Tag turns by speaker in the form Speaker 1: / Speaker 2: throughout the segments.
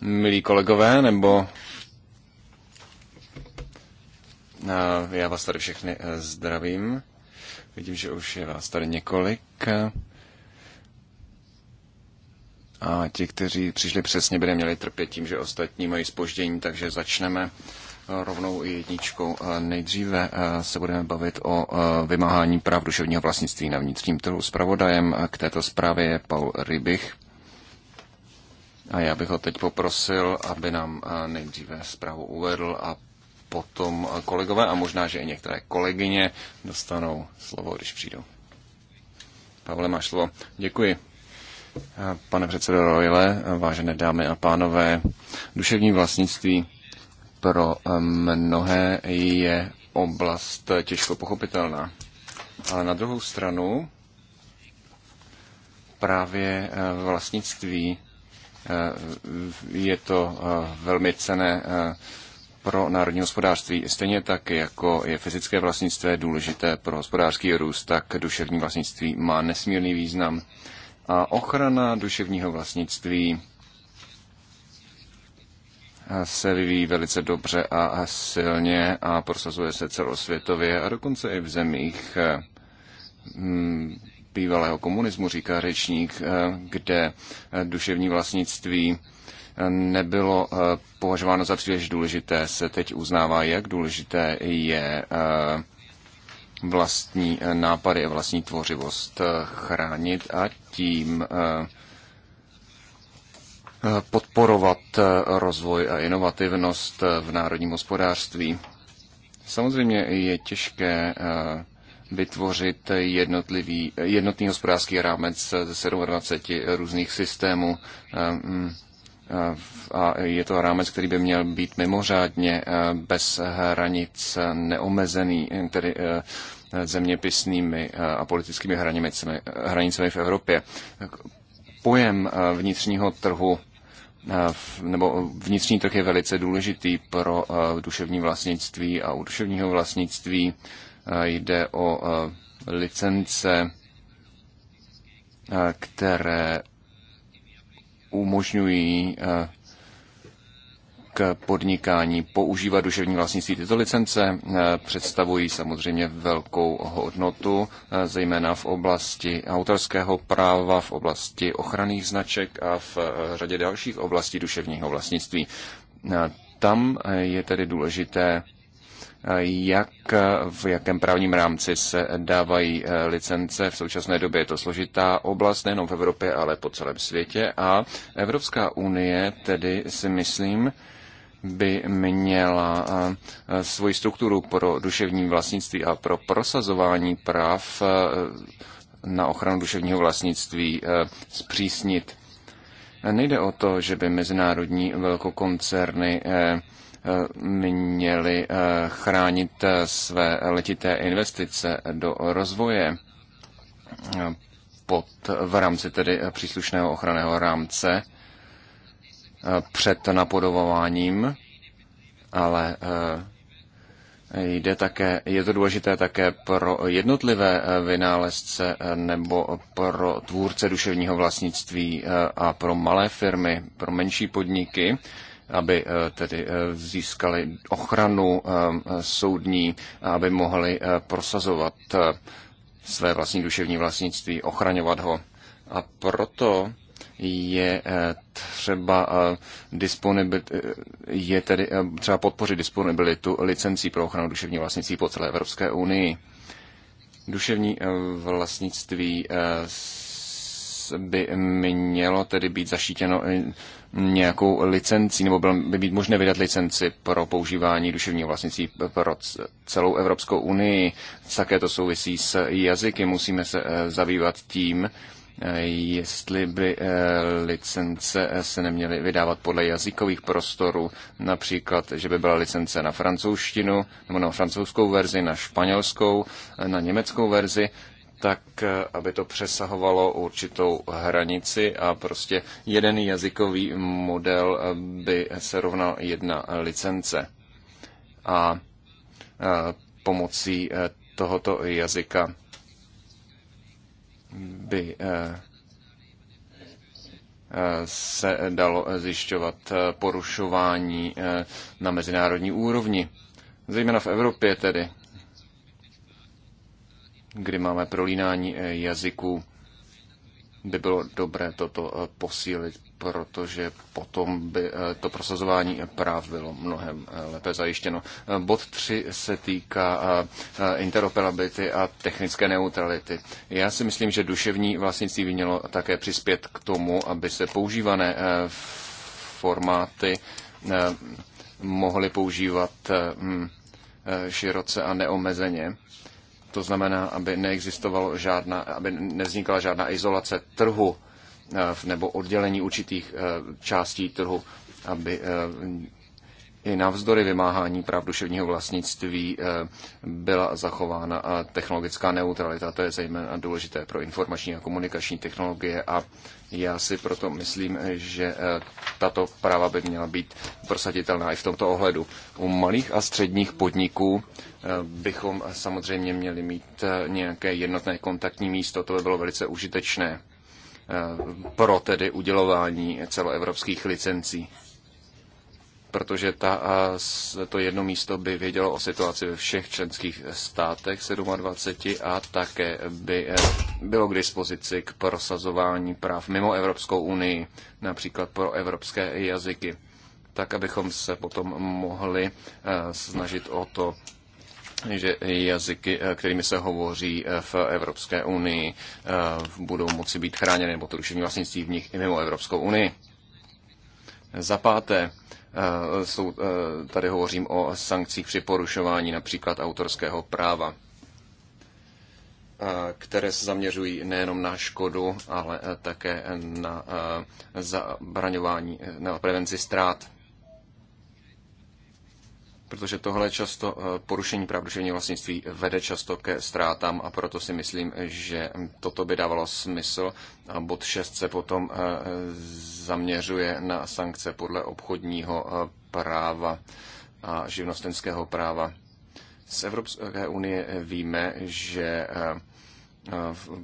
Speaker 1: Milí kolegové, nebo eh, já vás tady všechny eh, zdravím. Vidím, že už je vás tady několik. A ti, kteří přišli přesně, by neměli trpět tím, že ostatní mají spoždění, takže začneme rovnou i jedničkou. Nejdříve e, se budeme bavit o e, vymáhání práv duševního vlastnictví na vnitřním trhu. Spravodajem k této zprávě je Paul Rybich. A já bych ho teď poprosil, aby nám e, nejdříve zprávu uvedl a potom kolegové a možná, že i některé kolegyně dostanou slovo, když přijdou. Pavle, máš slovo. Děkuji. Pane předsedo Royle, vážené dámy a pánové, duševní vlastnictví pro eh, mnohé je oblast těžko pochopitelná. Ale na druhou stranu právě eh, vlastnictví eh, je to velmi cené pro národní hospodářství. Stejně tak, jako je fyzické vlastnictví důležité pro hospodářský růst, tak duševní vlastnictví má nesmírný význam. A ochrana duševního vlastnictví se vyvíjí velice dobře a silně a prosazuje se celosvětově a dokonce i v zemích hm, bývalého komunismu, říká řečník, eh, kde duševní vlastnictví eh, nebylo eh, považováno za příliš důležité, se teď uznává, jak důležité je vlastní nápady a vlastní tvořivost chránit a tím podporovat eh, rozvoj a inovativnost eh, v národním hospodářství. Samozřejmě je těžké eh, vytvořit jednotlivý, jednotný hospodářský rámec ze 27 různých systémů. Mm, a je to rámec, který by měl být mimořádně bez hranic neomezený, tedy zeměpisnými a politickými hranicemi, hranicemi v Evropě. Pojem vnitřního trhu Eh, nebo vnitřní trh je velice důležitý pro eh, duševní vlastnictví a u duševního vlastnictví eh, jde o licence, které umožňují k podnikání používat duševní vlastnictví. Tyto licence eh, představují samozřejmě velkou hodnotu, eh, zejména v oblasti autorského práva, v oblasti ochranných značek a v eh, řadě dalších oblastí duševního vlastnictví. Tam je tedy důležité, jak v jakém právním rámci se dávají licence. V současné době je to složitá oblast nejenom v Evropě, ale po celém světě. A Evropská unie tedy si myslím, by měla svoji strukturu pro duševní vlastnictví a pro prosazování práv na ochranu duševního vlastnictví zpřísnit. Nejde o to, že by mezinárodní velkokoncerny měly chránit své letité investice do rozvoje pod, v rámci tedy příslušného ochranného rámce Eh, před napodobováním, ale eh, Jde také, je to důležité také pro jednotlivé eh, vynálezce nebo pro tvůrce duševního vlastnictví a pro malé firmy, pro menší podniky, aby tedy získali ochranu soudní a aby mohli prosazovat své vlastní duševní vlastnictví, ochraňovat ho. A proto je eh, třeba eh, disponibil, eh, je tedy třeba podpořit disponibilitu licencí pro ochranu duševní vlastnictví po celé Evropské unii. Duševní vlastnictví by mělo tedy být zaštítěno nějakou licencí, nebo by být možné vydat licenci pro používání duševního vlastnictví pro celou Evropskou unii. Také to souvisí s jazyky. Musíme se zabývat tím, jestli by eh, licence eh, se neměly vydávat podle jazykových prostorů, například, že by byla licence na francouzštinu, nebo na francouzskou verzi, na španělskou, eh, na německou verzi, tak aby to přesahovalo určitou hranici a prostě jeden jazykový model by se rovnal jedna licence. A pomocí tohoto jazyka by eh, eh, se dalo zjišťovat eh, porušování na mezinárodní úrovni, zejména v Evropě tedy, kdy máme prolínání jazyků, by bylo dobré toto posílit protože potom by eh, to prosazování práv bylo mnohem eh, lépe zajištěno. Eh, bod 3 se týká interoperability a technické neutrality. Já si myslím, že duševní vlastnictví by mělo také přispět k tomu, aby se používané formáty mohly používat hm, široce a neomezeně. To znamená, aby neexistovalo žádná, aby nevznikala žádná izolace trhu Eh, nebo oddělení určitých eh, částí trhu, aby eh, i navzdory vymáhání práv duševního vlastnictví byla zachována technologická neutralita. To je zejména důležité pro informační a komunikační technologie a já si proto myslím, že tato práva by měla být prosaditelná i v tomto ohledu. U malých a středních podniků bychom samozřejmě měli mít nějaké jednotné kontaktní místo, to by bylo velice užitečné Eh, pro tedy udělování celoevropských licencí. Protože ta, eh, to jedno místo by vědělo o situaci ve všech členských státech 27 a také by eh, bylo k dispozici k prosazování práv mimo Evropskou unii, například pro evropské jazyky tak abychom se potom mohli snažit o to že jazyky, eh, kterými se hovoří eh, v Evropské unii, eh, budou moci být chráněny, nebo to duševní vlastnictví v nich i mimo Evropskou unii. Za páté, jsou, tady hovořím o sankcích při porušování například autorského práva které se zaměřují nejenom na škodu, ale také na zabraňování, na prevenci ztrát protože tohle často eh, porušení práv duševního vlastnictví vede často ke ztrátám a proto si myslím, že toto by dávalo smysl. A bod 6 se potom eh, zaměřuje na sankce podle obchodního eh, práva a živnostenského práva. Z Evropské unie víme, že Eh,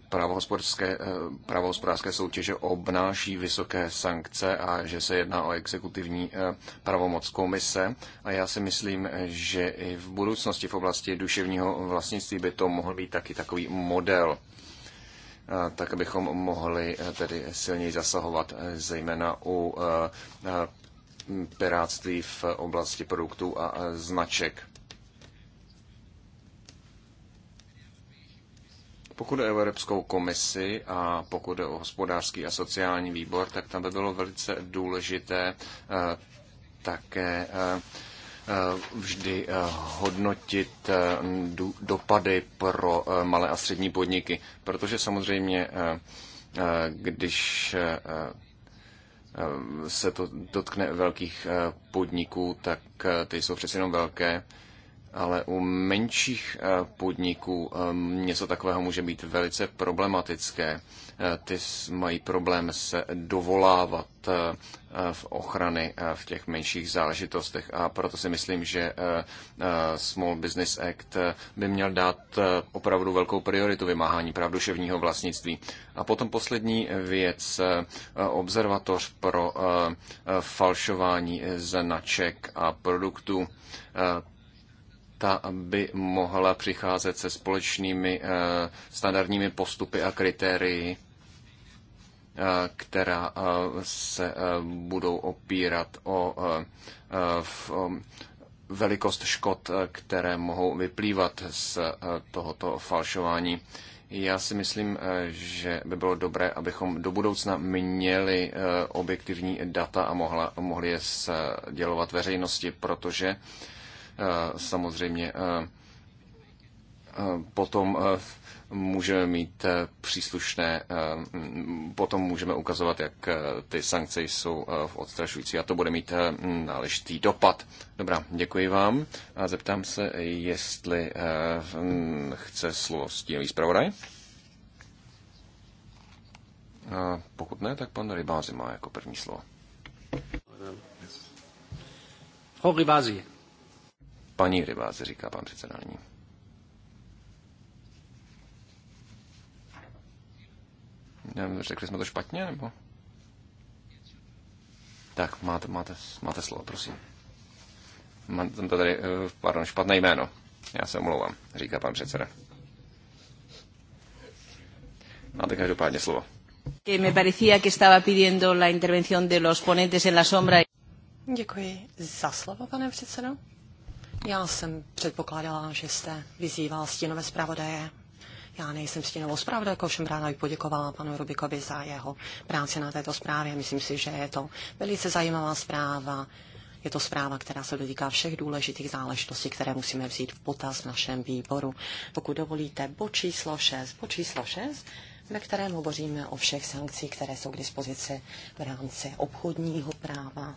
Speaker 1: právo hospodářské, eh, právo soutěže obnáší vysoké sankce a že se jedná o exekutivní eh, pravomoc komise. A já si myslím, že i v budoucnosti v oblasti duševního vlastnictví by to mohl být taky takový model tak abychom mohli tedy silněji zasahovat, zejména u piráctví v oblasti produktů a značek. Pokud jde o Evropskou komisi a pokud jde o hospodářský a sociální výbor, tak tam by bylo velice důležité eh, také eh, vždy eh, hodnotit dopady pro malé a střední podniky, protože samozřejmě, když se to dotkne velkých podniků, tak ty jsou přeci jenom velké ale u menších eh, podniků eh, něco takového může být velice problematické. Eh, ty mají problém se dovolávat v ochrany v těch menších záležitostech a proto si myslím, že Small Business Act by měl dát opravdu velkou prioritu vymáhání práv duševního vlastnictví. A potom poslední věc, observatoř pro falšování značek a produktů ta by mohla přicházet se společnými eh, standardními postupy a kritérii, eh, která eh, se budou opírat o velikost škod, které mohou vyplývat z tohoto falšování. Já si myslím, že by bylo dobré, abychom do budoucna měli objektivní data a mohla, mohli je sdělovat veřejnosti, protože uh, Eh, samozřejmě eh, eh, potom můžeme mít příslušné, potom můžeme ukazovat, jak ty sankce jsou odstrašující a to bude mít náležitý dopad. Dobrá, děkuji vám a zeptám se, jestli chce slovo stínový zpravodaj. Pokud ne, tak pan Rybázi má jako první slovo. Frau Rybázi, Paní rybáze, říká pan předseda nyní. řekli jsme to špatně, nebo? Tak, máte, máte, máte slovo, prosím. Mám tam to tady, eh, pardon, špatné jméno. Já se omlouvám, říká pan předseda. Máte každopádně slovo.
Speaker 2: Que me parecía que estaba pidiendo la intervención de los ponentes en la sombra. Děkuji za slovo, pane předsedo. Já jsem předpokládala, že jste vyzýval stínové zpravodaje. Já nejsem stínovou zpravodajkou, ovšem ráda bych poděkovala panu Rubikovi za jeho práci na této zprávě. Myslím si, že je to velice zajímavá zpráva. Je to zpráva, která se dotýká všech důležitých záležitostí, které musíme vzít v potaz v našem výboru. Pokud dovolíte, bod číslo 6. Bod číslo 6 ve kterém hovoříme o všech sankcích, které jsou k dispozici v rámci obchodního práva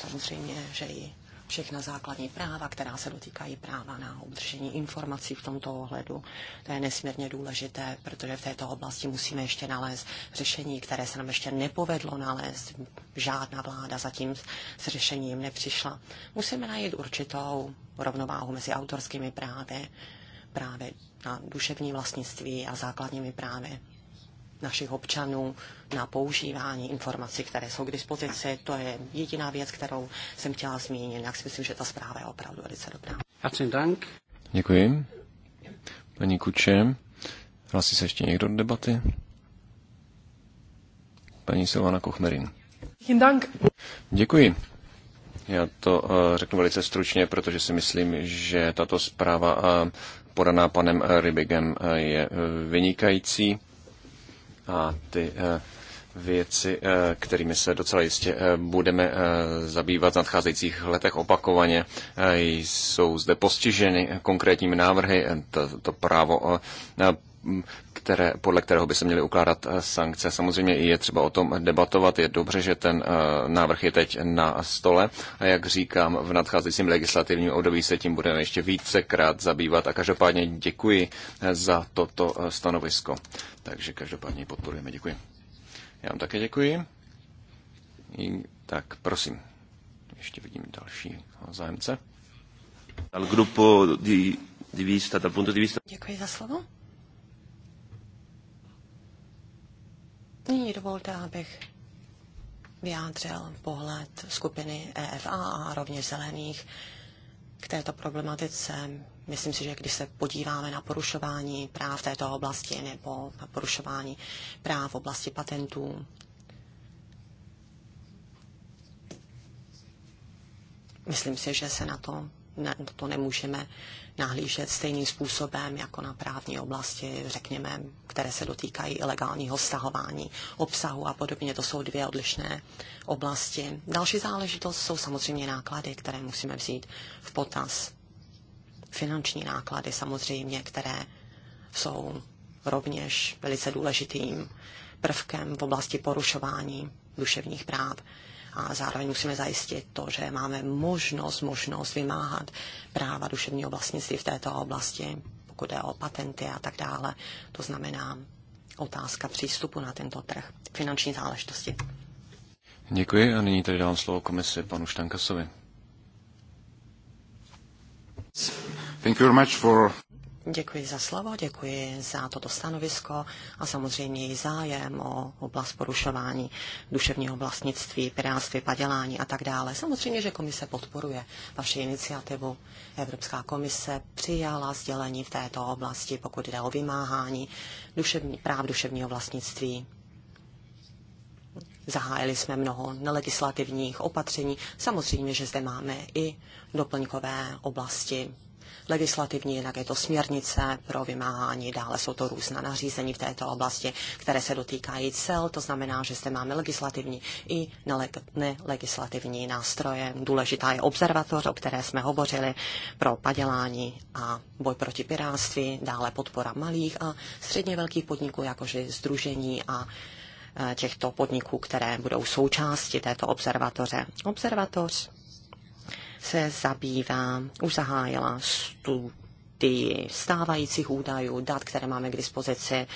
Speaker 2: samozřejmě, že i všechna základní práva, která se dotýkají práva na udržení informací v tomto ohledu. To je nesmírně důležité, protože v této oblasti musíme ještě nalézt řešení, které se nám ještě nepovedlo nalézt. Žádná vláda zatím s řešením nepřišla. Musíme najít určitou rovnováhu mezi autorskými právy, právě na duševní vlastnictví a základními právy našich občanů na používání informací, které jsou k dispozici. To je jediná věc, kterou jsem chtěla zmínit. Jak si myslím, že ta zpráva je opravdu velice dobrá.
Speaker 1: Děkuji. Paní Kuče, hlasí se ještě někdo do debaty? Paní Silvana Kochmerin. Děkuji. Já to eh, řeknu velice stručně, protože si myslím, že tato zpráva eh, podaná panem Rybigem eh, je vynikající a ty eh, věci, eh, kterými se docela jistě eh, budeme zabývat v nadcházejících letech opakovaně. Jsou zde postiženy konkrétními návrhy. To, to právo které, podle kterého by se měly ukládat eh, sankce. Samozřejmě je třeba o tom debatovat. Je dobře, že ten eh, návrh je teď na stole a jak říkám, v nadcházejícím legislativním období se tím budeme ještě vícekrát zabývat a každopádně děkuji eh, za toto stanovisko. Takže každopádně podporujeme. Děkuji. Já vám také děkuji. Tak prosím, ještě vidím další zájemce.
Speaker 2: Děkuji za slovo. Nyní dovolte, abych vyjádřil pohled skupiny EFA a rovněž zelených k této problematice. Myslím si, že když se podíváme na porušování práv této oblasti nebo na porušování práv v oblasti patentů, myslím si, že se na to, na to nemůžeme nahlížet stejným způsobem jako na právní oblasti, řekněme, které se dotýkají ilegálního stahování obsahu a podobně. To jsou dvě odlišné oblasti. Další záležitost jsou samozřejmě náklady, které musíme vzít v potaz. Finanční náklady samozřejmě, které jsou rovněž velice důležitým prvkem v oblasti porušování duševních práv a zároveň musíme zajistit to, že máme možnost, možnost vymáhat práva duševního vlastnictví v této oblasti, pokud jde o patenty a tak dále. To znamená otázka přístupu na tento trh, finanční záležitosti.
Speaker 1: Děkuji a nyní tedy dávám slovo komisi panu Štankasovi. Thank you very much for...
Speaker 2: Děkuji za slovo, děkuji za toto stanovisko a samozřejmě i zájem o oblast porušování duševního vlastnictví, piráctví, padělání a tak dále. Samozřejmě, že komise podporuje vaši iniciativu. Evropská komise přijala sdělení v této oblasti, pokud jde o vymáhání duševní, práv duševního vlastnictví. Zahájili jsme mnoho nelegislativních opatření. Samozřejmě, že zde máme i doplňkové oblasti legislativní, jinak je to směrnice pro vymáhání, dále jsou to různá nařízení v této oblasti, které se dotýkají cel, to znamená, že zde máme legislativní i nelegislativní nástroje. Důležitá je observatoř, o které jsme hovořili, pro padělání a boj proti piráctví, dále podpora malých a středně velkých podniků, jakože združení a e, těchto podniků, které budou součástí této observatoře. Observatoř se zabývá, už zahájila studii stávajících údajů, dat, které máme k dispozici,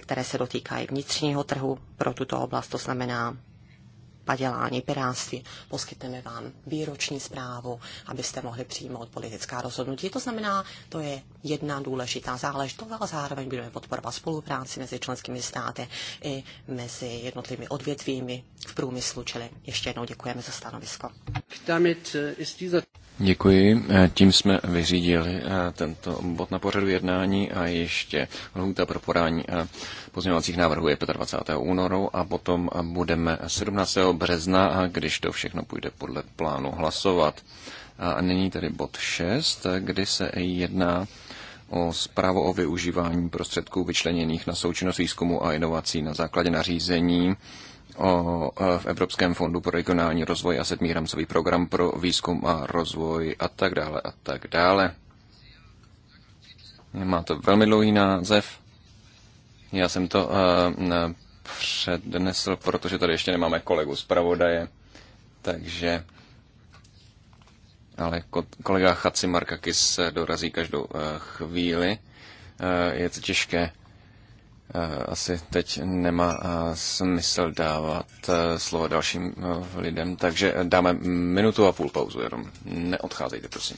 Speaker 2: které se dotýkají vnitřního trhu pro tuto oblast, to znamená padělání, piráctví. Poskytneme vám výroční zprávu, abyste mohli přijmout politická rozhodnutí. To znamená, to je jedna důležitá záležitost, ale zároveň budeme podporovat spolupráci mezi členskými státy i mezi jednotlivými odvětvími v průmyslu, čili ještě jednou děkujeme za stanovisko. Eh,
Speaker 1: Děkuji. Eh, tím jsme vyřídili eh, tento bod na pořadu jednání a ještě lhůta pro podání eh, pozměňovacích návrhů je 25. únoru a potom budeme 17. března, když to všechno půjde podle plánu hlasovat. A nyní tedy bod 6, kdy se jedná o zprávu o využívání prostředků vyčleněných na součinnost výzkumu a inovací na základě nařízení o, e, v Evropském fondu pro regionální rozvoj a sedmý rámcový program pro výzkum a rozvoj a tak dále a tak dále. Má to velmi dlouhý název. Já jsem to uh, přednesl, protože tady ještě nemáme kolegu pravodaje, takže ale kolega Chaci Markakis dorazí každou e, chvíli. Je to těžké Eh, asi teď nemá eh, smysl dávat eh, slovo dalším lidem, takže dáme minutu a půl pauzu, jenom neodcházejte, prosím.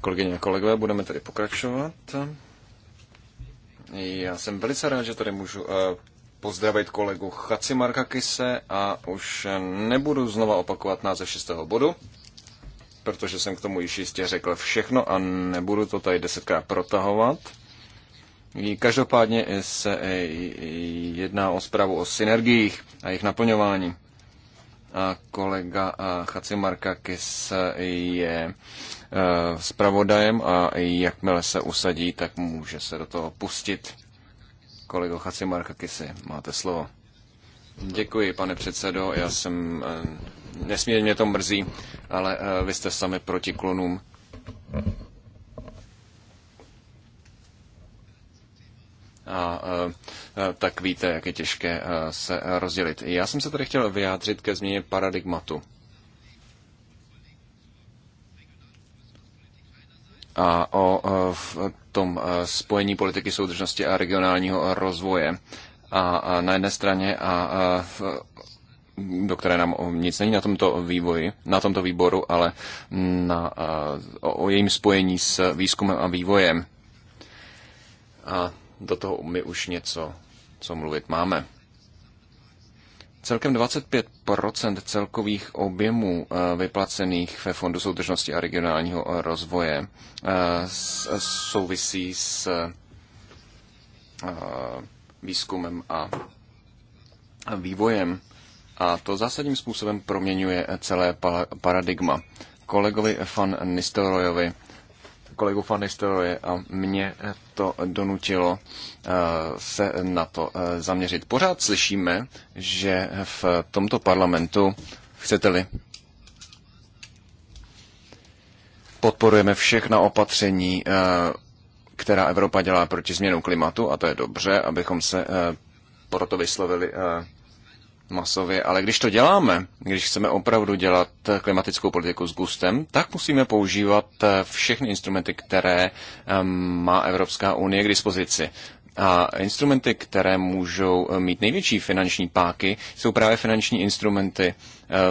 Speaker 1: Kolegyně a kolegové, budeme tedy pokračovat. Já jsem velice rád, že tady můžu eh, pozdravit kolegu Chaci Marka Kise a už nebudu znova opakovat název šestého bodu, protože jsem k tomu již jistě řekl všechno a nebudu to tady desetkrát protahovat. Každopádně se eh, jedná o zprávu o synergiích a jejich naplňování kolega Chacimarkakis je e, zpravodajem a jakmile se usadí, tak může se do toho pustit. Kolego Chacimarkakisi, máte slovo. Děkuji, pane předsedo. Já jsem e, nesmírně mě to mrzí, ale e, vy jste sami proti klonům. a tak víte, jak je těžké se rozdělit. Já jsem se tady chtěl vyjádřit ke změně paradigmatu. A o tom spojení politiky soudržnosti a regionálního rozvoje. A na jedné straně a do které nám nic není na tomto vývoji, na tomto výboru, ale na, o, o jejím spojení s výzkumem a vývojem. A do toho my už něco, co mluvit máme. Celkem 25 celkových objemů eh, vyplacených ve Fondu soudržnosti a regionálního eh, rozvoje eh, souvisí s výzkumem a vývojem. A to zásadním způsobem proměňuje celé paradigma. Kolegovi Fan Nistelrojovi kolegu Van Nistelrooye a mě to donutilo eh, se na to eh, zaměřit. Pořád slyšíme, že v tomto parlamentu, chcete-li, podporujeme všechna opatření, eh, která Evropa dělá proti změnu klimatu, a to je dobře, abychom se proto vyslovili masově, ale když to děláme, když chceme opravdu dělat klimatickou politiku s gustem, tak musíme používat eh, všechny instrumenty, které eh, má Evropská unie k dispozici. A instrumenty, které můžou eh, mít největší finanční páky, jsou právě finanční instrumenty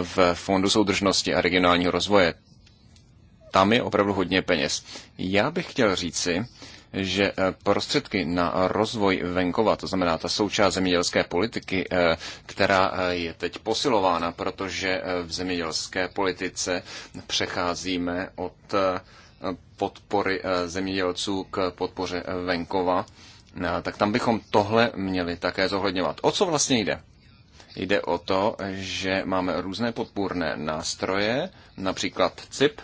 Speaker 1: v Fondu soudržnosti a regionálního rozvoje. Tam je opravdu hodně peněz. Já bych chtěl říci, že eh, prostředky na rozvoj venkova, to znamená ta součást zemědělské politiky, eh, která eh, je teď posilována, protože v zemědělské politice přecházíme od podpory zemědělců k podpoře venkova, tak tam bychom tohle měli také zohledňovat. O co vlastně jde? Jde o to, že máme různé podpůrné nástroje, například CIP,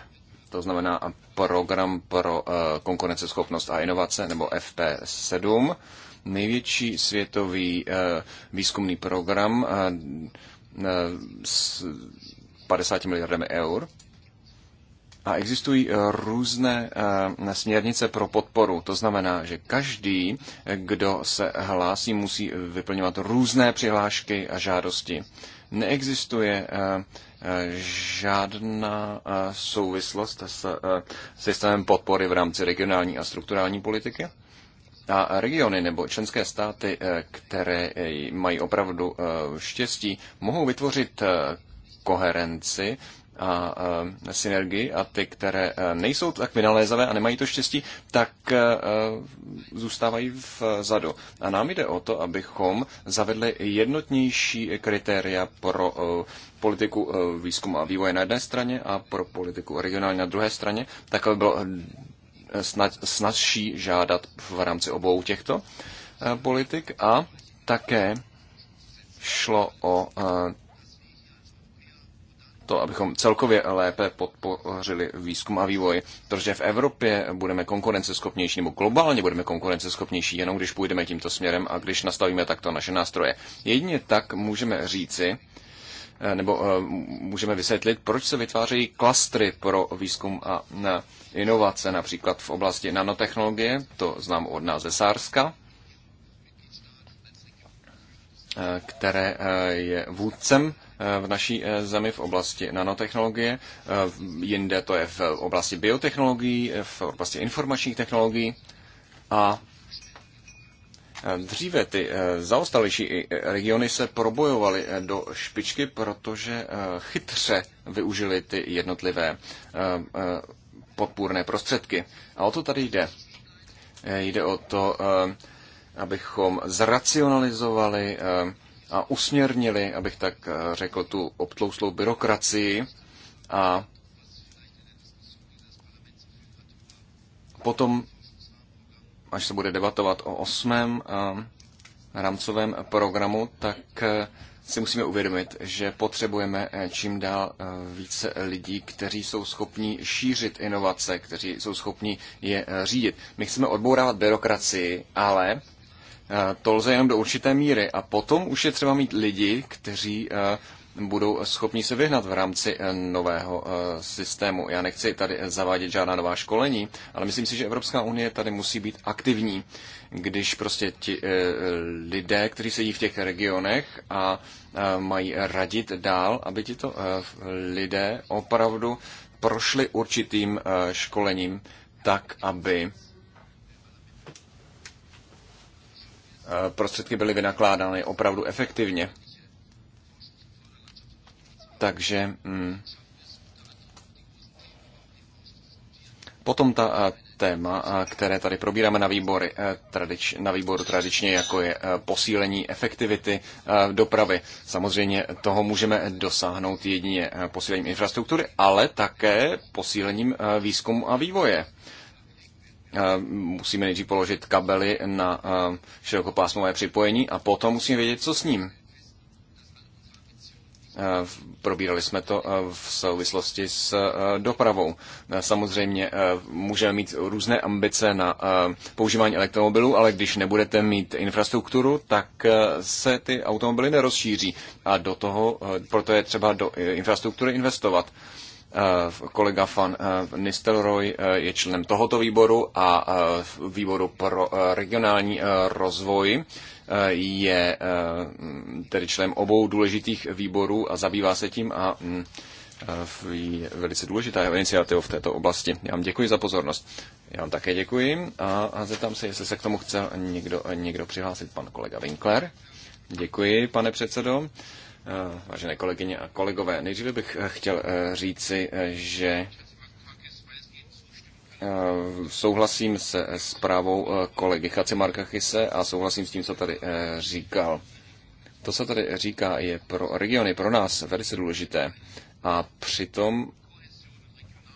Speaker 1: to znamená program pro eh, konkurenceschopnost a inovace, nebo FP7, největší světový eh, výzkumný program eh, s 50 miliardami eur. A existují různé směrnice pro podporu. To znamená, že každý, kdo se hlásí, musí vyplňovat různé přihlášky a žádosti. Neexistuje uh, žádná eh, souvislost s eh, systémem podpory v rámci regionální a strukturální politiky? A regiony nebo členské státy, eh, které mají opravdu štěstí, mohou vytvořit koherenci a e, synergii a ty, které e, nejsou tak vynalézavé a nemají to štěstí, tak e, zůstávají vzadu. A nám jde o to, abychom zavedli jednotnější kritéria pro politiku výzkumu a vývoje na jedné straně a pro politiku regionální na druhé straně, tak aby bylo snad, snadší žádat v rámci obou těchto politik a také šlo o to, abychom celkově lépe podpořili výzkum a vývoj, protože v Evropě budeme konkurenceschopnější, nebo globálně budeme konkurenceschopnější, jenom když půjdeme tímto směrem a když nastavíme takto naše nástroje. Jedině tak můžeme říci, eh, nebo eh, můžeme vysvětlit, proč se vytvářejí klastry pro výzkum a inovace, například v oblasti nanotechnologie, to znám od nás ze Sárska, eh, které je vůdcem v naší eh, zemi v oblasti nanotechnologie, eh, jinde to je v oblasti biotechnologií, eh, v oblasti informačních technologií a Dříve ty zaostalejší regiony se probojovaly do špičky, protože chytře využili ty jednotlivé podpůrné prostředky. A o to tady jde. Jde o to, abychom zracionalizovali a usměrnili, abych tak eh, řekl, tu obtlouslou byrokracii a potom, až se bude debatovat o osmém eh, rámcovém programu, tak eh, si musíme uvědomit, že potřebujeme čím dál více lidí, kteří jsou schopni šířit inovace, kteří jsou schopni je řídit. My chceme odbourávat byrokracii, ale Eh, to lze jenom do určité míry. A potom už je třeba mít lidi, kteří eh, budou schopni se vyhnat v rámci eh, nového systému. Já nechci tady zavádět žádná nová školení, ale myslím si, že Evropská unie tady musí být aktivní, když prostě ti lidé, kteří sedí v těch regionech a mají radit dál, aby ti to lidé opravdu prošli určitým školením tak, aby Eh, prostředky byly vynakládány opravdu efektivně. Takže hmm. potom ta eh, téma, eh, které tady probíráme na, výbory, tradič, na výboru tradičně, jako je posílení efektivity dopravy. Samozřejmě toho můžeme dosáhnout jedině posílením infrastruktury, ale také posílením výzkumu a vývoje. Eh, musíme nejdřív položit kabely na eh, širokopásmové připojení a potom musíme vědět, co s ním. Eh, probírali jsme to v souvislosti s dopravou. Samozřejmě můžeme mít různé ambice na používání elektromobilů, ale když nebudete mít infrastrukturu, tak se ty automobily nerozšíří. A do toho, proto je třeba do infrastruktury investovat. Eh, kolega van eh, Nistelrooy eh, je členem tohoto výboru a výboru pro regionální rozvoj je tedy členem obou důležitých výborů a zabývá se tím a mm, je velice důležitá jeho iniciativa v této oblasti. Já vám děkuji za pozornost. Já vám také děkuji a, a zeptám se, jestli se k tomu chce někdo, někdo přihlásit. Pan kolega Winkler. Děkuji, pane předsedo. Eh, vážené kolegyně a kolegové. Nejdříve bych eh, chtěl eh, říci, že souhlasím se zprávou kolegy Chace Markachise a souhlasím s tím, co tady říkal. To, co tady říká, je pro regiony, pro nás velice důležité. A přitom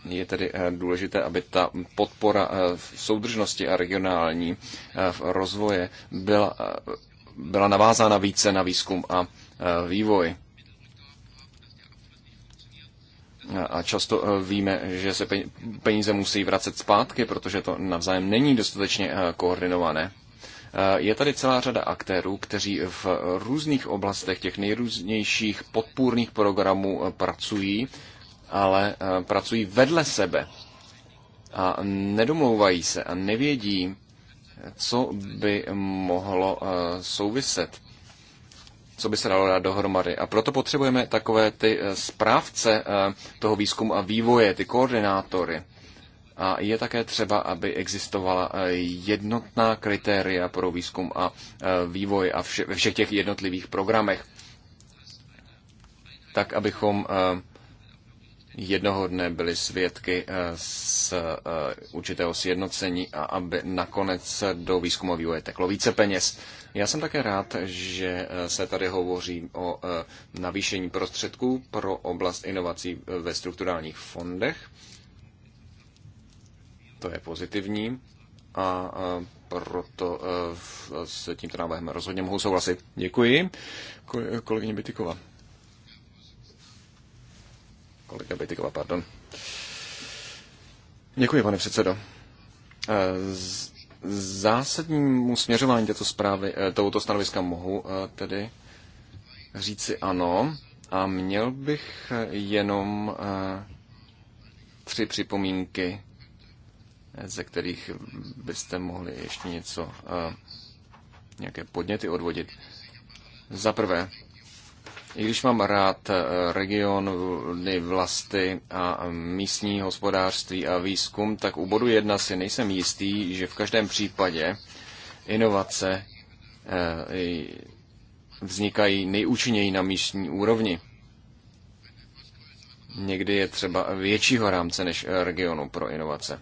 Speaker 1: je tedy důležité, aby ta podpora v soudržnosti a regionální v rozvoje byla, byla navázána více na výzkum a Eh, vývoj. A často eh, víme, že se peníze musí vracet zpátky, protože to navzájem není dostatečně eh, koordinované. Je tady celá řada aktérů, kteří v různých oblastech těch nejrůznějších podpůrných programů pracují, ale pracují vedle sebe a nedomlouvají se a nevědí, co by mohlo souviset co by se dalo dát dohromady. A proto potřebujeme takové ty eh, správce eh, toho výzkumu a vývoje, ty koordinátory. A je také třeba, aby existovala eh, jednotná kritéria pro výzkum a vývoj a vše, všech těch jednotlivých programech. Tak, abychom jednoho dne byli svědky eh, z eh, určitého sjednocení a aby nakonec do výzkumu vývoje teklo více peněz. Já jsem také rád, že eh, se tady hovoří o navýšení prostředků pro oblast inovací ve strukturálních fondech. To je pozitivní a proto s tímto návrhem rozhodně mohu souhlasit. Děkuji. Kolegyně Bytikova kolega Bejtikova, pardon. Děkuji, pane předsedo. Eh, zásadnímu směřování této zprávy, eh, tohoto stanoviska mohu eh, tedy říci ano. A měl bych jenom tři připomínky, ze kterých byste mohli ještě něco, nějaké podněty odvodit. Za prvé, i když mám rád eh, regiony vlasti a místní hospodářství a výzkum, tak u bodu jedna si nejsem jistý, že v každém případě inovace eh, vznikají nejúčinněji na místní úrovni. Někdy je třeba většího rámce než eh, regionu pro inovace.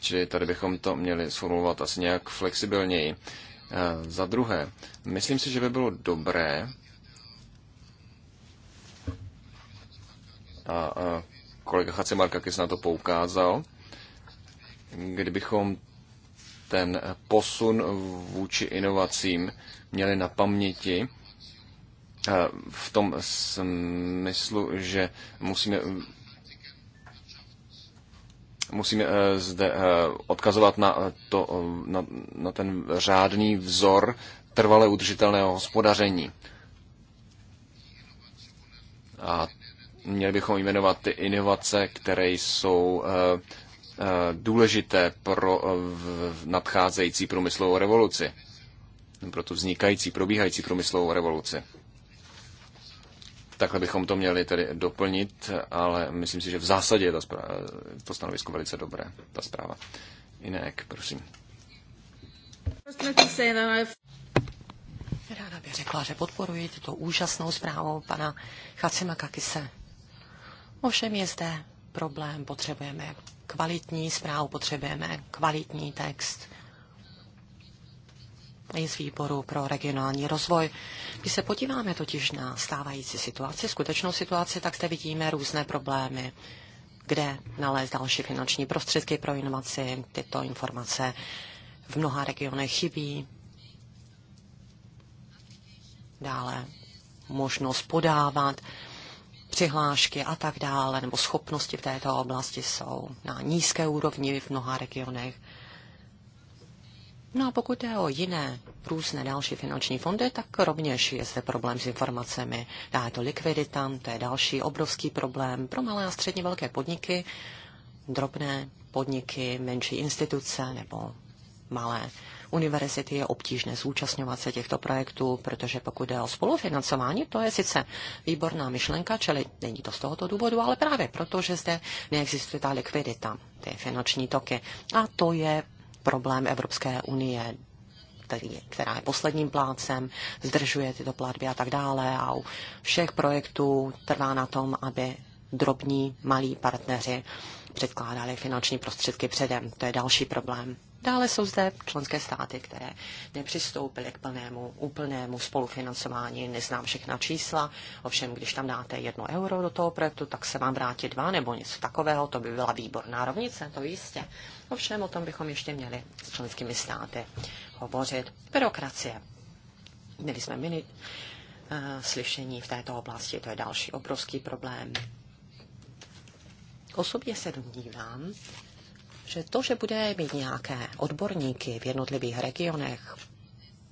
Speaker 1: Čili tady bychom to měli sformulovat asi nějak flexibilněji. Eh, za druhé, myslím si, že by bylo dobré, a kolega když na to poukázal, kdybychom ten posun vůči inovacím měli na paměti eh, v tom smyslu, že musíme Musíme eh, zde eh, odkazovat na, eh, to, na, na ten řádný vzor trvale udržitelného hospodaření. A měli bychom jmenovat ty inovace, které jsou důležité pro nadcházející průmyslovou revoluci, pro tu vznikající, probíhající průmyslovou revoluci. Takhle bychom to měli tedy doplnit, ale myslím si, že v zásadě je ta zpráva, to stanovisko velice dobré, ta zpráva. Inek, prosím.
Speaker 2: Ráda bych řekla, že podporuji tuto úžasnou zprávu pana Chacima Kakise. Ovšem je zde problém, potřebujeme kvalitní zprávu, potřebujeme kvalitní text i z výboru pro regionální rozvoj. Když se podíváme totiž na stávající situaci, skutečnou situaci, tak zde vidíme různé problémy kde nalézt další finanční prostředky pro inovaci. Tyto informace v mnoha regionech chybí. Dále možnost podávat přihlášky a tak dále, nebo schopnosti v této oblasti jsou na nízké úrovni v mnoha regionech. No a pokud je o jiné různé další finanční fondy, tak rovněž je zde problém s informacemi. Dá je to likvidita, to je další obrovský problém pro malé a středně velké podniky, drobné podniky, menší instituce nebo malé univerzity je obtížné zúčastňovat se těchto projektů, protože pokud jde o spolufinancování, to je sice výborná myšlenka, čili není to z tohoto důvodu, ale právě proto, že zde neexistuje ta likvidita, ty finanční toky. A to je problém Evropské unie, který, která je posledním plácem, zdržuje tyto platby a tak dále. A u všech projektů trvá na tom, aby drobní, malí partneři předkládali finanční prostředky předem. To je další problém. Dále jsou zde členské státy, které nepřistoupily k plnému, úplnému spolufinancování. Neznám všechna čísla, ovšem když tam dáte jedno euro do toho projektu, tak se vám vrátí dva nebo něco takového. To by byla výborná rovnice, to jistě. Ovšem o tom bychom ještě měli s členskými státy hovořit. Byrokracie. Měli jsme eh, mini slyšení v této oblasti, to je další obrovský problém. Osobně se domnívám, že to, že bude mít nějaké odborníky v jednotlivých regionech,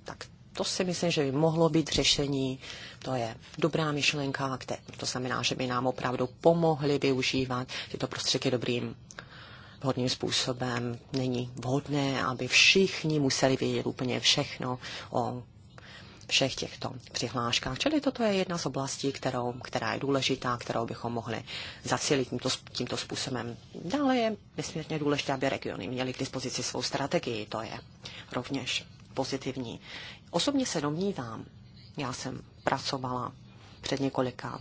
Speaker 2: tak to si myslím, že by mohlo být řešení. To je dobrá myšlenka, které, to znamená, že by nám opravdu pomohli využívat tyto prostředky dobrým vhodným způsobem. Není vhodné, aby všichni museli vědět úplně všechno o všech těchto přihláškách. Čili toto je jedna z oblastí, kterou, která je důležitá, kterou bychom mohli zacílit tímto, tímto způsobem. Dále je nesmírně důležité, aby regiony měly k dispozici svou strategii. To je rovněž pozitivní. Osobně se domnívám, já jsem pracovala před několika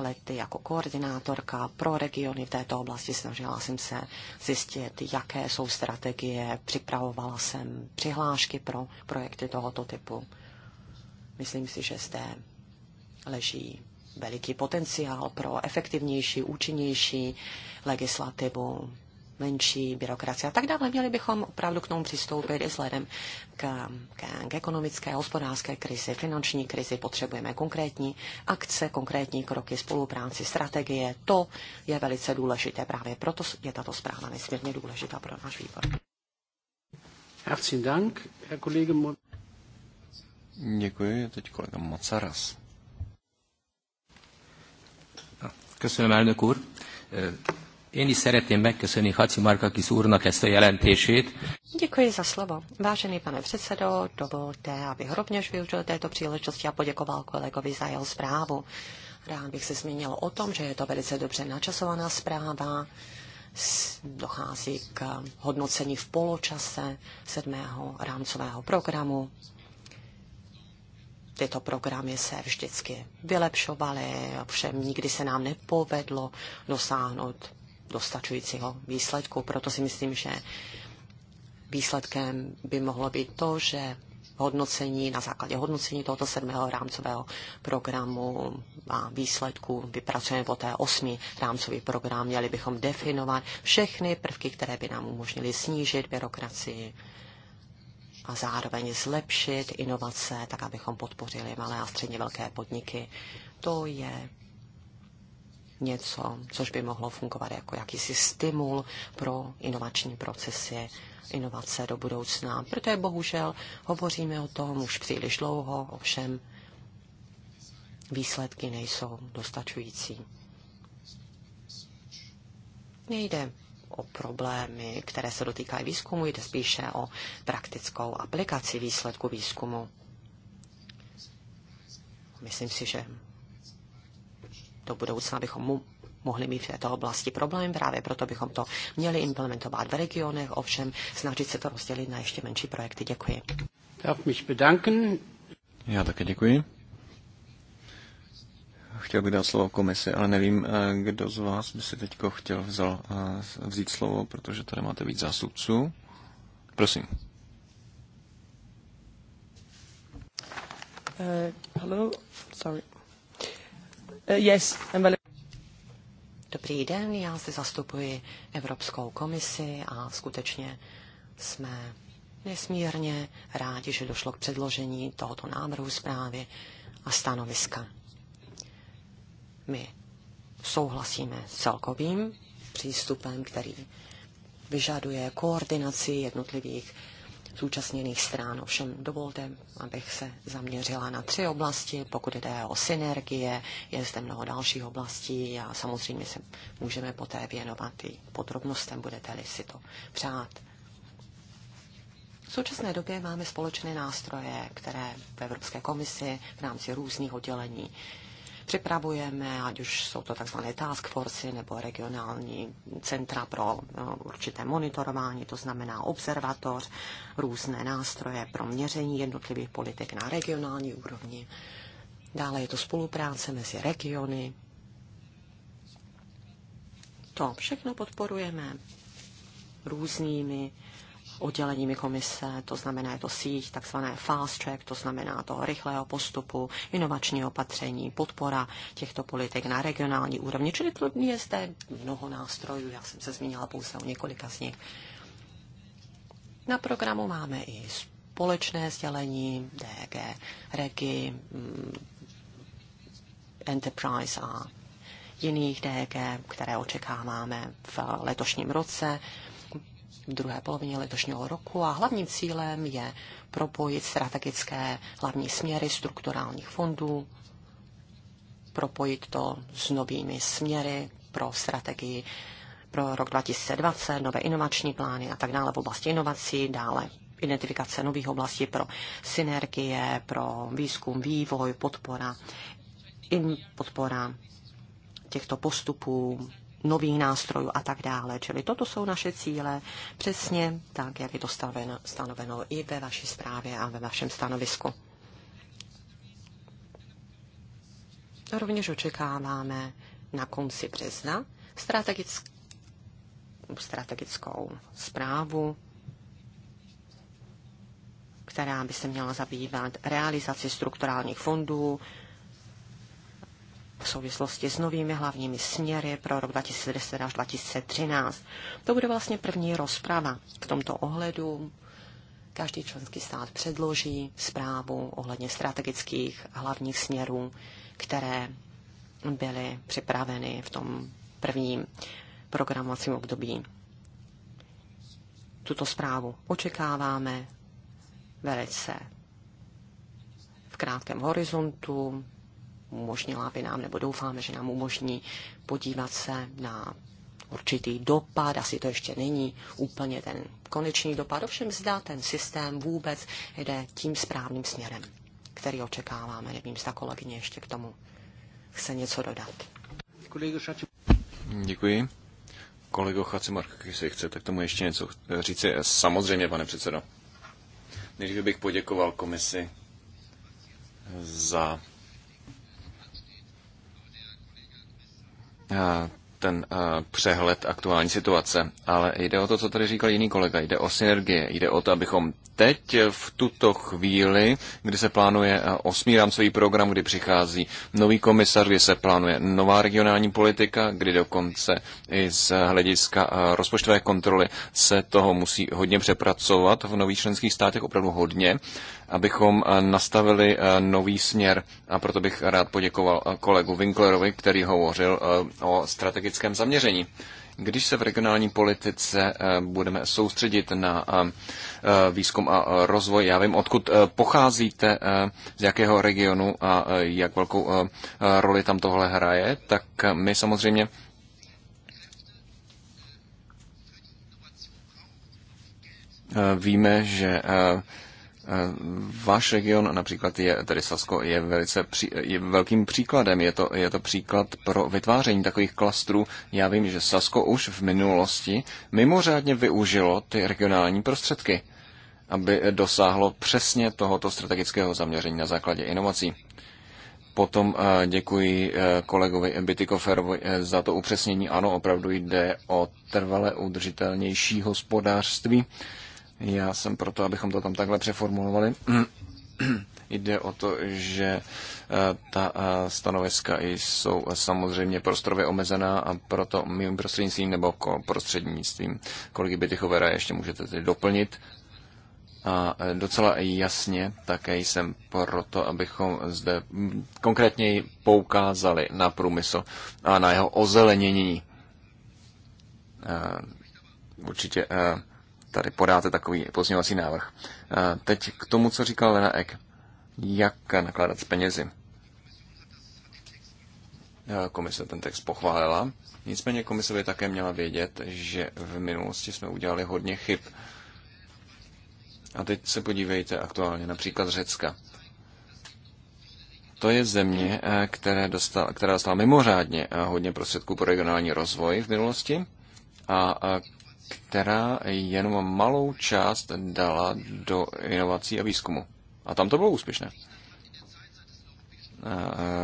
Speaker 2: lety jako koordinátorka pro regiony v této oblasti. Snažila jsem se zjistit, jaké jsou strategie, připravovala jsem přihlášky pro projekty tohoto typu. Myslím si, že zde leží veliký potenciál pro efektivnější, účinnější legislativu menší byrokracie a tak dále. Měli bychom opravdu k tomu přistoupit i vzhledem k, k, k ekonomické a hospodářské krizi, finanční krizi. Potřebujeme konkrétní akce, konkrétní kroky, spolupráci, strategie. To je velice důležité. Právě proto je tato zpráva nesmírně důležitá pro náš výbor. Herzlichen Dank, Herr
Speaker 1: Děkuji, teď kolega Mocaras. Köszönöm, elnök úr. Én is szeretném
Speaker 2: megköszönni Haci Markakis úrnak ezt a jelentését. Děkuji za slovo. Vážený pane předsedo, dovolte, abych rovněž využil této příležitosti a poděkoval kolegovi za jeho zprávu. Rád bych se zmínil o tom, že je to velice dobře načasovaná zpráva. Dochází k hodnocení v poločase sedmého rámcového programu. Tyto programy se vždycky vylepšovaly, ovšem nikdy se nám nepovedlo dosáhnout dostačujícího výsledku. Proto si myslím, že výsledkem by mohlo být to, že hodnocení, na základě hodnocení tohoto sedmého rámcového programu a výsledku vypracujeme té osmi rámcový program. Měli bychom definovat všechny prvky, které by nám umožnily snížit byrokracii a zároveň zlepšit inovace, tak abychom podpořili malé a středně velké podniky. To je něco, což by mohlo fungovat jako jakýsi stimul pro inovační procesy, inovace do budoucna. Protože bohužel hovoříme o tom už příliš dlouho, ovšem výsledky nejsou dostačující. Nejde o problémy, které se dotýkají výzkumu, jde spíše o praktickou aplikaci výsledku výzkumu. Myslím si, že do budoucna bychom mu mohli mít v této oblasti problém, právě proto bychom to měli implementovat v regionech, ovšem snažit se to rozdělit na ještě menší projekty. Děkuji. Darf mich bedanken.
Speaker 1: Já také děkuji. Chtěl bych dát slovo komisi, ale nevím, eh, kdo z vás by si teď chtěl vzal, eh, vzít slovo, protože tady máte víc zástupců. Prosím.
Speaker 2: Uh, hello, sorry. Eh, yes, I'm very... Dobrý den, já si zastupuji Evropskou komisi a skutečně jsme nesmírně rádi, že došlo k předložení tohoto návrhu zprávy a stanoviska. My souhlasíme s celkovým přístupem, který vyžaduje koordinaci jednotlivých zúčastněných strán. Ovšem dovolte, abych se zaměřila na tři oblasti. Pokud jde o synergie, je zde mnoho dalších oblastí a samozřejmě se můžeme poté věnovat i podrobnostem, budete-li si to přát. V současné době máme společné nástroje, které v Evropské komisi v rámci různých oddělení připravujeme, ať už jsou to tzv. task force nebo regionální centra pro eh, určité monitorování, to znamená observatoř, různé nástroje pro měření jednotlivých politik na regionální úrovni. Dále je to spolupráce mezi regiony. To všechno podporujeme různými odděleními komise, to znamená je to síť, takzvané fast track, to znamená toho rychlého postupu, inovační opatření, podpora těchto politik na regionální úrovni, čili to je zde mnoho nástrojů, já jsem se zmínila pouze o několika z nich. Na programu máme i společné sdělení DG, Regi, mm, Enterprise a jiných DG, které očekáváme v letošním roce v druhé polovině letošního roku a hlavním cílem je propojit strategické hlavní směry strukturálních fondů, propojit to s novými směry pro strategii pro rok 2020, nové inovační plány a tak dále v oblasti inovací, dále identifikace nových oblastí pro synergie, pro výzkum, vývoj, podpora, in podpora těchto postupů, nových nástrojů a tak dále. Čili toto jsou naše cíle, přesně tak, jak je to stanoveno, stanoveno i ve vaší zprávě a ve vašem stanovisku. A rovněž očekáváme na konci března strategickou zprávu, která by se měla zabývat realizaci strukturálních fondů, v souvislosti s novými hlavními směry pro rok 2010 až 2013. To bude vlastně první rozprava v tomto ohledu. Každý členský stát předloží zprávu ohledně strategických hlavních směrů, které byly připraveny v tom prvním programovacím období. Tuto zprávu očekáváme velice v krátkém horizontu, umožnila by nám, nebo doufáme, že nám umožní podívat se na určitý dopad, asi to ještě není úplně ten konečný dopad, ovšem zda ten systém vůbec jde tím správným směrem, který očekáváme. Nevím, zda kolegyně ještě k tomu chce něco dodat.
Speaker 1: Děkuji. Kolego Chacimark, se chce, tak tomu ještě něco říci. Samozřejmě, pane předsedo. Nejdříve bych poděkoval komisi za Eh, ten eh, přehled aktuální situace, ale jde o to, co tady říkal jiný kolega, jde o synergie, jde o to, abychom teď, v tuto chvíli, kdy se plánuje eh, osmý rámcový program, kdy přichází nový komisař, kdy se plánuje nová regionální politika, kdy dokonce i z hlediska eh, rozpočtové kontroly se toho musí hodně přepracovat v nových členských státech, opravdu hodně, abychom eh, nastavili nový směr. A proto bych rád poděkoval kolegu Winklerovi, který hovořil o strategickém zaměření. Když se v regionální politice eh, budeme soustředit na eh, eh, výzkum a rozvoj, já vím, odkud pocházíte, z jakého regionu a jak velkou roli tam tohle hraje, tak my samozřejmě víme, že Eh, váš region, například je, tedy Sasko, je, velice je velkým příkladem. Je to, je to příklad pro vytváření takových klastrů. Já vím, že Sasko už v minulosti mimořádně využilo ty regionální prostředky, aby dosáhlo přesně tohoto strategického zaměření na základě inovací. Potom eh, děkuji eh, kolegovi Bytikoferovi za to upřesnění. Ano, opravdu jde o trvale udržitelnější hospodářství já jsem proto, abychom to tam takhle přeformulovali. Jde o to, že eh, ta eh, stanoviska jsou samozřejmě prostorově omezená a proto mým prostřednictvím nebo prostřednictvím kolegy Bytychovera ještě můžete tedy doplnit. A eh, docela jasně také jsem proto, abychom zde konkrétně poukázali na průmysl a na jeho ozelenění. Určitě tady podáte takový pozměňovací návrh. Eh, teď k tomu, co říkal Lena Ek. Jak nakládat s penězi? Eh, komise ten text pochválila. Nicméně komise by také měla vědět, že v minulosti jsme udělali hodně chyb. A teď se podívejte aktuálně například Řecka. To je země, eh, které dostal, která dostala mimořádně hodně prostředků pro regionální rozvoj v minulosti a která jenom malou část dala do inovací a výzkumu. A tam to bylo úspěšné.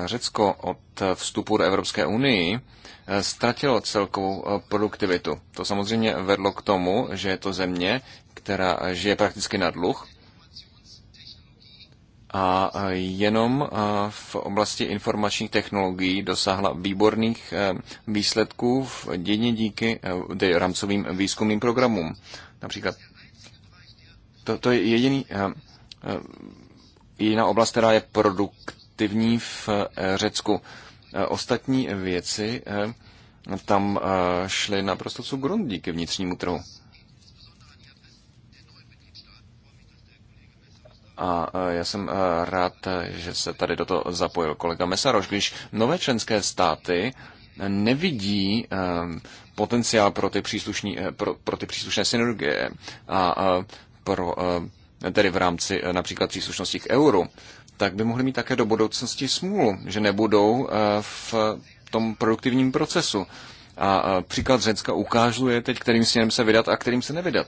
Speaker 1: Řecko od vstupu do Evropské unii eh, ztratilo celkovou eh, produktivitu. To samozřejmě vedlo k tomu, že je to země, která žije prakticky na dluh a jenom v oblasti informačních technologií dosáhla výborných e, výsledků jedině díky e, rámcovým výzkumným programům. Například to, to je jediný, e, jediná oblast, která je produktivní v Řecku. Ostatní věci tam šly naprosto cugrunt díky vnitřnímu trhu. a e, já jsem e, rád, e, že se tady do toho zapojil kolega Mesaroš. Když nové členské státy nevidí potenciál pro ty, příslušní, pro, pro ty příslušné synergie a pro, tedy v rámci například příslušnosti k euru, tak by mohli mít také do budoucnosti smůlu, že nebudou v tom produktivním procesu. A příklad Řecka ukazuje teď, kterým směrem se vydat a kterým se nevydat.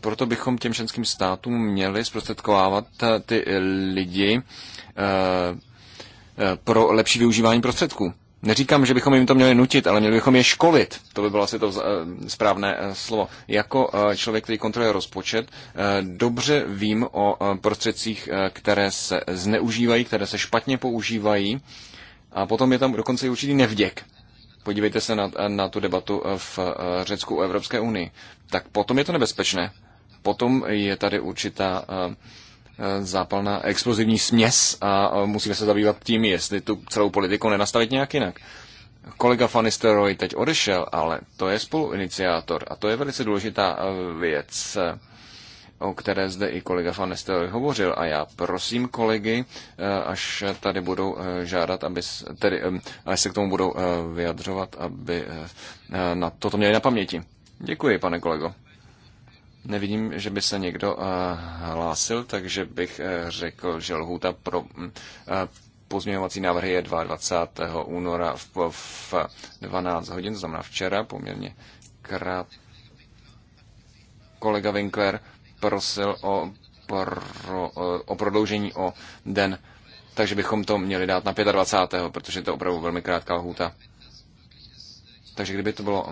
Speaker 1: Proto bychom těm členským státům měli zprostředkovávat eh, ty eh, lidi eh, pro lepší využívání prostředků. Neříkám, že bychom jim to měli nutit, ale měli bychom je školit. To by bylo asi to správné slovo. Jako člověk, který kontroluje rozpočet, dobře vím o prostředcích, které se zneužívají, které se špatně používají. A potom je tam dokonce i určitý nevděk podívejte se na, na tu debatu eh, v eh, Řecku o Evropské unii, tak potom je to nebezpečné. Potom je tady určitá eh, zápalná explozivní směs a musíme se zabývat tím, jestli tu celou politiku nenastavit nějak jinak. Kolega Fanisteroy teď odešel, ale to je spoluiniciátor a to je velice důležitá věc o které zde i kolega Fanestel hovořil. A já prosím kolegy, eh, až tady budou eh, žádat, aby, tedy, eh, až se k tomu budou vyjadřovat, aby na toto měli na paměti. Děkuji, pane kolego. Nevidím, že by se někdo hlásil, takže bych řekl, že lhůta pro mm, pozměňovací návrhy je 22. února v, v 12 hodin, to znamená včera, poměrně krát. Kolega Winkler prosil o, pro, o prodloužení o den, takže bychom to měli dát na 25., protože to je opravdu velmi krátká lhůta. Takže kdyby to bylo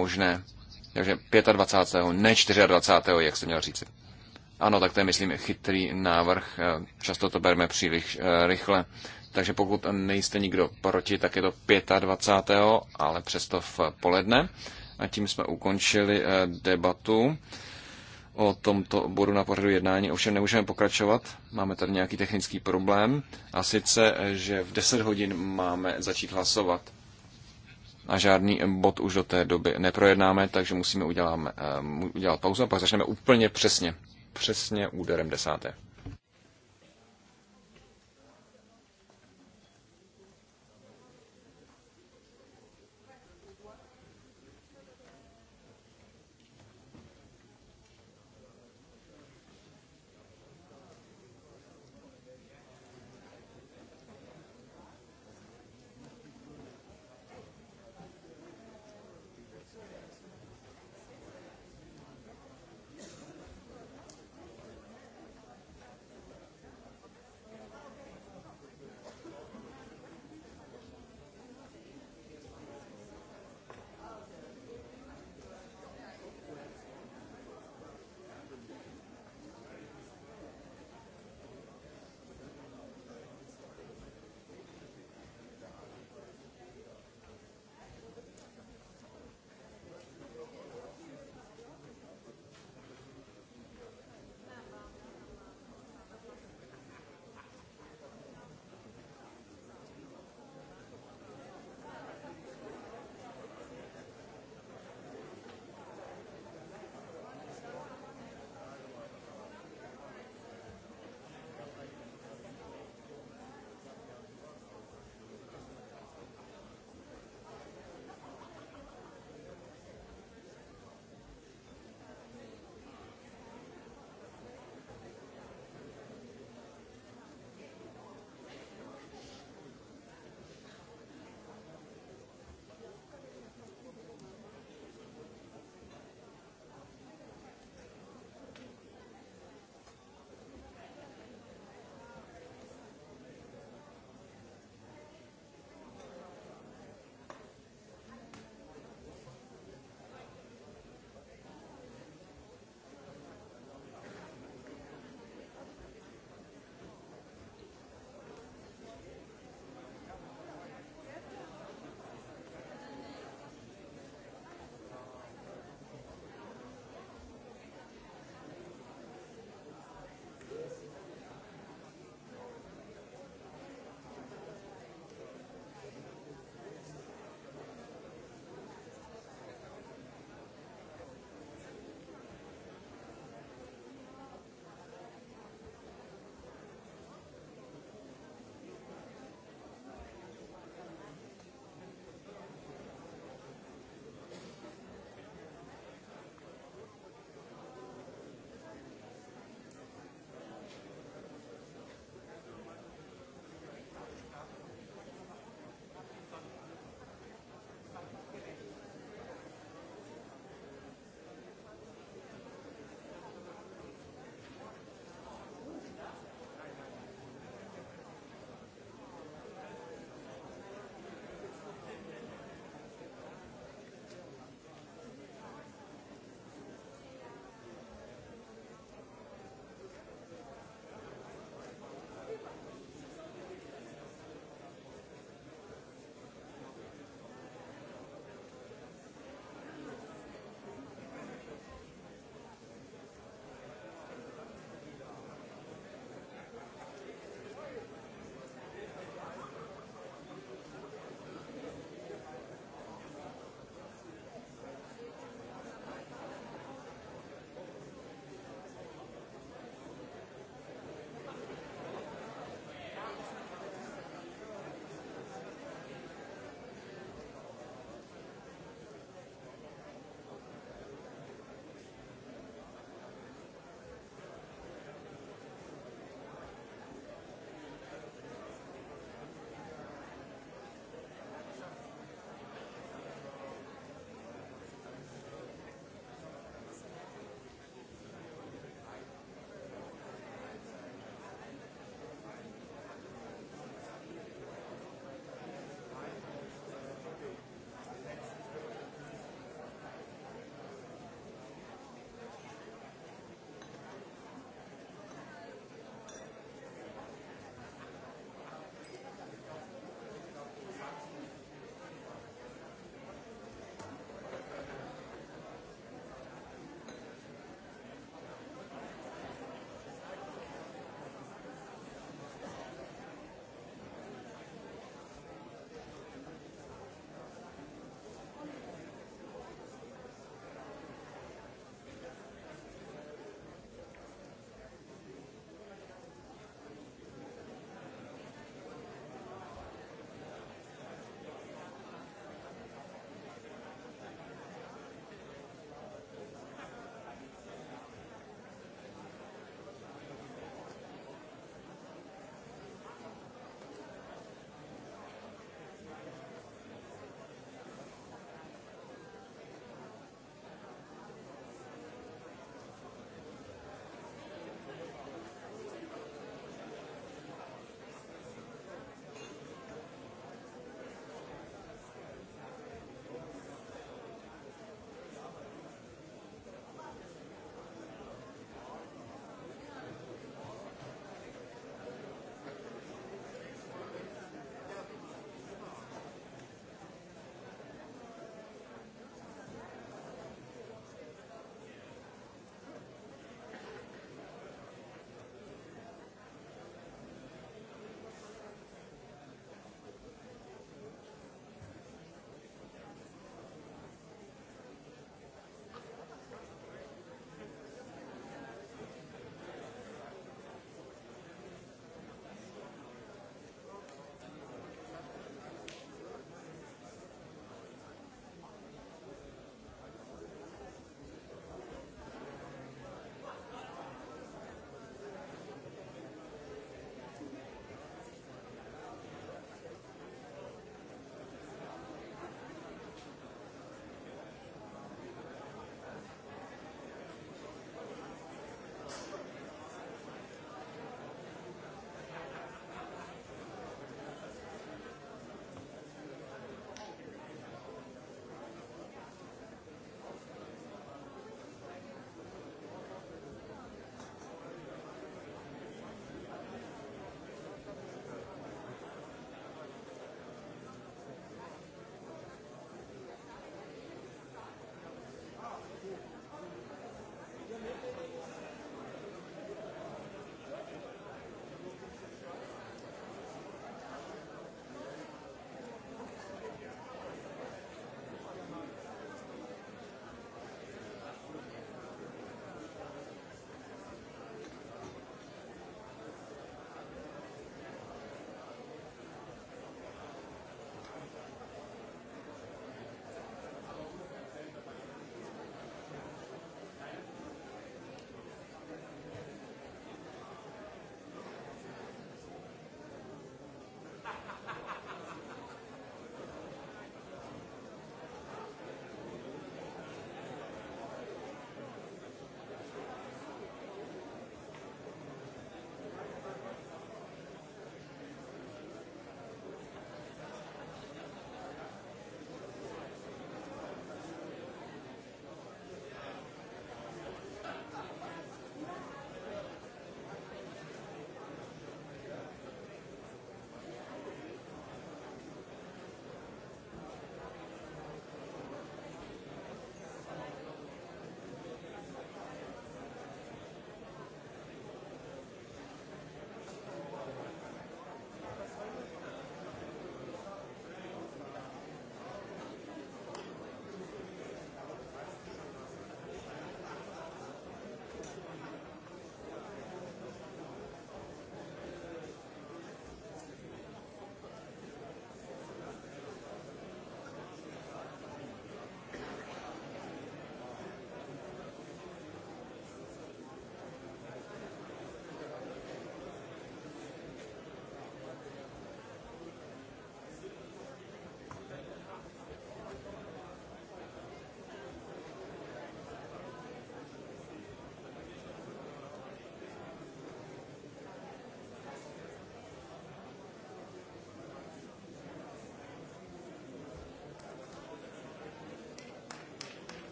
Speaker 1: možné, takže 25. ne 24. jak jste měl říct. Ano, tak to je, myslím, chytrý návrh. Často to bereme příliš eh, rychle. Takže pokud nejste nikdo proti, tak je to 25. ale přesto v poledne. A tím jsme ukončili eh, debatu o tomto bodu na pořadu jednání. Ovšem nemůžeme pokračovat, máme tady nějaký technický problém a sice, že v 10 hodin máme začít hlasovat a žádný bod už do té doby neprojednáme, takže musíme udělat, eh, udělat pauzu a pak začneme úplně přesně, přesně úderem desáté.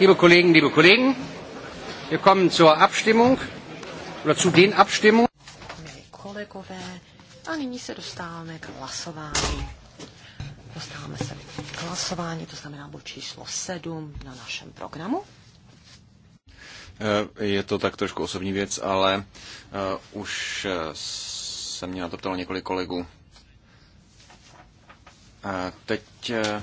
Speaker 1: Liebe Kolleginnen, liebe Kollegen, wir kommen zur Abstimmung oder zu den Abstimmungen.
Speaker 2: Milí kolegové, a nyní se dostáváme k hlasování. Dostáváme se k hlasování, to znamená bod číslo 7 na našem programu.
Speaker 1: Eh, je to tak trošku osobní věc, ale uh, už eh, se mě na to ptalo několik kolegů. Uh, teď uh,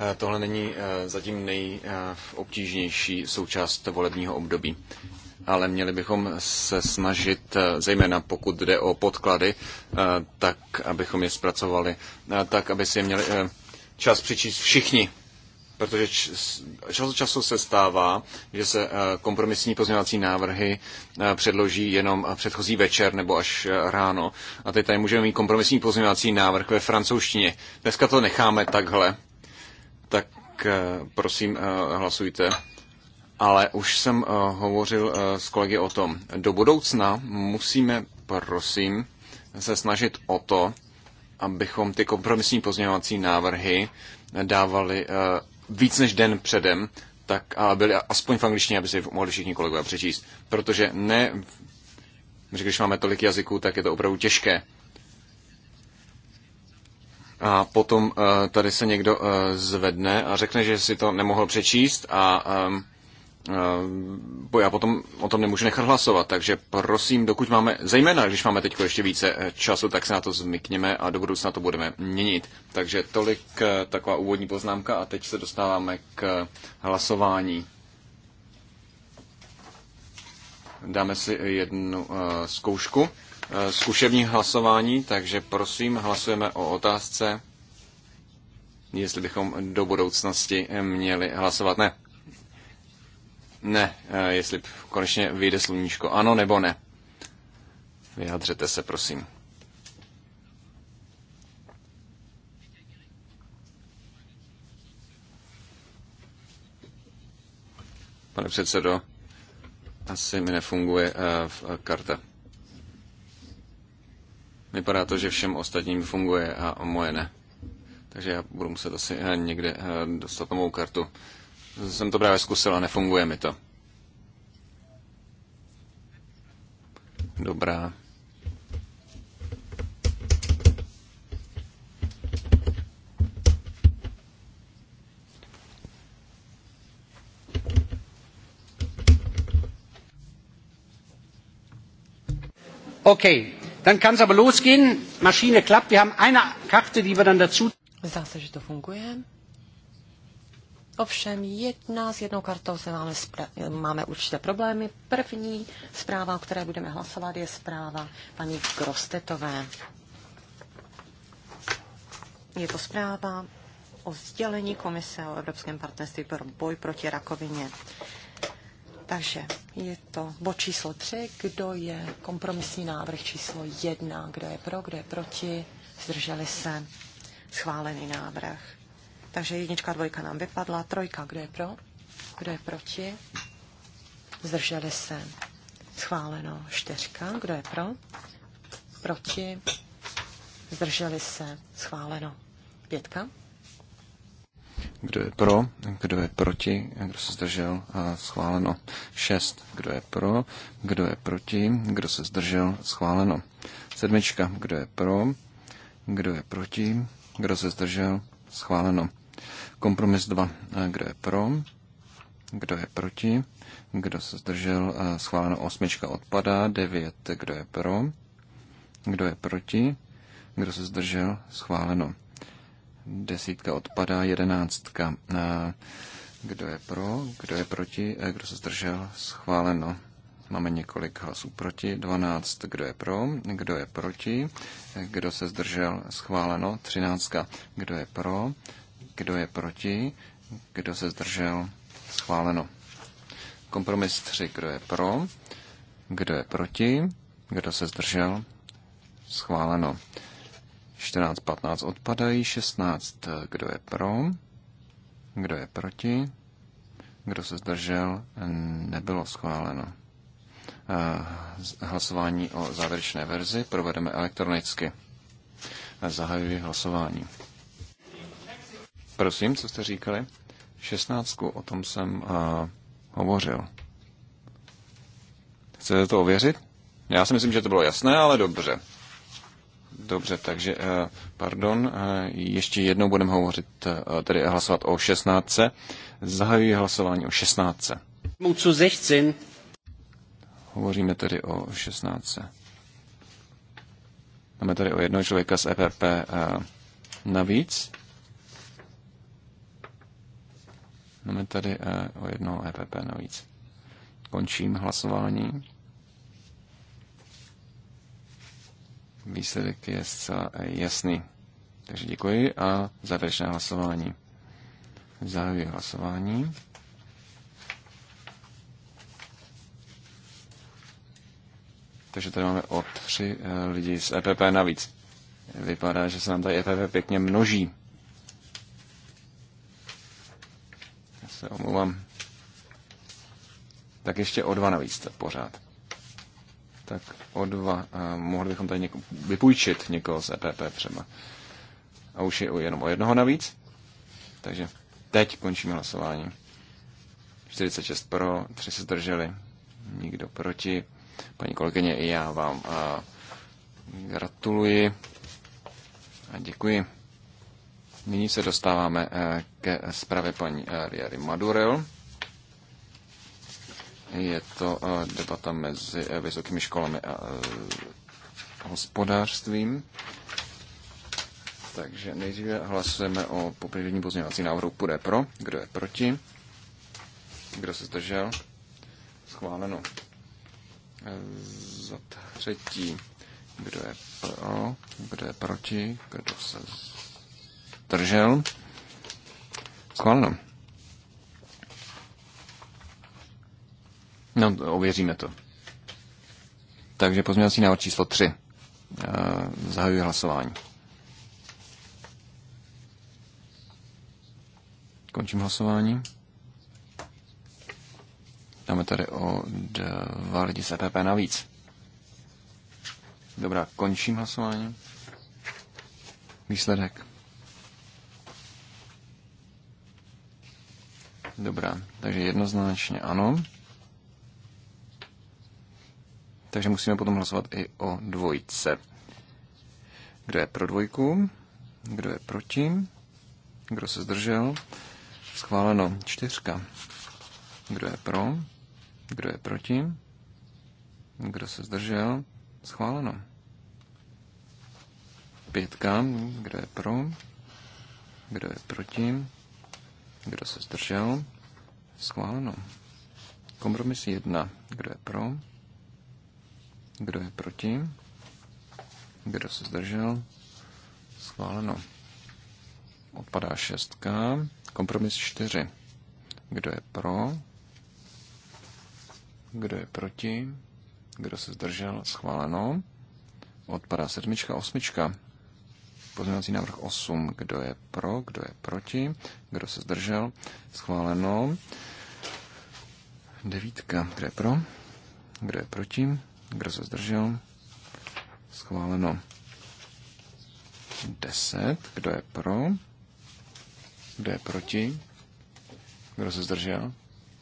Speaker 1: Eh, tohle není eh, zatím nejobtížnější součást volebního období. Ale měli bychom se snažit, eh, zejména pokud jde o podklady, tak abychom je zpracovali, tak aby si je měli čas přičíst všichni, protože čas od času se stává, že se kompromisní pozměňovací návrhy předloží jenom předchozí večer nebo až ráno. A teď tady můžeme mít kompromisní pozměňovací návrh ve francouzštině. Dneska to necháme takhle, tak eh, prosím eh, hlasujte. Ale už jsem eh, hovořil s kolegy o tom. Do budoucna musíme, prosím, se snažit o to, abychom ty kompromisní pozměňovací návrhy dávali víc než den předem, tak a byly aspoň v angličtině, aby si mohli všichni kolegové přečíst. Protože ne, když máme tolik jazyků, tak je to opravdu těžké a potom eh, tady se někdo eh, zvedne a řekne, že si to nemohl přečíst a ehm, eh, já potom o tom nemůžu nechat hlasovat, takže prosím, dokud máme, zejména když máme teď ještě více času, tak se na to zmykněme a do budoucna to budeme měnit. Takže tolik taková úvodní poznámka a teď se dostáváme k hlasování. Dáme si jednu zkoušku. Eh, zkušební hlasování, takže prosím, hlasujeme o otázce, jestli bychom do budoucnosti měli hlasovat ne. Ne, eh, jestli konečně vyjde sluníčko. Ano nebo ne. Vyjadřete se, prosím. Pane předsedo, asi mi nefunguje uh, karta. Vypadá to, že všem ostatním funguje a moje ne. Takže já budu muset asi eh, někde eh, dostat novou kartu. Jsem to právě zkusil a nefunguje mi to. Dobrá.
Speaker 3: Okay, Dann kann es aber losgehen. Maschine klappt. Wir haben eine Karte, die wir dann dazu.
Speaker 2: Zdá se, že to funguje. Ovšem jedna s jednou kartou se máme, máme určité problémy. První zpráva, o které budeme hlasovat, je zpráva paní Grostetové. Je to zpráva o sdělení Komise o Evropském partnerství pro boj proti rakovině. Takže je to bod číslo 3. Kdo je kompromisní návrh číslo 1? Kdo je pro, kdo je proti? Zdrželi se. Schválený návrh. Takže jednička, dvojka nám vypadla. Trojka, kdo je pro? Kdo je proti? Zdrželi se. Schváleno. Čtyřka, kdo je pro? Proti? Zdrželi se. Schváleno. Pětka,
Speaker 1: kdo je pro? Kdo je proti? Kdo se zdržel? Eh, schváleno. 6. Kdo je pro? Kdo je proti? Kdo se zdržel? Schváleno. Sedmička. Kdo je pro? Kdo je proti? Kdo se zdržel? Schváleno. Kompromis 2. Eh, eh, kdo je pro? Kdo je proti? Kdo se zdržel? Schváleno. Osmička odpadá. 9. Kdo je pro? Kdo je proti? Kdo se zdržel? Schváleno. Desítka odpadá, jedenáctka. Kdo je pro, kdo je proti, kdo se zdržel, schváleno. Máme několik hlasů proti, 12, kdo je pro, kdo je proti, kdo se zdržel, schváleno, 13, kdo je pro, kdo je proti, kdo se zdržel, schváleno. Kompromis 3, kdo je pro, kdo je proti, kdo se zdržel, schváleno. 14, 15 odpadají, 16, eh, kdo je pro, kdo je proti, kdo se zdržel, eh, nebylo schváleno. Eh, hlasování o závěrečné verzi provedeme elektronicky. Zahajuji hlasování. Prosím, co jste říkali? 16, o tom jsem uh, hovořil. Chcete to ověřit? Já si myslím, že to bylo jasné, ale dobře. Dobře, takže eh, pardon, eh, ještě jednou budeme hovořit, eh, tedy hlasovat o 16. Zahajuji hlasování o 16. 16. Hovoříme tedy o 16. Máme tady o jednoho člověka z EPP navíc. Máme tady o jednoho EPP navíc. Končím hlasování. Výsledek je zcela jasný. Takže děkuji a závěrečné hlasování. Zahajuji hlasování. Takže tady máme o tři eh, lidi z EPP navíc. Vypadá, že se nám tady EPP pěkně množí. Já se omlouvám. Tak ještě o dva navíc pořád tak o dva. A mohli bychom tady něko, vypůjčit někoho z EPP třeba. A už je jenom o jednoho navíc. Takže teď končíme hlasování. 46 pro, 3 se zdrželi, nikdo proti. Paní kolegyně, i já vám a gratuluji a děkuji. Nyní se dostáváme e, ke zprávě paní e, Riary Madurel. Je to eh, debata mezi eh, vysokými školami a eh, hospodářstvím. Takže nejdříve hlasujeme o popřední pozměňovací návrhu. Kdo pro? Kdo je proti? Kdo se zdržel? Schváleno. Za třetí. Kdo je pro? Kdo je proti? Kdo se zdržel? Schváleno. No, ověříme to. Takže pozměňovací návrh číslo 3. Eh, zahajuji hlasování. Končím hlasování. Dáme tady o dva lidi z EPP navíc. Dobrá, končím hlasování. Výsledek. Dobrá, takže jednoznačně ano. Takže musíme potom hlasovat i o dvojce. Kdo je pro dvojku? Kdo je proti? Kdo se zdržel? Schváleno čtyřka. Kdo je pro? Kdo je proti? Kdo se zdržel? Schváleno. Pětka. Kdo je pro? Kdo je proti? Kdo se zdržel? Schváleno. Kompromis jedna. Kdo je pro? Kdo je proti? Kdo se zdržel? Schváleno. Odpadá šestka. Kompromis čtyři. Kdo je pro? Kdo je proti? Kdo se zdržel? Schváleno. Odpadá sedmička, osmička. Pozměňovací návrh 8. Kdo je pro? Kdo je proti? Kdo se zdržel? Schváleno. Devítka. Kdo je pro? Kdo je proti? Kdo se zdržel? Schváleno. 10. Kdo je pro? Kdo je proti? Kdo se zdržel?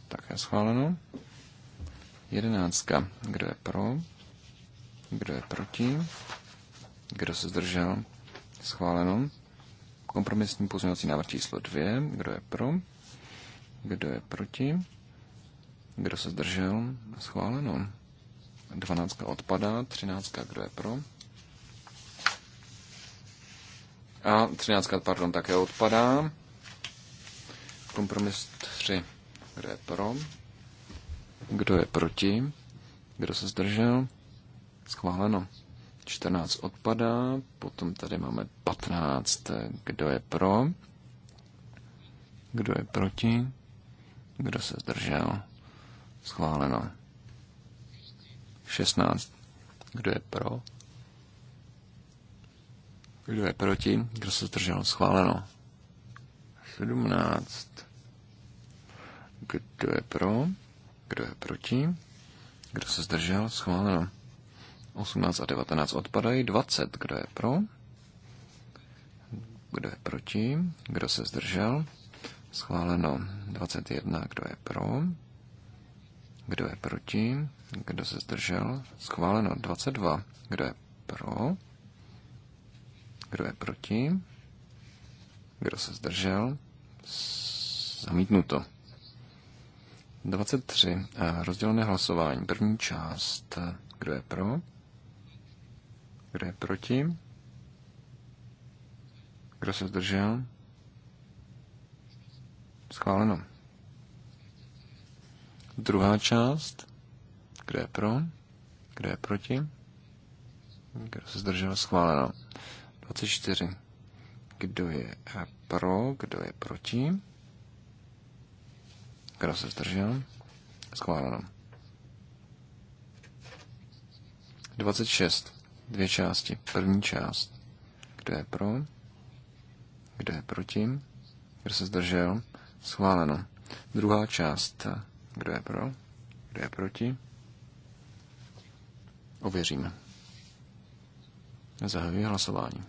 Speaker 1: Také schváleno. 11. Kdo je pro? Kdo je proti? Kdo se zdržel? Schváleno. Kompromisní pozměňovací návrh číslo 2. Kdo je pro? Kdo je proti? Kdo se zdržel? Schváleno. 12 odpadá, 13 kdo je pro. A 13, pardon, také odpadá. Kompromis 3, kdo je pro. Kdo je proti? Kdo se zdržel? Schváleno. 14 odpadá, potom tady máme 15. Kdo je pro? Kdo je proti? Kdo se zdržel? Schváleno. 16. Kdo je pro? Kdo je proti? Kdo se zdržel? Schváleno. 17. Kdo je pro? Kdo je proti? Kdo se zdržel? Schváleno. 18 a 19 odpadají. 20. Kdo je pro? Kdo je proti? Kdo se zdržel? Schváleno. 21. Kdo je pro? Kdo je proti? Kdo se zdržel? Schváleno 22. Kdo je pro? Kdo je proti? Kdo se zdržel? Zamítnuto. 23. Eh, rozdělené hlasování. První část. Kdo je pro? Kdo je proti? Kdo se zdržel? Schváleno. Druhá část. Kdo je pro? Kdo je proti? Kdo se zdržel? Schváleno. 24. Kdo je pro? Kdo je proti? Kdo se zdržel? Schváleno. 26. Dvě části. První část. Kdo je pro? Kdo je proti? Kdo se zdržel? Schváleno. Druhá část. Kdo je pro? Kdo je proti? Ověříme. Zahajuji hlasování.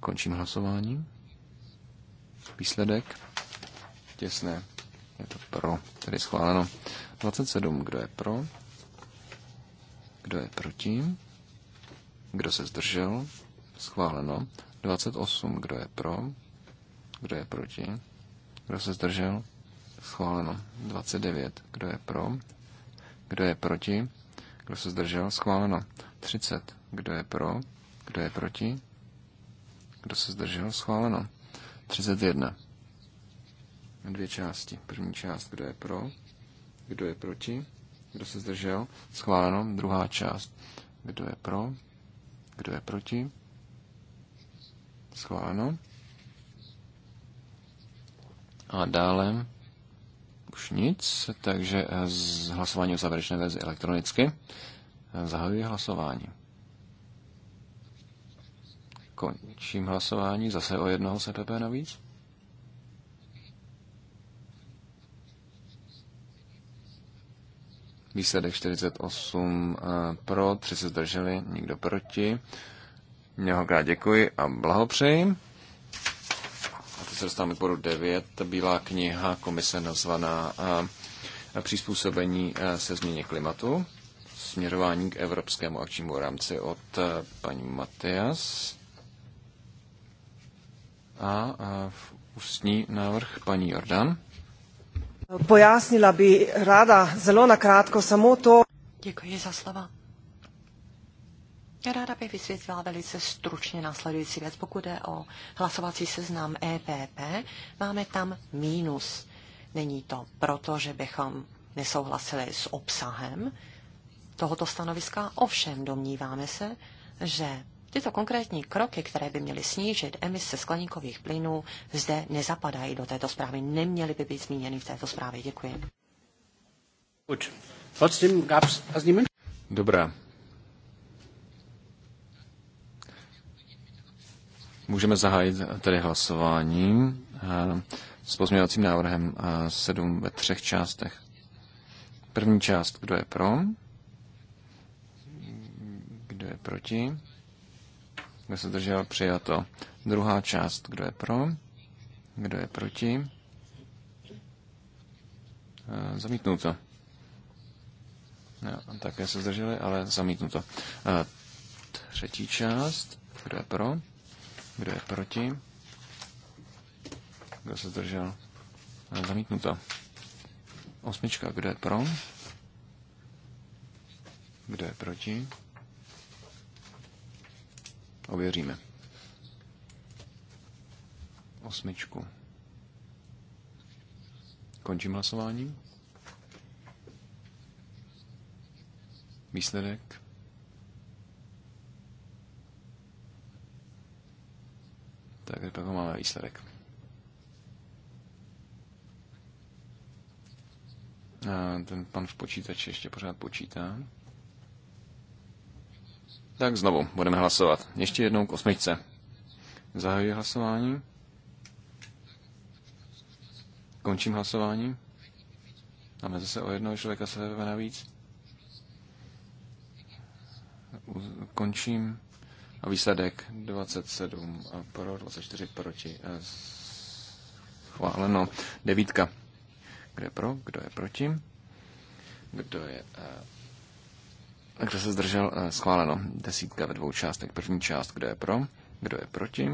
Speaker 1: Končím hlasování. Výsledek těsné. Je to pro, tedy schváleno. 27, kdo je pro? Kdo je proti? Kdo se zdržel? Schváleno. 28, kdo je pro? Kdo je proti? Kdo se zdržel? Schváleno. 29. Kdo je pro? Kdo je proti? Kdo se zdržel? Schváleno. 30. Kdo je pro? Kdo je proti? Kdo se zdržel? Schváleno. 31. Dvě části. První část, kdo je pro? Kdo je proti? Kdo se zdržel? Schváleno. Druhá část. Kdo je pro? Kdo je proti? Schváleno. A dále už nic, takže eh, z hlasování o závěrečné verzi elektronicky eh, zahajuji hlasování. Končím hlasování, zase o jednoho CPP e navíc. Výsledek 48 eh, pro, 3 se zdrželi, nikdo proti. Mnohokrát děkuji a blahopřeji se dostáváme k bodu 9, bílá kniha komise nazvaná Přizpůsobení se změně klimatu, směrování k evropskému akčnímu rámci od paní Matias a v ústní návrh paní Jordan.
Speaker 3: Pojasnila by ráda zelo nakrátko samo
Speaker 2: to. Děkuji za slova. Ráda bych vysvětlila velice stručně následující věc. Pokud je o hlasovací seznam EPP, máme tam mínus. Není to proto, že bychom nesouhlasili s obsahem tohoto stanoviska, ovšem domníváme se, že tyto konkrétní kroky, které by měly snížit emise skleníkových plynů, zde nezapadají do této zprávy, neměly by být zmíněny v této zprávě. Děkuji.
Speaker 1: Dobrá, Můžeme zahájit tedy hlasování eh, s pozměňovacím návrhem 7 eh, ve třech částech. První část, kdo je pro? Kdo je proti? Kdo se držel? Přijato. Druhá část, kdo je pro? Kdo je proti? Eh, zamítnuto. No, také se zdrželi, ale zamítnuto. Třetí část, kdo je pro? Kdo je proti? Kdo se zdržel? E, Zamítnuto. Osmička, kdo je pro? Kdo je proti? Ověříme. Osmičku. Končím hlasování. Výsledek Tak pak máme výsledek. A ten pan v počítači ještě pořád počítá. Tak znovu budeme hlasovat. Ještě jednou k osmičce. Zahajuji hlasování. Končím hlasování. Máme zase o jednoho člověka se navíc. Končím. A výsledek 27 pro, 24 proti. Eh, schváleno. Devítka. kde je pro, kdo je proti? Kdo je... Eh, kdo se zdržel? Eh, schváleno. Desítka ve dvou částech. První část, kdo je pro, kdo je proti?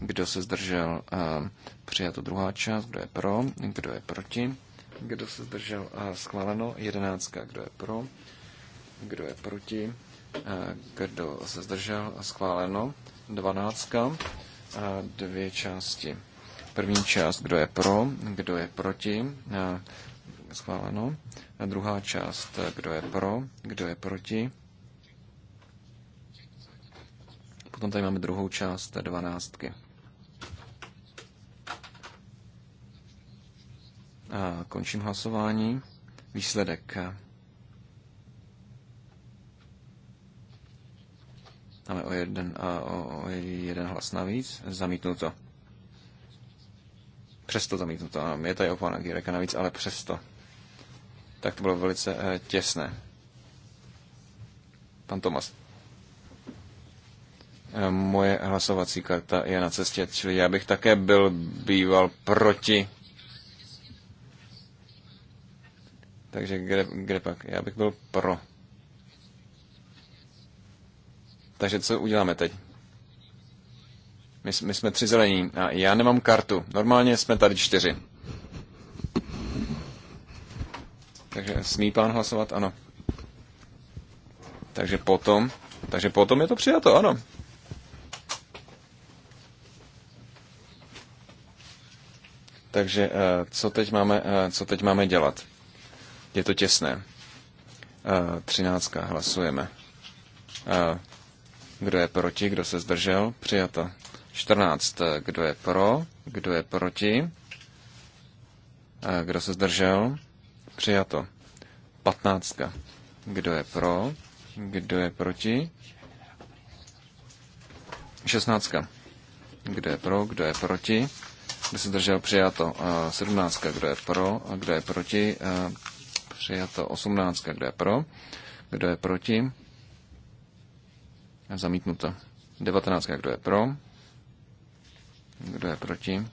Speaker 1: Kdo se zdržel? Přijato druhá část, kdo je pro, kdo je proti? Kdo se zdržel? Schváleno. Jedenáctka, kdo je pro, kdo je proti? Eh, kdo se zdržel? Schváleno. Dvanáctka. Eh, dvě části. První část, kdo je pro, kdo je proti. Eh, schváleno. A druhá část, kdo je pro, kdo je proti. Potom tady máme druhou část dvanáctky. A končím hlasování. Výsledek Máme o jeden, a o jeden hlas navíc. Zamítnuto. Přesto zamítnuto. Ano, je tady o pana Gireka navíc, ale přesto. Tak to bylo velice eh, těsné. Pan Tomas. Eh, moje hlasovací karta je na cestě, čili já bych také byl býval proti. Takže kde, kde pak? Já bych byl pro. Takže co uděláme teď? My, my jsme tři zelení a já nemám kartu. Normálně jsme tady čtyři. Takže smí pán hlasovat? Ano. Takže potom, takže potom je to přijato, ano. Takže eh, co teď máme, eh, co teď máme dělat? Je to těsné. Eh, třináctka hlasujeme. Kdo je proti? Kdo se zdržel? Přijato. 14. Kdo je pro? Kdo je proti? Kdo se zdržel? Přijato. 15. Kdo je pro? Kdo je proti? 16. Kdo je pro? Kdo je proti? Kdo se zdržel? Přijato. 17. Kdo je pro? Kdo je proti? Přijato. 18. Kdo je pro? Kdo je proti? Zamítnuto. 19. Kdo je pro? Kdo je proti?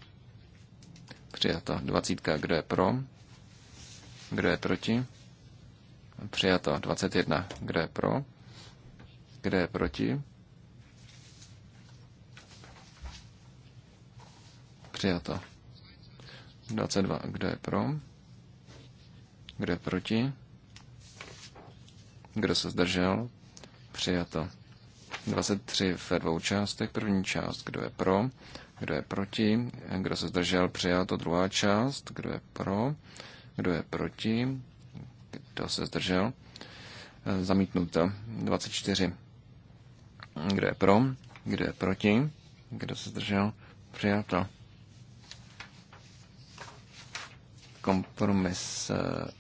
Speaker 1: Přijato. 20. Kdo je pro? Kdo je proti? Přijato. 21. Kdo je pro? Kdo je proti? Přijato. 22. Kdo je pro? Kdo je proti? Kdo se zdržel? Přijato. 23 ve dvou částech. První část, kdo je pro, kdo je proti, kdo se zdržel, přijato. Druhá část, kdo je pro, kdo je proti, kdo se zdržel, zamítnuto. 24. Kdo je pro, kdo je proti, kdo se zdržel, přijato. Kompromis eh,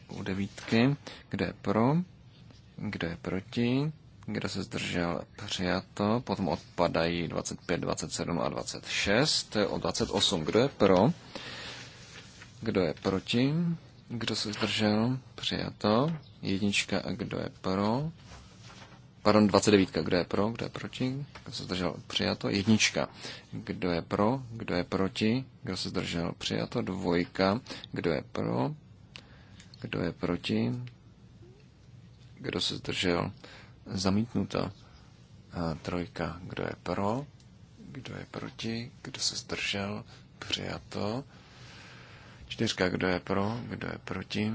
Speaker 1: u devítky, kdo je pro, kdo je proti, kdo se zdržel? Přijato. Potom odpadají 25, 27 a 26. O 28. Kdo je pro? Kdo je proti? Kdo se zdržel? Přijato. Jednička. A kdo je pro? Pardon, 29. Kdo je pro? Kdo je proti? Kdo se zdržel? Přijato. Jednička. Kdo je pro? Kdo je proti? Kdo se zdržel? Přijato. Dvojka. Kdo je pro? Kdo je proti? Kdo se zdržel? Zamítnuto. Trojka, kdo je pro, kdo je proti, kdo se zdržel, přijato. Čtyřka, kdo je pro, kdo je proti.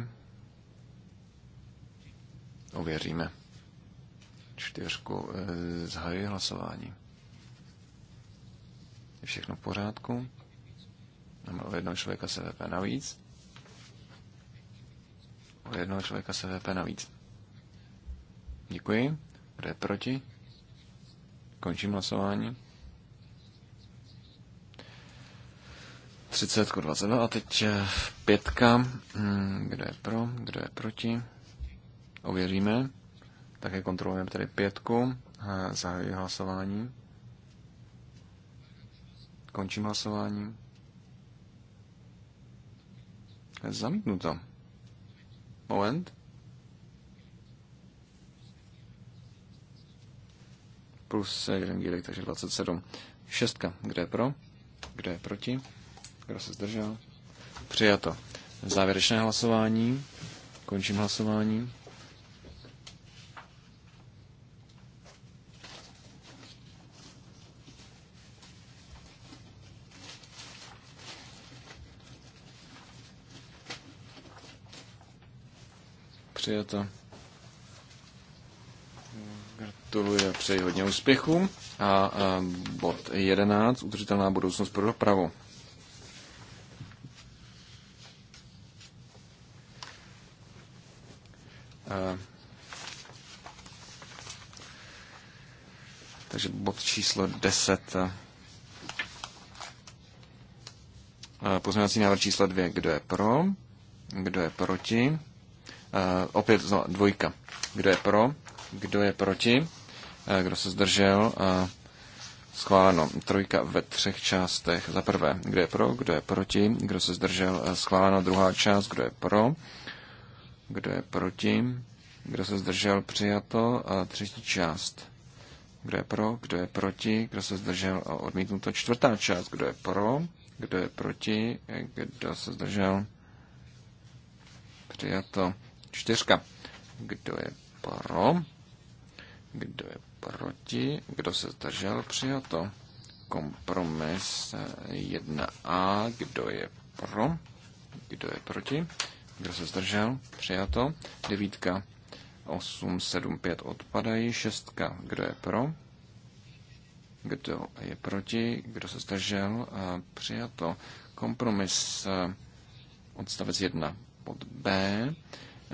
Speaker 1: Ověříme. Čtyřku e, zahajuji hlasování. Je všechno v pořádku. Máme o jednoho člověka se VP navíc. O jednoho člověka se VP navíc. Děkuji. Kdo je proti? Končím hlasování. 30 k 22 a teď eh, pětka. Hmm, kdo je pro, kdo je proti? Ověříme. Také kontrolujeme tady pětku. Eh, zahajuji hlasování. Končím hlasování. Zamítnuto. Moment. plus jeden dílek, takže 27. Šestka, kde je pro, kde je proti, kdo se zdržel. Přijato. Závěrečné hlasování. Končím hlasování. Přijato gratuluji a přeji hodně úspěchů. A, a bod 11, udržitelná budoucnost pro dopravu. A, takže bod číslo 10. Pozměňovací návrh číslo 2. Kdo je pro? Kdo je proti? Uh, opět znovu, dvojka. Kdo je pro? Kdo je proti? Eh, kdo se zdržel? Eh, schváleno. Trojka ve třech částech. Za prvé, kdo je pro, kdo je proti, kdo se zdržel, eh, schváleno. Druhá část, kdo je pro, kdo je proti, kdo se zdržel, přijato. A třetí část, kdo je pro, kdo je proti, kdo se zdržel, odmítnuto. Čtvrtá část, kdo je pro, kdo je proti, kdo se zdržel, přijato. Čtyřka, kdo je pro, kdo je proti? Kdo se zdržel? Přijato. Kompromis 1A. Eh, kdo je pro? Kdo je proti? Kdo se zdržel? Přijato. Devítka 8, 7, 5 odpadají. Šestka. Kdo je pro? Kdo je proti? Kdo se zdržel? Eh, přijato. Kompromis eh, odstavec 1 pod B.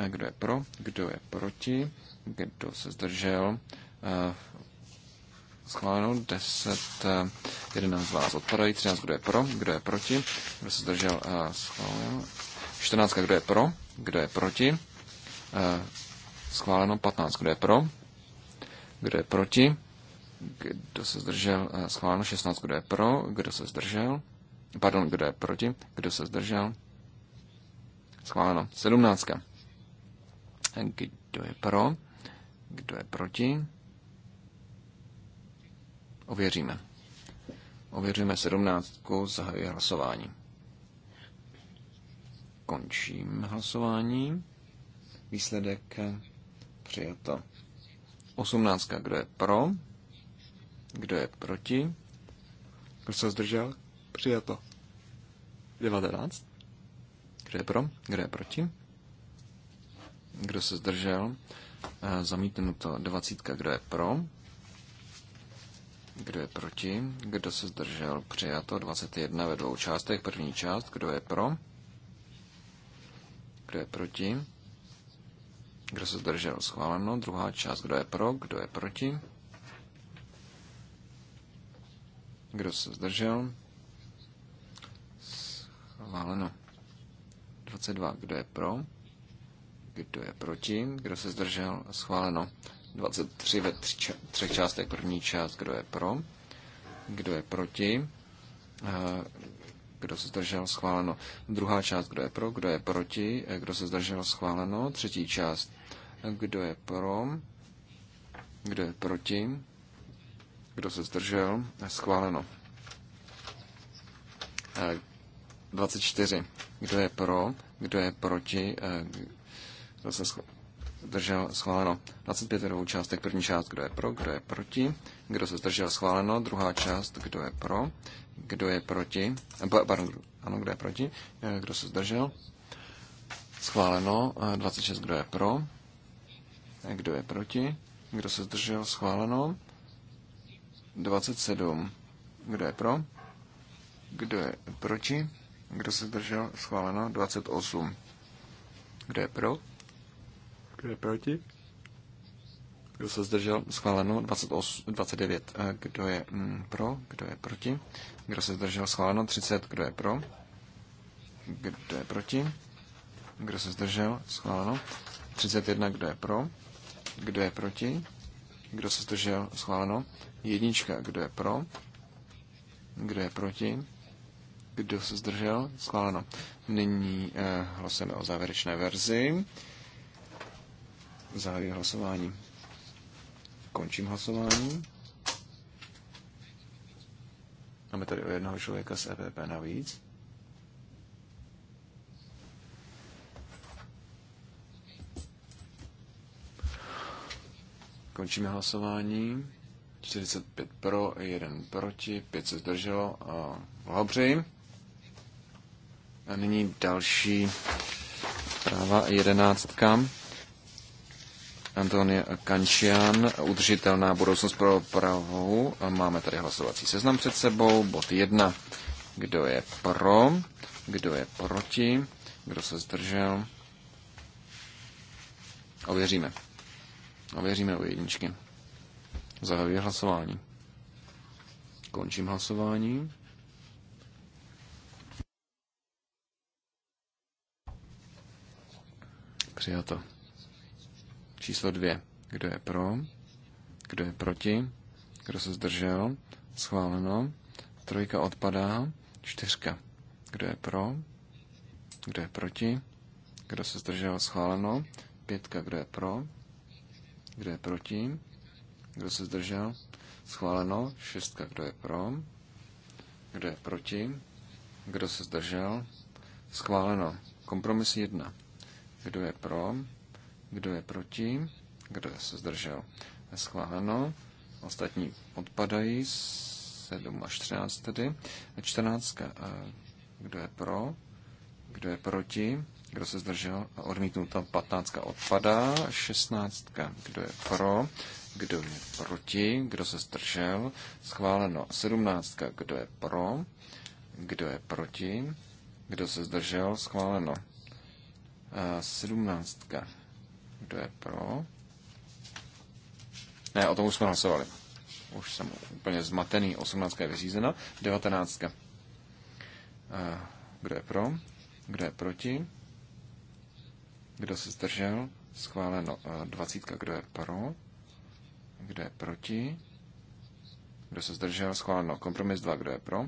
Speaker 1: Kdo je pro? Kdo je proti? kdo se zdržel, eh, schváleno 10, 11 eh, z vás odpadají, 13 kdo je pro, kdo je proti, kdo se zdržel, eh, schváleno 14 kdo je pro, kdo je proti, schváleno 15 kdo je pro, kdo je proti, kdo se zdržel, schváleno 16 kdo je pro, kdo se zdržel, pardon, kdo je proti, kdo se zdržel, schváleno 17. Kdo je pro? kdo kdo je proti, se zdržel, kdo je proti? Ověříme. Ověříme sedmnáctku, zahajuji hlasování. Končím hlasování. Výsledek přijato. Osmnáctka, kdo je pro? Kdo je proti? Kdo se zdržel? Přijato. 19. Kdo je pro? Kdo je proti? Kdo se zdržel? Eh, zamítnuto 20. Kdo je pro? Kdo je proti? Kdo se zdržel? Přijato 21 ve dvou částech. První část. Kdo je pro? Kdo je proti? Kdo se zdržel? Schváleno. Druhá část. Kdo je pro? Kdo je proti? Kdo se zdržel? Schváleno. 22. Kdo je pro? Kdo je proti? Kdo se zdržel? Schváleno. 23 ve třech částech. První část. Kdo je pro? Kdo je proti? Eh, kdo se zdržel? Schváleno. Druhá část. Kdo je pro? Kdo je proti? Eh, kdo se zdržel? Schváleno. Třetí část. Kdo je pro? Kdo je proti? Kdo se zdržel? Eh, schváleno. 24. Kdo je pro? Kdo je proti? Kdo se zdržel? Schváleno. 25 druhou částek. První část. Kdo je pro? Kdo je proti? Kdo se zdržel? Schváleno. Druhá část. Kdo je pro? Kdo je proti? Eh, pardon, ano, kdo je proti? Kdo se zdržel? Schváleno. 26. Kdo je pro? Kdo je proti? Kdo se zdržel? Schváleno. 27. Kdo je pro? Kdo je proti? Kdo se zdržel? Schváleno. 28. Kdo je pro? Kdo je proti? Kdo se zdržel? Schváleno 28, 29. Eh, kdo je mm, pro? Kdo je proti? Kdo se zdržel? Schváleno 30. Kdo je pro? Kdo je proti? Kdo se zdržel? Schváleno. 31. Kdo je pro? Kdo je proti? Kdo se zdržel? Schváleno. Jednička. Kdo je pro? Kdo je proti? Kdo se zdržel? Schváleno. Nyní eh, hlasujeme o závěrečné verzi. Zahajuji hlasování. Končím hlasování. Máme tady o jednoho člověka z EPP navíc. Končíme hlasování. 45 pro, 1 proti, 5 se zdrželo a blahopřeji. A nyní další práva jedenáctka. Antonie Kančian, udržitelná budoucnost pro Prahu. Máme tady hlasovací seznam před sebou, bod 1. Kdo je pro, kdo je proti, kdo se zdržel. Ověříme. Ověříme u jedničky. Zahajuji hlasování. Končím hlasování. Přijato. Číslo dvě. Kdo je pro? Kdo je proti? Kdo se zdržel? Schváleno. Trojka odpadá. Čtyřka. Kdo je pro? Kdo je proti? Kdo se zdržel? Schváleno. Pětka. Kdo je pro? Kdo je proti? Kdo se zdržel? Schváleno. Šestka. Kdo je pro? Kdo je proti? Kdo se zdržel? Schváleno. Kompromis jedna. Kdo je pro? Kdo je proti? Kdo se zdržel? Schváleno. Ostatní odpadají. 7 až 13 tedy. 14. Eh, kdo je pro? Kdo je proti? Kdo se zdržel? Odmítnuto. 15. odpadá. 16. Kdo je pro? Kdo je proti? Kdo se zdržel? Schváleno. 17. Kdo je pro? Kdo je proti? Kdo se zdržel? Schváleno. 17. Eh, kdo je pro? Ne, o tom už jsme hlasovali. Už jsem úplně zmatený. 18 je vyřízena. 19. Eh, kdo je pro? Kdo je proti? Kdo se zdržel? Schváleno 20. Eh, kdo je pro? Kdo je proti? Kdo se zdržel? Schváleno kompromis 2. Kdo je pro?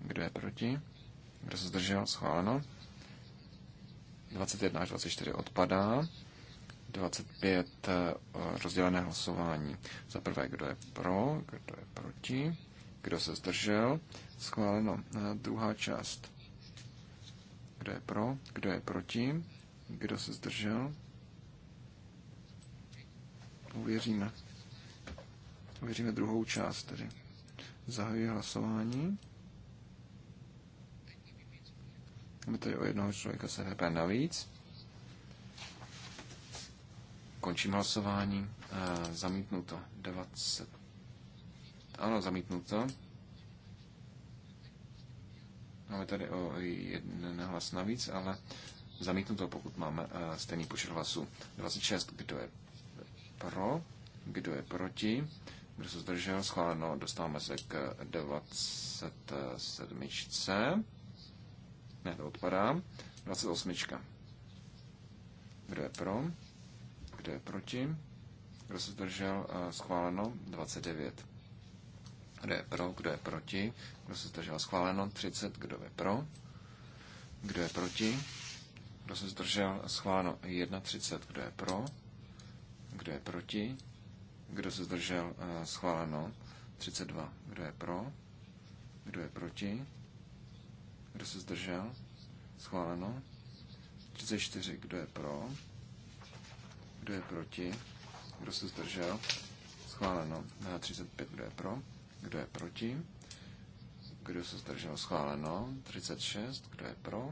Speaker 1: Kdo je proti? Kdo se zdržel? Schváleno. 21 až 24 odpadá. 25 eh, rozdělené hlasování. Za prvé, kdo je pro, kdo je proti, kdo se zdržel. Schváleno. Eh, druhá část. Kdo je pro, kdo je proti, kdo se zdržel. Uvěříme. Uvěříme druhou část tedy. Zahajuji hlasování. Máme tady o jednoho člověka se VP navíc. Končím hlasování. E, eh, zamítnuto 20. Ano, zamítnuto. Máme tady o jeden hlas navíc, ale zamítnuto, pokud máme uh, stejný počet hlasů. 26. Kdo je pro? Kdo je proti? Kdo se zdržel? Schváleno. Dostáváme se k 27. Ne, to odpadá. 28. Kdo je pro? Kdo je proti? Kdo se zdržel? Schváleno. 29. Kdo je pro? Kdo je proti? Kdo se zdržel? Schváleno. 30. Kdo je pro? Kdo je proti? Kdo se zdržel? Schváleno. 31. Kdo je pro? Kdo je proti? Kdo se zdržel? Schváleno. 32. Kdo je pro? Kdo je proti? Kdo se zdržel? Schváleno. 34. Kdo je pro? Kdo je proti? Kdo se zdržel? Schváleno. Na 35. Kdo je pro? Kdo je proti? Kdo se zdržel? Schváleno. 36. Kdo je pro?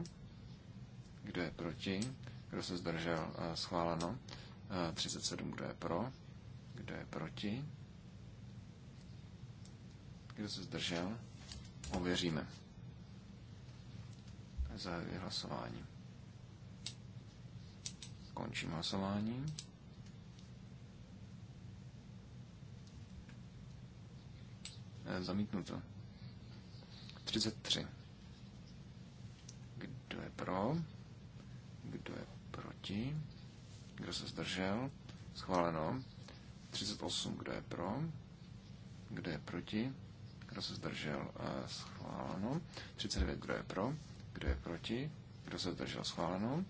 Speaker 1: Kdo je proti? Kdo se zdržel? Eh, schváleno. 37. Eh, kdo je pro? Kdo je proti? Kdo se zdržel? Ověříme za hlasování. Končím hlasování. Eh, zamítnuto. 33. Kdo je pro? Kdo je proti? Kdo se zdržel? Schváleno. 38. Kdo je pro? Kdo je proti? Kdo se zdržel? Eh, schváleno. 39. Kdo je pro? kdo je proti, kdo se zdržel schváleno,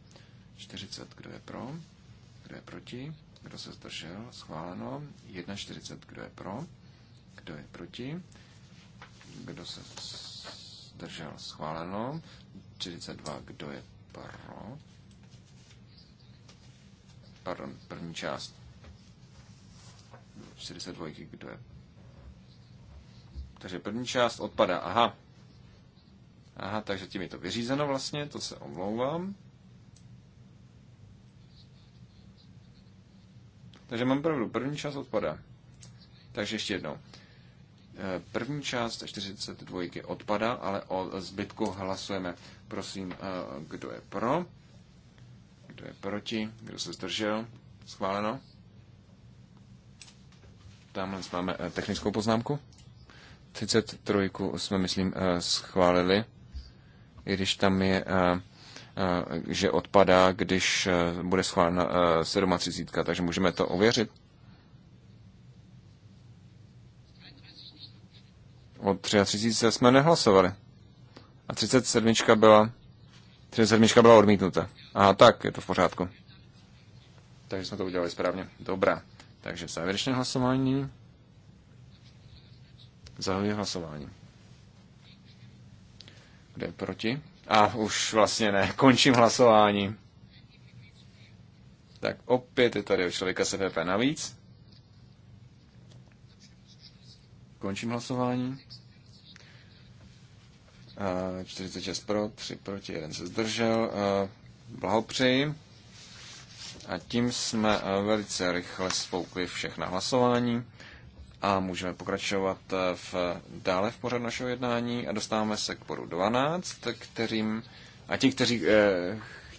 Speaker 1: 40, kdo je pro, kdo je proti, kdo se zdržel schváleno, 41, kdo je pro, kdo je proti, kdo se zdržel schváleno, 42, kdo je pro, pardon, první část, 42, kdo je. Takže první část odpadá, aha, Aha, takže tím je to vyřízeno vlastně, to se omlouvám. Takže mám pravdu, první část odpadá. Takže ještě jednou. Eh, první část 42 odpadá, ale o zbytku hlasujeme. Prosím, eh, kdo je pro, kdo je proti, kdo se zdržel. Schváleno. Tamhle máme eh, technickou poznámku. 33 jsme, myslím, schválili i když tam je eh, eh, že odpadá, když eh, bude schválena 37. Takže můžeme to ověřit? O 33. jsme nehlasovali. A 37. byla, 37. byla odmítnuta. Aha, tak, je to v pořádku. Takže jsme to udělali správně. Dobrá. Takže závěrečné hlasování. Zahajuji hlasování. Kdo je proti? A už vlastně ne, končím hlasování. Tak opět je tady u člověka se EPP navíc. Končím hlasování. 46 pro, 3 proti, 1 se zdržel. Blahopřeji. A tím jsme velice rychle spoukli všechna hlasování. A můžeme pokračovat eh, v, dále v pořadu našeho jednání a dostáváme se k bodu 12, kterým, a ti, kteří eh,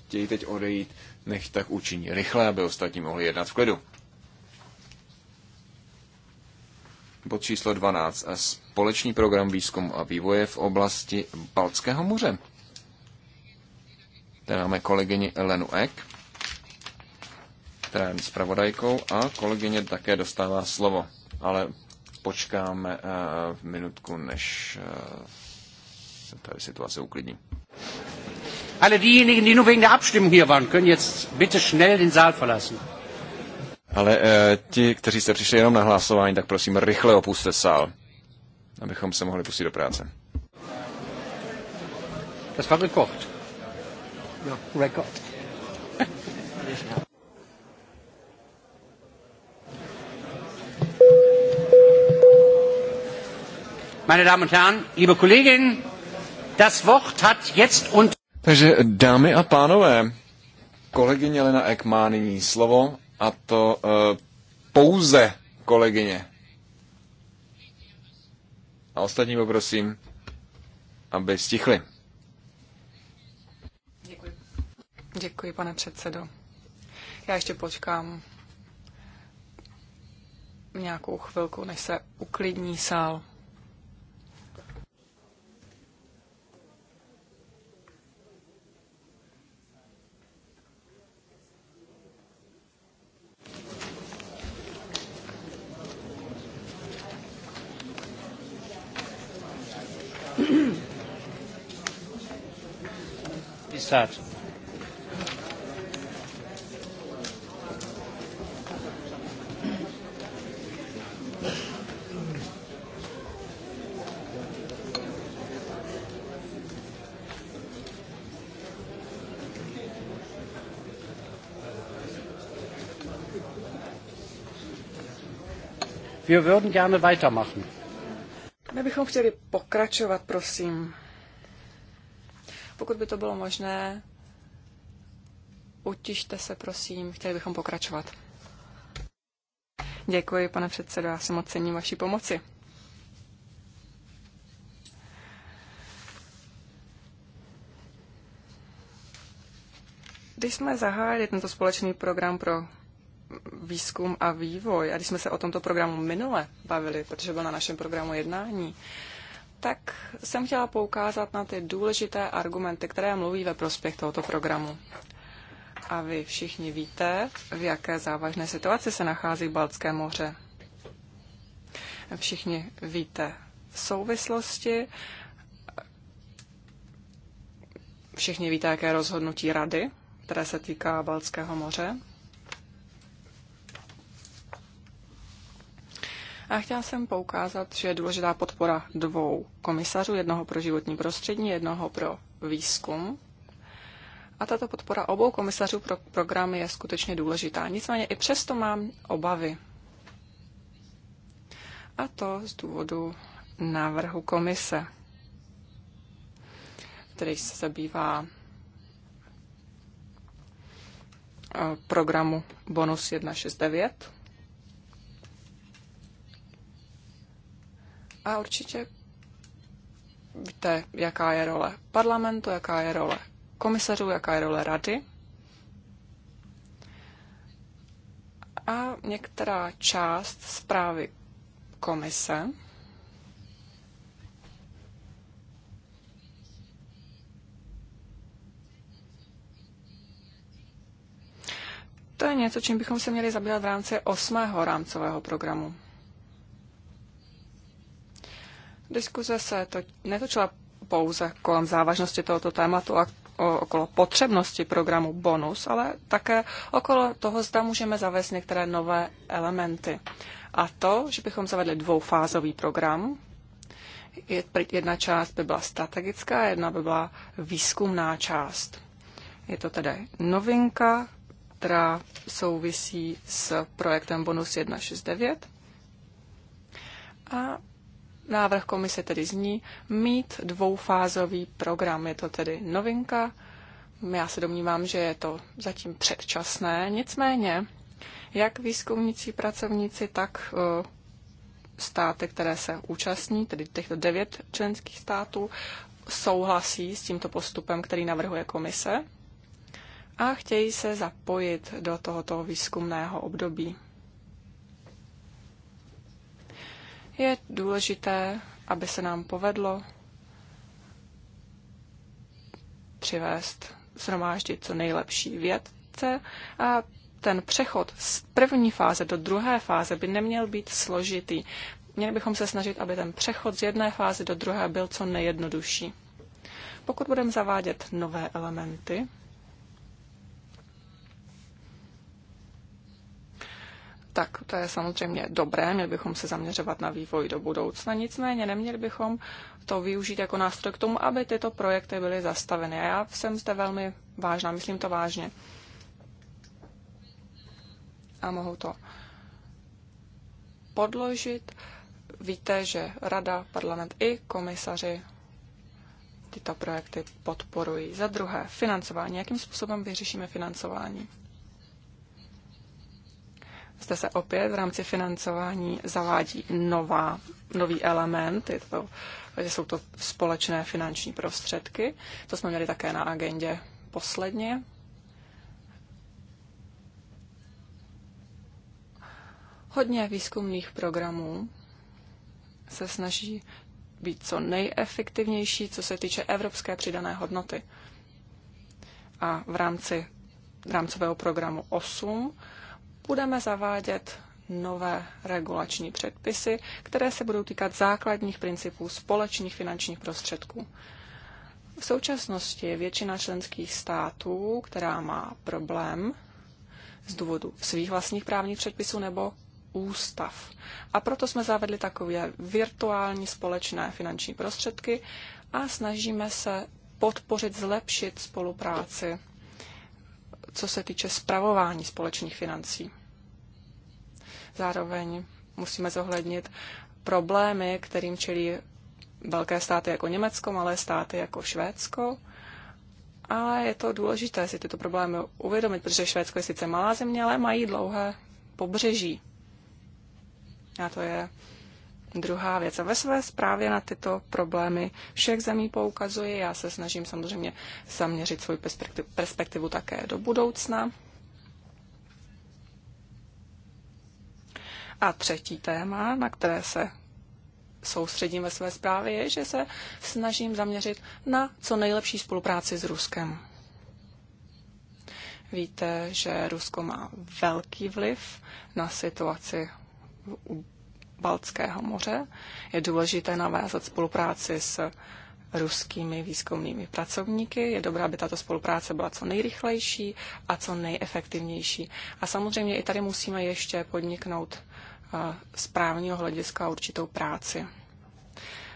Speaker 1: chtějí teď odejít, nech tak učiní rychle, aby ostatní mohli jednat v klidu. Bod číslo 12. Eh, společný program výzkumu a vývoje v oblasti Baltského moře. Tady máme kolegyni Elenu Ek, která je zpravodajkou a kolegyně také dostává slovo ale počkáme eh, v minutku, než eh, se tady situace uklidní. Alle diejenigen, die nur wegen der Abstimmung hier waren, können jetzt bitte schnell den Saal verlassen. Ale eh, ti, kteří jste přišli jenom na hlasování, tak prosím rychle opuste sál, abychom se mohli pustit do práce. Das war
Speaker 2: gekocht. Ja, Rekord.
Speaker 3: meine Damen und Herren, liebe Kolleginnen, das Wort hat jetzt
Speaker 1: und... Takže dámy a pánové, kolegyně Lena Ek má nyní slovo a to uh, pouze kolegyně. A ostatní poprosím, aby stichli.
Speaker 2: Děkuji.
Speaker 3: Děkuji, pane předsedo. Já ještě počkám nějakou chvilku, než se uklidní sál.
Speaker 1: start. Wir würden gerne weitermachen.
Speaker 3: My bychom chtěli pokračovat, prosím. Pokud by to bylo možné, utište se, prosím, chtěli bychom pokračovat. Děkuji, pane předsedo, já si moc cením vaší pomoci. Když jsme zahájili tento společný program pro výzkum a vývoj, a když jsme se o tomto programu minule bavili, protože byl na našem programu jednání, tak jsem chtěla poukázat na ty důležité argumenty, které mluví ve prospěch tohoto programu. A vy všichni víte, v jaké závažné situaci se nachází Baltské moře. Všichni víte souvislosti, všichni víte, jaké rozhodnutí rady, které se týká Baltského moře. A chtěla jsem poukázat, že je důležitá podpora dvou komisařů, jednoho pro životní prostředí, jednoho pro výzkum. A tato podpora obou komisařů pro programy je skutečně důležitá. Nicméně i přesto mám obavy. A to z důvodu návrhu komise, který se zabývá eh, programu Bonus 169 A určitě víte, jaká je role parlamentu, jaká je role komisařů, jaká je role rady. A některá část zprávy komise To je něco, čím bychom se měli zabývat v rámci osmého rámcového programu. Diskuze se to netočila pouze kolem závažnosti tohoto tématu a okolo potřebnosti programu bonus, ale také okolo toho, zda můžeme zavést některé nové elementy. A to, že bychom zavedli dvoufázový program, jedna část by byla strategická, jedna by byla výzkumná část. Je to tedy novinka, která souvisí s projektem Bonus 169. A Návrh komise tedy zní mít dvoufázový program. Je to tedy novinka. Já se domnívám, že je to zatím předčasné. Nicméně, jak výzkumníci, pracovníci, tak eh, státy, které se účastní, tedy těchto devět členských států, souhlasí s tímto postupem, který navrhuje komise a chtějí se zapojit do tohoto výzkumného období. Je důležité, aby se nám povedlo přivést, zhromáždit co nejlepší vědce a ten přechod z první fáze do druhé fáze by neměl být složitý. Měli bychom se snažit, aby ten přechod z jedné fáze do druhé byl co nejjednodušší. Pokud budeme zavádět nové elementy, tak to je samozřejmě dobré, měli bychom se zaměřovat na vývoj do budoucna, nicméně neměli bychom to využít jako nástroj k tomu, aby tyto projekty byly zastaveny. A já jsem zde velmi vážná, myslím to vážně. A mohu to podložit. Víte, že Rada, parlament i komisaři tyto projekty podporují. Za druhé, financování. Jakým způsobem vyřešíme financování? zde se opět v rámci financování zavádí nová, nový element, je to, že jsou to společné finanční prostředky. To jsme měli také na agendě posledně. Hodně výzkumných programů se snaží být co nejefektivnější, co se týče evropské přidané hodnoty. A v rámci rámcového programu 8 budeme zavádět nové regulační předpisy, které se budou týkat základních principů společných finančních prostředků. V současnosti většina členských států, která má problém z důvodu svých vlastních právních předpisů nebo ústav. A proto jsme zavedli takové virtuální společné finanční prostředky a snažíme se podpořit, zlepšit spolupráci co se týče spravování společných financí. Zároveň musíme zohlednit problémy, kterým čelí velké státy jako Německo, malé státy jako Švédsko. Ale je to důležité si tyto problémy uvědomit, protože Švédsko je sice malá země, ale mají dlouhé pobřeží. A to je Druhá věc. A ve své zprávě na tyto problémy všech zemí poukazuji. Já se snažím samozřejmě zaměřit svou perspektivu, perspektivu také do budoucna. A třetí téma, na které se soustředím ve své zprávě, je, že se snažím zaměřit na co nejlepší spolupráci s Ruskem. Víte, že Rusko má velký vliv na situaci Baltského moře. Je důležité navázat spolupráci s ruskými výzkumnými pracovníky. Je dobré, aby tato spolupráce byla co nejrychlejší a co nejefektivnější. A samozřejmě i tady musíme ještě podniknout eh, z právního hlediska určitou práci.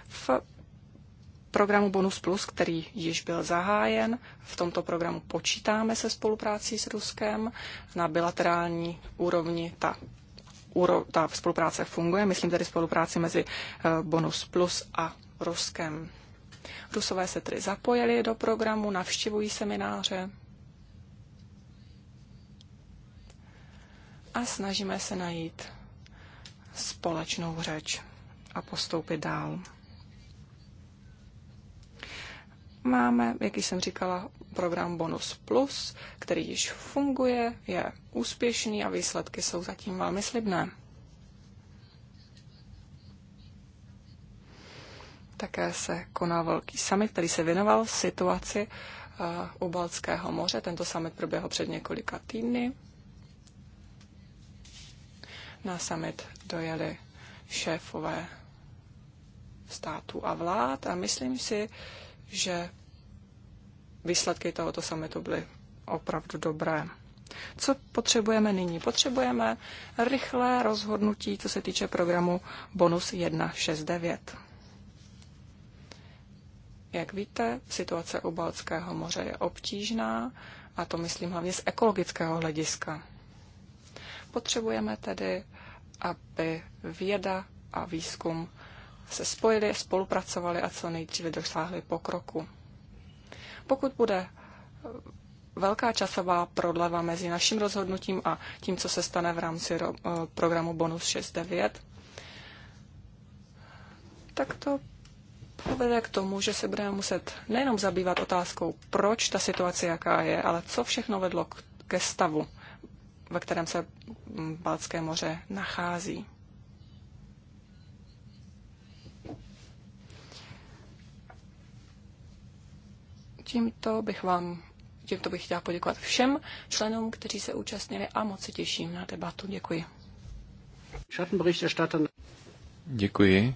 Speaker 3: V programu Bonus Plus, který již byl zahájen, v tomto programu počítáme se spoluprácí s Ruskem. Na bilaterální úrovni ta ta spolupráce funguje, myslím tedy spolupráci mezi eh, Bonus Plus a Ruskem. Rusové se tedy zapojili do programu, navštěvují semináře a snažíme se najít společnou řeč a postoupit dál. Máme, jak jsem říkala, program Bonus Plus, který již funguje, je úspěšný a výsledky jsou zatím velmi slibné. Také se koná velký summit, který se věnoval situaci eh, u Baltského moře. Tento summit proběhl před několika týdny. Na summit dojeli šéfové států a vlád a myslím si, že výsledky tohoto summitu byly opravdu dobré. Co potřebujeme nyní? Potřebujeme rychlé rozhodnutí, co se týče programu Bonus 169. Jak víte, situace u Balckého moře je obtížná a to myslím hlavně z ekologického hlediska. Potřebujeme tedy, aby věda a výzkum se spojili, spolupracovali a co nejdříve dosáhli pokroku. Pokud bude eh, velká časová prodleva mezi naším rozhodnutím a tím, co se stane v rámci eh, programu Bonus 6.9, tak to povede k tomu, že se budeme muset nejenom zabývat otázkou, proč ta situace jaká je, ale co všechno vedlo ke stavu, ve kterém se mm, Balcké moře nachází. Tímto bych vám tímto bych chtěla poděkovat všem členům, kteří se účastnili a moc se těším na debatu. Děkuji.
Speaker 1: Děkuji.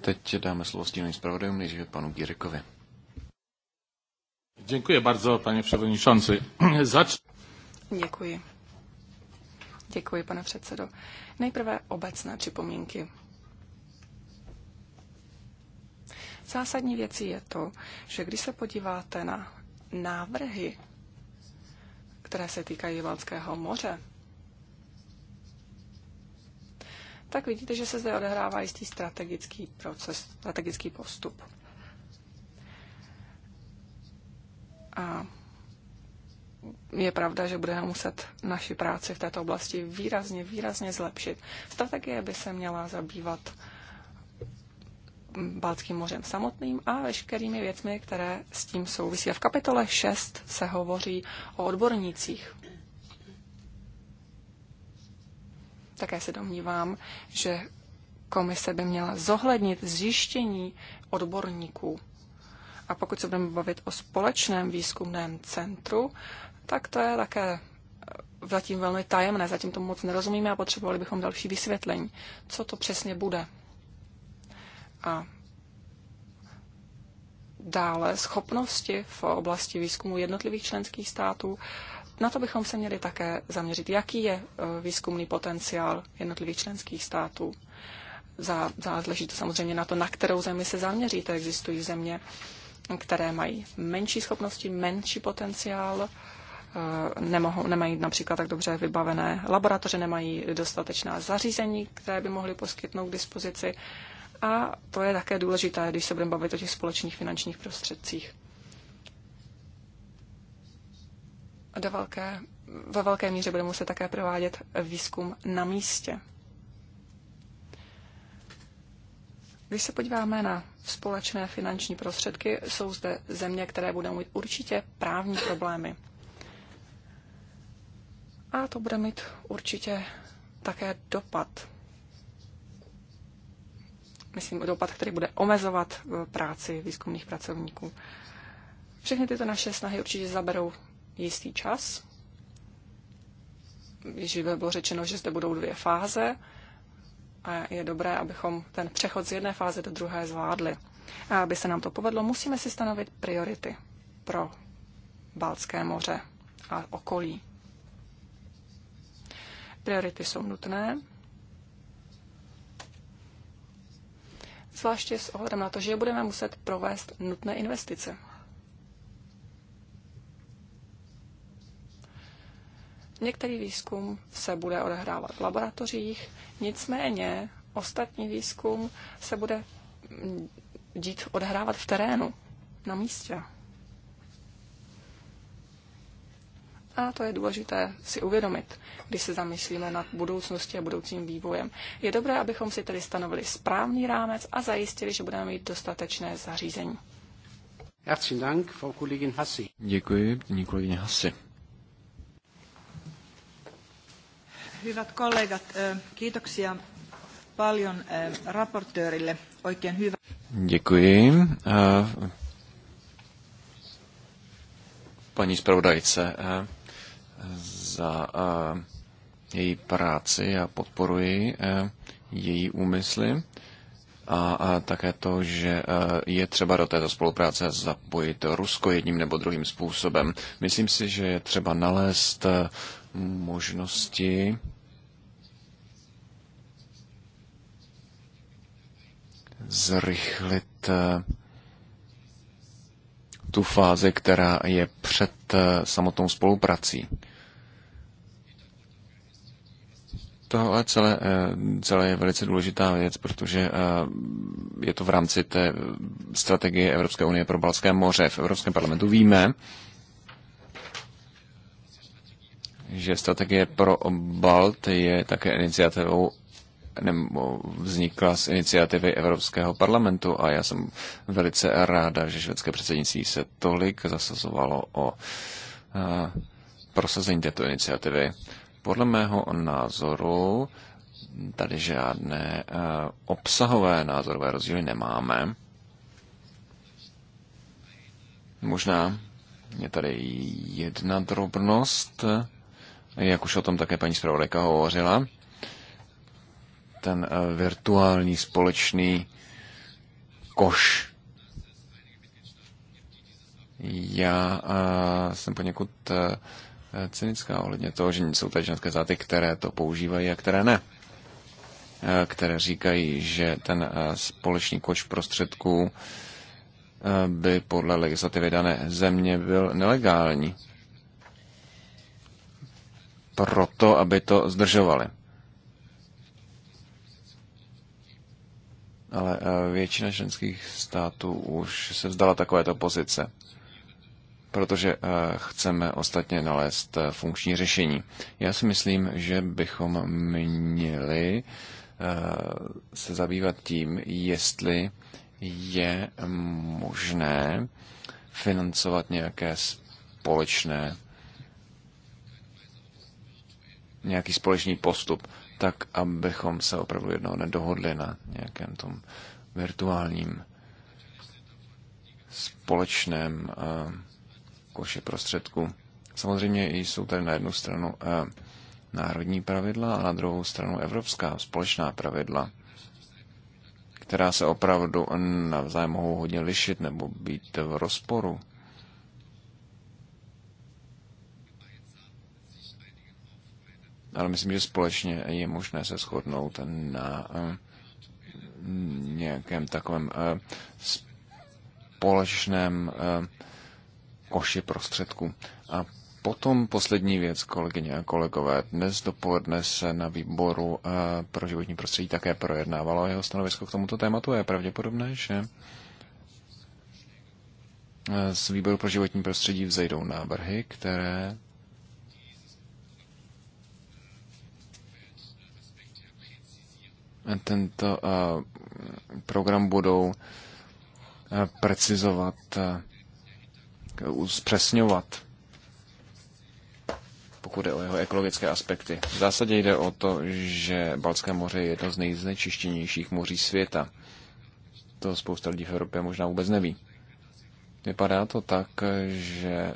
Speaker 1: Teď dáme slovo tím zpravodajům, nejdříve panu Gírekovi. Děkuji bardzo, pane předsedající. Zač...
Speaker 3: Děkuji. Děkuji, pane předsedo. Nejprve obecné připomínky. Zásadní věcí je to, že když se podíváte na návrhy, které se týkají Balckého moře, tak vidíte, že se zde odehrává jistý strategický proces, strategický postup. A je pravda, že budeme muset naši práci v této oblasti výrazně, výrazně zlepšit. Strategie by se měla zabývat Baltským mořem samotným a veškerými věcmi, které s tím souvisí. A v kapitole 6 se hovoří o odbornících. Také se domnívám, že komise by měla zohlednit zjištění odborníků. A pokud se budeme bavit o společném výzkumném centru, tak to je také eh, zatím velmi tajemné, zatím tomu moc nerozumíme a potřebovali bychom další vysvětlení, co to přesně bude a dále schopnosti v oblasti výzkumu jednotlivých členských států. Na to bychom se měli také zaměřit, jaký je e, výzkumný potenciál jednotlivých členských států. záleží to samozřejmě na to, na kterou zemi se zaměříte. Existují země, které mají menší schopnosti, menší potenciál, e, nemohou, nemají například tak dobře vybavené laboratoře, nemají dostatečná zařízení, které by mohly poskytnout k dispozici a to je také důležité, když se budeme bavit o těch společných finančních prostředcích. do velké, ve velké míře budeme muset také provádět výzkum na místě. Když se podíváme na společné finanční prostředky, jsou zde země, které budou mít určitě právní problémy. A to bude mít určitě také dopad myslím, dopad, který bude omezovat eh, práci výzkumných pracovníků. Všechny tyto naše snahy určitě zaberou jistý čas. Již by bylo řečeno, že zde budou dvě fáze a je dobré, abychom ten přechod z jedné fáze do druhé zvládli. A aby se nám to povedlo, musíme si stanovit priority pro Balcké moře a okolí. Priority jsou nutné, zvláště s ohledem na to, že budeme muset provést nutné investice. Některý výzkum se bude odehrávat v laboratořích, nicméně ostatní výzkum se bude mm, dít odehrávat v terénu, na místě. A to je důležité si uvědomit, když se zamyslíme nad budoucností a budoucím vývojem. Je dobré, abychom si tedy stanovili správný rámec a zajistili, že budeme mít dostatečné zařízení.
Speaker 1: Děkuji, paní kolegyně Hasi.
Speaker 3: Hyvät kollegat, eh, kiitoksia paljon eh, raportöörille. Oikein hyvä.
Speaker 1: Děkuji. Eh, paní zpravodajce za eh, její práci, a podporuji eh, její úmysly a eh, také to, že je třeba do této spolupráce zapojit Rusko jedním nebo druhým způsobem. Myslím si, že je třeba nalézt možnosti zrychlit tu fázi, která je před samotnou spoluprací. tohle celé, eh, celé je velice důležitá věc, protože eh, je to v rámci té eh, strategie Evropské unie pro Balské moře. V Evropském parlamentu víme, že strategie pro Balt je také iniciativou nebo vznikla z iniciativy Evropského parlamentu a já jsem velice ráda, že švédské předsednictví se tolik zasazovalo o prosazení této iniciativy. Podle mého názoru tady žádné eh, obsahové názorové rozdíly nemáme. Možná je tady jedna drobnost, jak už o tom také paní zpravodajka hovořila. Ten eh, virtuální společný koš. Já eh, jsem poněkud Eh, cynická ohledně toho, že jsou tady ženské státy, které to používají a které ne. Eh, které říkají, že ten eh, společný koč prostředků by podle legislativy dané země byl nelegální. Proto, aby to zdržovali. Ale většina členských států už se vzdala takovéto pozice protože eh, chceme ostatně nalézt eh, funkční řešení. Já si myslím, že bychom měli eh, se zabývat tím, jestli je možné financovat nějaké společné nějaký společný postup, tak abychom se opravdu jednou nedohodli na nějakém tom virtuálním společném uh, koše prostředku. Samozřejmě jsou tady na jednu stranu eh, národní pravidla a na druhou stranu evropská společná pravidla, která se opravdu navzájem mohou hodně lišit nebo být v rozporu. Ale myslím, že společně je možné se shodnout na eh, nějakém takovém eh, společném koši prostředků. A potom poslední věc, kolegyně a kolegové. Dnes dopoledne se na výboru eh, pro životní prostředí také projednávalo jeho stanovisko k tomuto tématu. Je pravděpodobné, že eh, z výboru pro životní prostředí vzejdou návrhy, které tento eh, program budou precizovat zpřesňovat, pokud jde o jeho ekologické aspekty. V zásadě jde o to, že Balské moře je jedno z nejznečištěnějších moří světa. To spousta lidí v Evropě možná vůbec neví. Vypadá to tak, že eh,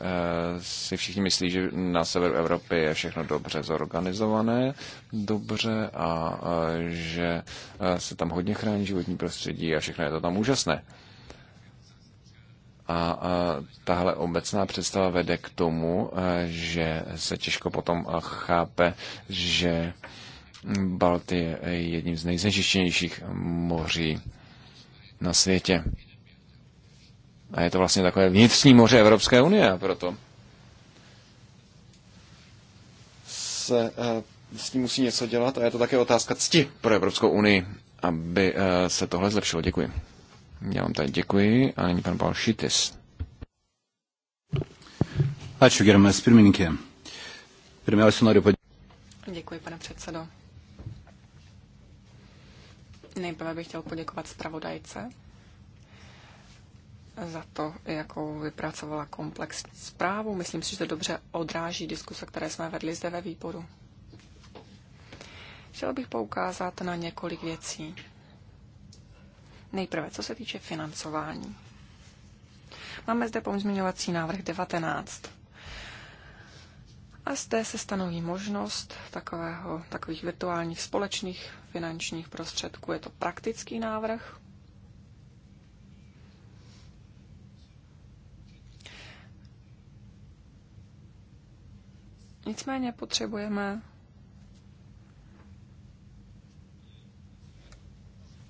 Speaker 1: si všichni myslí, že na severu Evropy je všechno dobře zorganizované, dobře a eh, že eh, se tam hodně chrání životní prostředí a všechno je to tam úžasné. A, a tahle obecná představa vede k tomu, eh, že se těžko potom eh, chápe, že Balty je eh, jedním z nejznečištěnějších moří na světě. A je to vlastně takové vnitřní moře Evropské unie a proto se s tím musí něco dělat a je to také otázka cti pro Evropskou unii, aby se tohle zlepšilo. Děkuji. Já vám tady děkuji a nyní pan Paul Šitis. Ačiū, gerbiamas pirmininkė. Pirmiausia, noriu padėkoti.
Speaker 3: Děkuji, pane předsedo. Nejprve bych chtěl poděkovat zpravodajce za to, jakou vypracovala komplexní zprávu. Myslím si, že to dobře odráží diskuse, které jsme vedli zde ve výboru. Chtěl bych poukázat na několik věcí. Nejprve, co se týče financování. Máme zde pozměňovací návrh 19. A zde se stanoví možnost takového, takových virtuálních společných finančních prostředků. Je to praktický návrh. Nicméně potřebujeme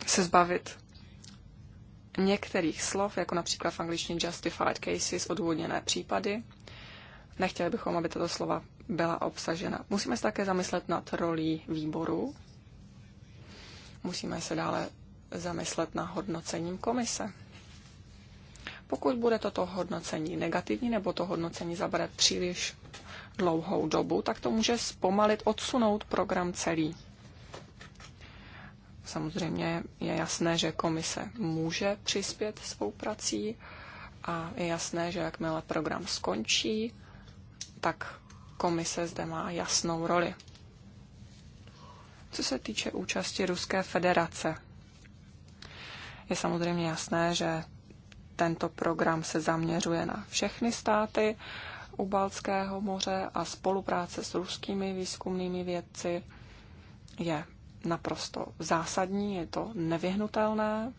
Speaker 3: se zbavit některých slov, jako například v angličtině justified cases, odůvodněné případy. Nechtěli bychom, aby tato slova byla obsažena. Musíme se také zamyslet nad rolí výboru. Musíme se dále zamyslet na hodnocením komise. Pokud bude toto hodnocení negativní nebo to hodnocení zabere příliš dlouhou dobu, tak to může zpomalit, odsunout program celý. Samozřejmě je jasné, že komise může přispět svou prací a je jasné, že jakmile program skončí, tak komise zde má jasnou roli. Co se týče účasti Ruské federace, je samozřejmě jasné, že tento program se zaměřuje na všechny státy u Balckého moře a spolupráce s ruskými výzkumnými vědci je naprosto zásadní, je to nevyhnutelné.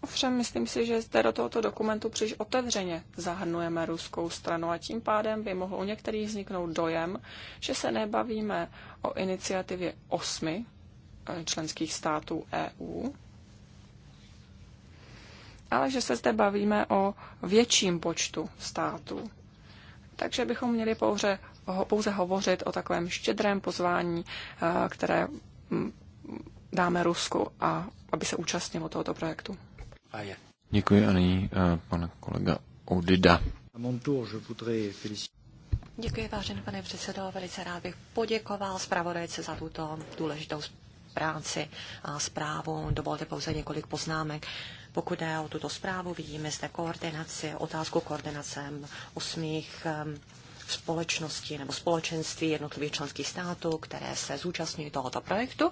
Speaker 3: Ovšem, myslím si, že zde do tohoto dokumentu příliš otevřeně zahrnujeme ruskou stranu a tím pádem by mohl u některých vzniknout dojem, že se nebavíme o iniciativě osmi eh, členských států EU, ale že se zde bavíme o větším počtu států. Takže bychom měli pouze pouze hovořit o takovém štědrém pozvání, eh, které mm, dáme Rusku, a aby se účastnilo tohoto projektu. A je.
Speaker 1: Děkuji a nyní eh, pan kolega Odida.
Speaker 2: Děkuji, vážený pane předsedo. Velice rád bych poděkoval zpravodajce za tuto důležitou práci a zprávu. Dovolte pouze několik poznámek. Pokud jde o tuto zprávu, vidíme zde koordinaci, otázku koordinacem osmých společnosti nebo společenství jednotlivých členských států, které se zúčastňují tohoto projektu.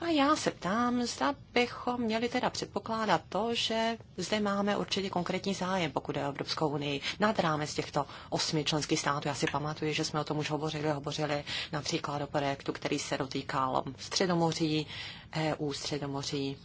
Speaker 2: A já se ptám, zda bychom měli teda předpokládat to, že zde máme určitě konkrétní zájem, pokud je o Evropskou unii, nad rámec těchto osmi členských států. Já si pamatuju, že jsme o tom už hovořili, hovořili například o projektu, který se dotýkal Středomoří, EU Středomoří,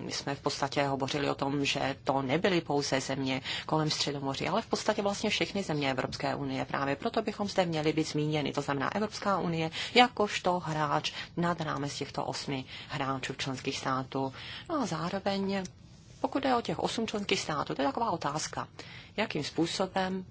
Speaker 2: my jsme v podstatě hovořili o tom, že to nebyly pouze země kolem Středomoří, ale v podstatě vlastně všechny země Evropské unie. Právě proto bychom zde měli být zmíněni. To znamená Evropská unie jakožto hráč nad rámec těchto osmi hráčů členských států. No a zároveň, pokud je o těch osm členských států, to je taková otázka. Jakým způsobem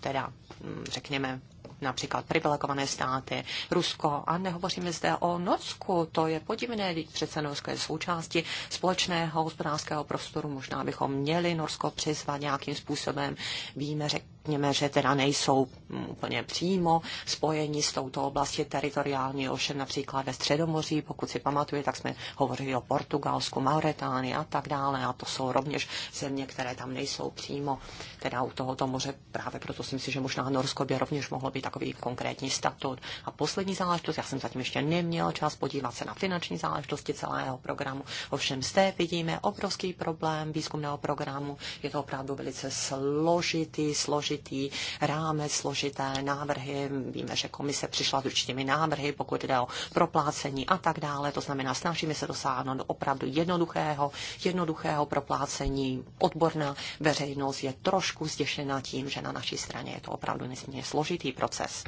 Speaker 2: teda, mm, řekněme, například privilegované státy, Rusko. A nehovoříme zde o Norsku. To je podivné, když přece Norsko je součástí společného hospodářského prostoru. Možná bychom měli Norsko přizvat nějakým způsobem. Víme, řekl že teda nejsou úplně přímo spojeni s touto oblastí teritoriální, ovšem například ve Středomoří, pokud si pamatuje, tak jsme hovořili o Portugalsku, Mauretánii a tak dále a to jsou rovněž země, které tam nejsou přímo teda u tohoto moře, právě proto si myslím, že možná Norsko by rovněž mohlo být takový konkrétní statut. A poslední záležitost, já jsem zatím ještě neměl čas podívat se na finanční záležitosti celého programu, ovšem zde vidíme obrovský problém výzkumného programu, je to opravdu velice složitý, složitý složitý rámec, složité návrhy. Víme, že komise přišla s určitými návrhy, pokud jde o proplácení a tak dále. To znamená, snažíme se dosáhnout opravdu jednoduchého, jednoduchého proplácení. Odborná veřejnost je trošku zděšená tím, že na naší straně je to opravdu nesmírně složitý proces.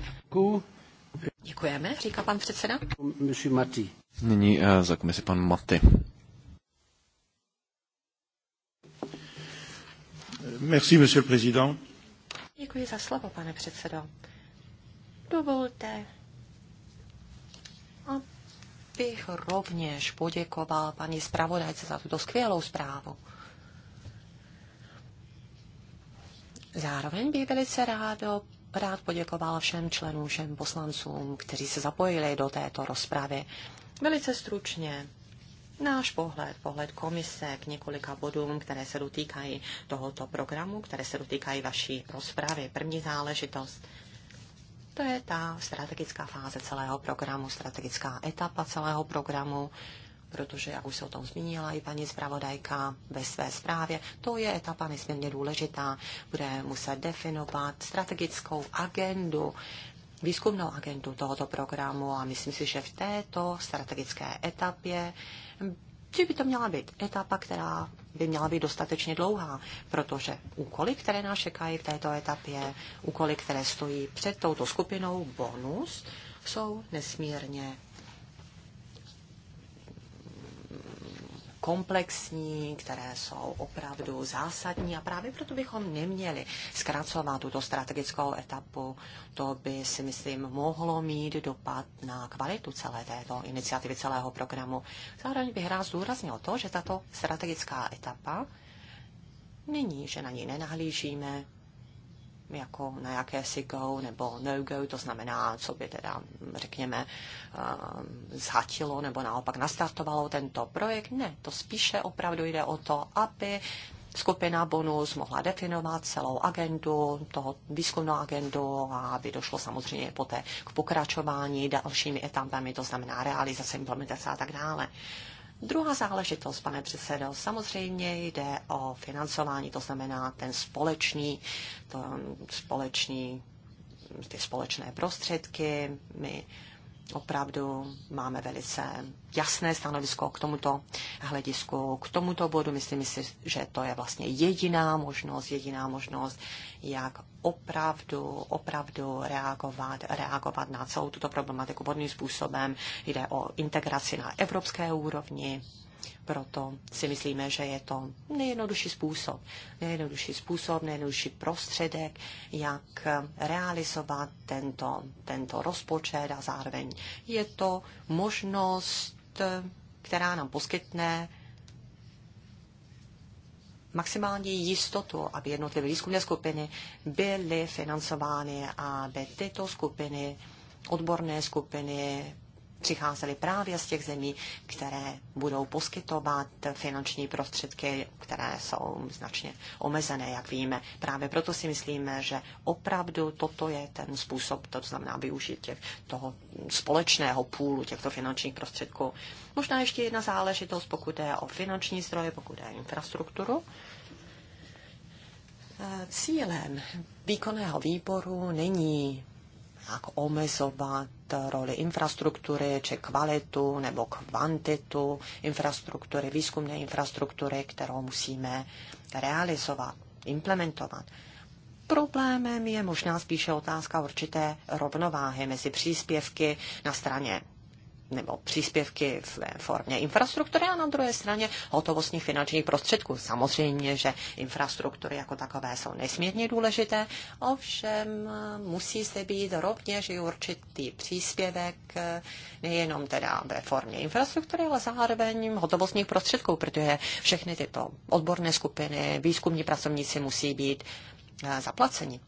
Speaker 2: Děkujeme, říká pan předseda.
Speaker 1: Nyní eh, za komisi pan Maty.
Speaker 3: Merci, monsieur le président.
Speaker 2: Děkuji za slovo, pane předsedo. Dovolte, abych rovněž poděkoval paní zpravodajce za tuto skvělou zprávu. Zároveň bych velice rádo, rád poděkoval všem členům, všem poslancům, kteří se zapojili do této rozpravy. Velice stručně náš pohled, pohled komise k několika bodům, které se dotýkají tohoto programu, které se dotýkají vaší rozpravy. První záležitost. To je ta strategická fáze celého programu, strategická etapa celého programu, protože, jak už se o tom zmínila i paní zpravodajka ve své zprávě, to je etapa nesmírně důležitá. Bude muset definovat strategickou agendu výzkumnou agendu tohoto programu a myslím si, že v této strategické etapě že by to měla být etapa, která by měla být dostatečně dlouhá, protože úkoly, které nás čekají v této etapě, úkoly, které stojí před touto skupinou bonus, jsou nesmírně komplexní, které jsou opravdu zásadní a právě proto bychom neměli zkracovat tuto strategickou etapu. To by si myslím mohlo mít dopad na kvalitu celé této iniciativy, celého programu. Zároveň bych rád zdůraznil to, že tato strategická etapa není, že na ní nenahlížíme jako na jakési go nebo no-go, to znamená, co by teda, řekněme, eh, zhatilo nebo naopak nastartovalo tento projekt. Ne, to spíše opravdu jde o to, aby skupina Bonus mohla definovat celou agendu, toho výzkumnou agendu a aby došlo samozřejmě poté k pokračování dalšími etapami, to znamená realizace, implementace a tak dále. Uh, Druhá záležitost, pane předsedo, samozřejmě jde o financování, to znamená ten společný, to společný, ty společné prostředky. My opravdu máme velice jasné stanovisko k tomuto hledisku, k tomuto bodu. Myslím si, že to je vlastně jediná možnost, jediná možnost, jak opravdu, opravdu reagovat, reagovat na celou tuto problematiku vodným způsobem. Jde o integraci na evropské úrovni, proto si myslíme, že je to nejjednodušší způsob, nejjednodušší způsob, nejjednodušší prostředek, jak realizovat tento, tento rozpočet a zároveň je to možnost, která nám poskytne maximální jistotu, aby jednotlivé výzkumné skupiny byly financovány a aby tyto skupiny, odborné skupiny přicházeli právě z těch zemí, které budou poskytovat finanční prostředky, které jsou značně omezené, jak víme. Právě proto si myslíme, že opravdu toto je ten způsob, to znamená využít těch, toho společného půlu těchto finančních prostředků. Možná ještě jedna záležitost, pokud je o finanční zdroje, pokud je o infrastrukturu. Cílem výkonného výboru není nějak omezovat roli infrastruktury, či kvalitu nebo kvantitu infrastruktury, výzkumné infrastruktury, kterou musíme realizovat, implementovat. Problémem je možná spíše otázka určité rovnováhy mezi příspěvky na straně nebo příspěvky v formě infrastruktury a na druhé straně hotovostních finančních prostředků. Samozřejmě, že infrastruktury jako takové jsou nesmírně důležité, ovšem eh, musí se být rovněž i určitý příspěvek eh, nejenom teda ve formě infrastruktury, ale zároveň hotovostních prostředků, protože všechny tyto odborné skupiny, výzkumní pracovníci musí být eh, zaplaceni.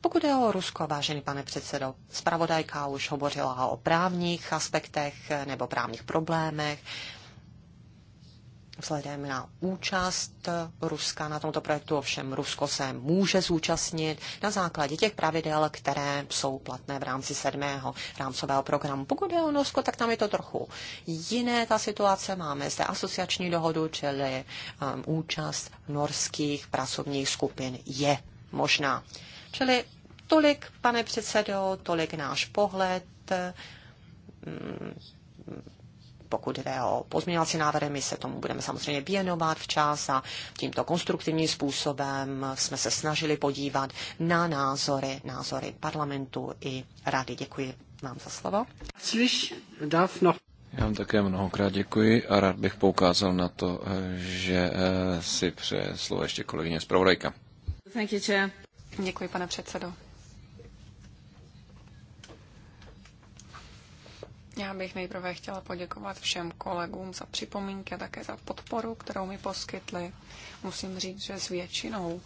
Speaker 2: Pokud je o Rusko, vážený pane předsedo, zpravodajka už hovořila o právních aspektech nebo právních problémech, vzhledem na účast Ruska na tomto projektu, ovšem Rusko se může zúčastnit na základě těch pravidel, které jsou platné v rámci sedmého rámcového programu. Pokud je o Norsko, tak tam je to trochu jiné ta situace. Máme zde asociační dohodu, čili um, účast norských pracovních skupin je možná. Čili tolik, pane předsedo, tolik náš pohled. Pokud jde o pozměňovací návrhy, my se tomu budeme samozřejmě věnovat včas a tímto konstruktivním způsobem jsme se snažili podívat na názory, názory parlamentu i rady. Děkuji vám za slovo.
Speaker 1: Já vám také mnohokrát děkuji a rád bych poukázal na to, že eh, si přeje slovo ještě kolegyně zpravodajka.
Speaker 3: Thank you, chair. Děkuji, pane předsedo. Já bych nejprve chtěla poděkovat všem kolegům za připomínky a také za podporu, kterou mi poskytli. Musím říct, že s většinou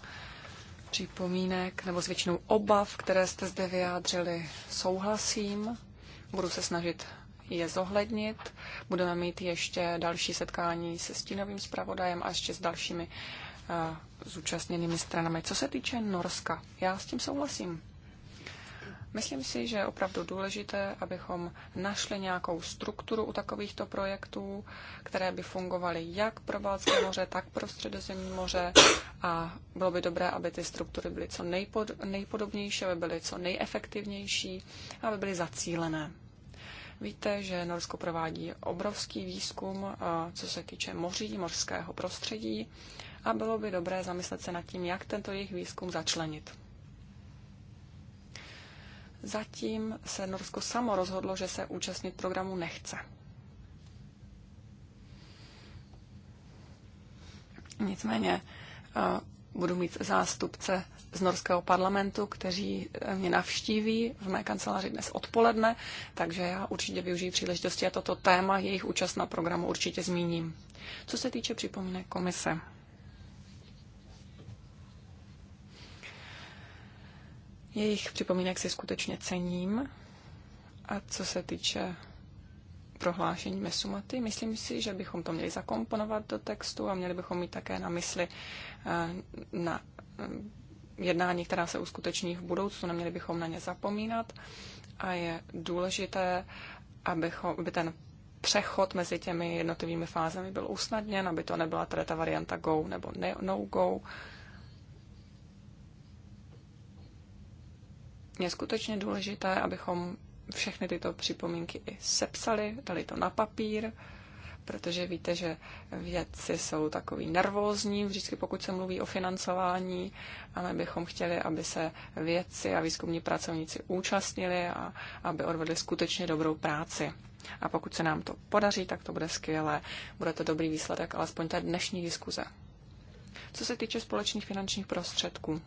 Speaker 3: připomínek nebo s většinou obav, které jste zde vyjádřili, souhlasím. Budu se snažit je zohlednit. Budeme mít ještě další setkání se stínovým zpravodajem a ještě s dalšími zúčastněnými stranami. Co se týče Norska, já s tím souhlasím. Myslím si, že je opravdu důležité, abychom našli nějakou strukturu u takovýchto projektů, které by fungovaly jak pro Balské moře, tak pro Středozemní moře a bylo by dobré, aby ty struktury byly co nejpod, nejpodobnější, aby byly co nejefektivnější, aby byly zacílené. Víte, že Norsko provádí obrovský výzkum, co se týče moří, mořského prostředí a bylo by dobré zamyslet se nad tím, jak tento jejich výzkum začlenit. Zatím se Norsko samo rozhodlo, že se účastnit programu nechce. Nicméně eh, budu mít zástupce z norského parlamentu, kteří eh, mě navštíví v mé kanceláři dnes odpoledne, takže já určitě využiji příležitosti a toto téma, jejich účast na programu určitě zmíním. Co se týče připomínek komise, Jejich připomínek si skutečně cením. A co se týče prohlášení Mesumaty, myslím si, že bychom to měli zakomponovat do textu a měli bychom mít také na mysli eh, na eh, jednání, která se uskuteční v budoucnu, neměli bychom na ně zapomínat a je důležité, abychom, aby ten přechod mezi těmi jednotlivými fázemi byl usnadněn, aby to nebyla teda ta varianta go nebo no go, je skutečně důležité, abychom všechny tyto připomínky i sepsali, dali to na papír, protože víte, že vědci jsou takový nervózní vždycky, pokud se mluví o financování a my bychom chtěli, aby se vědci a výzkumní pracovníci účastnili a aby odvedli skutečně dobrou práci. A pokud se nám to podaří, tak to bude skvělé. Bude to dobrý výsledek, alespoň té dnešní diskuze. Co se týče společných finančních prostředků,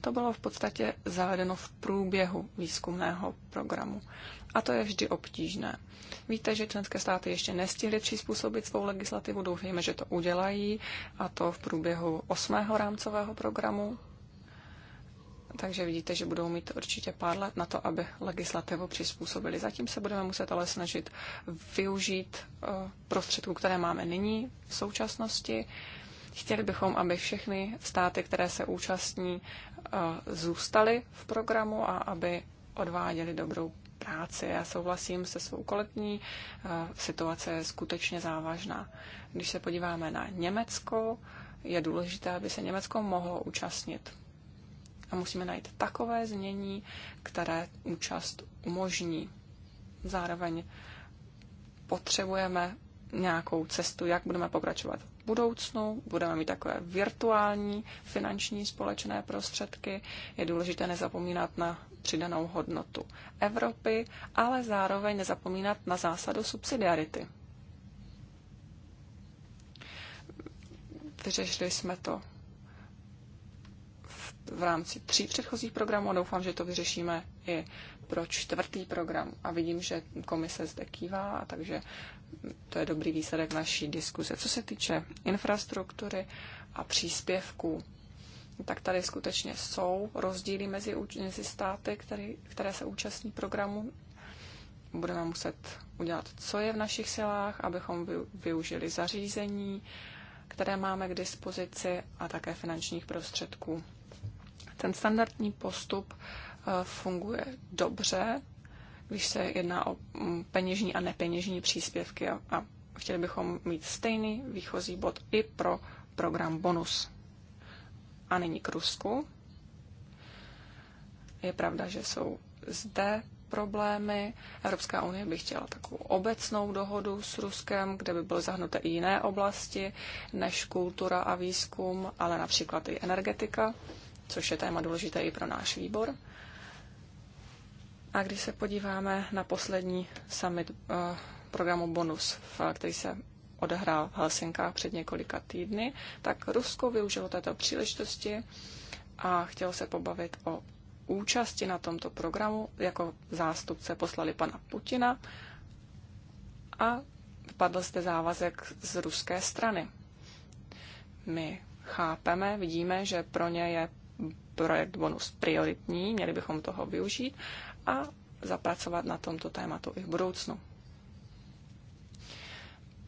Speaker 3: to bylo v podstatě zavedeno v průběhu výzkumného programu. A to je vždy obtížné. Víte, že členské státy ještě nestihly přizpůsobit svou legislativu, doufejme, že to udělají, a to v průběhu osmého rámcového programu. Takže vidíte, že budou mít určitě pár let na to, aby legislativu přizpůsobili. Zatím se budeme muset ale snažit využít eh, prostředků, které máme nyní v současnosti Chtěli bychom, aby všechny státy, které se účastní, eh, zůstaly v programu a aby odváděli dobrou práci. Já souhlasím se svou kolegyní, eh, situace je skutečně závažná. Když se podíváme na Německo, je důležité, aby se Německo mohlo účastnit. A musíme najít takové změní, které účast umožní. Zároveň potřebujeme nějakou cestu, jak budeme pokračovat budoucnu, budeme mít takové virtuální finanční společné prostředky. Je důležité nezapomínat na přidanou hodnotu Evropy, ale zároveň nezapomínat na zásadu subsidiarity. Vyřešili jsme to v rámci tří předchozích programů. Doufám, že to vyřešíme i pro čtvrtý program. A vidím, že komise zde kývá, takže to je dobrý výsledek naší diskuse. Co se týče infrastruktury a příspěvků, tak tady skutečně jsou rozdíly mezi, mezi státy, který, které se účastní programu. Budeme muset udělat, co je v našich silách, abychom využili zařízení, které máme k dispozici a také finančních prostředků. Ten standardní postup Eh, funguje dobře, když se jedná o mm, peněžní a nepeněžní příspěvky a, chtěli bychom mít stejný výchozí bod i pro program bonus. A nyní k Rusku. Je pravda, že jsou zde problémy. Evropská unie by chtěla takovou obecnou dohodu s Ruskem, kde by byly zahnuté i jiné oblasti než kultura a výzkum, ale například i energetika, což je téma důležité i pro náš výbor. A když se podíváme na poslední summit eh, programu Bonus, který se odehrál v Helsinkách před několika týdny, tak Rusko využilo této příležitosti a chtělo se pobavit o účasti na tomto programu. Jako zástupce poslali pana Putina a padl zde závazek z ruské strany. My chápeme, vidíme, že pro ně je projekt bonus prioritní, měli bychom toho využít a zapracovat na tomto tématu i v budoucnu.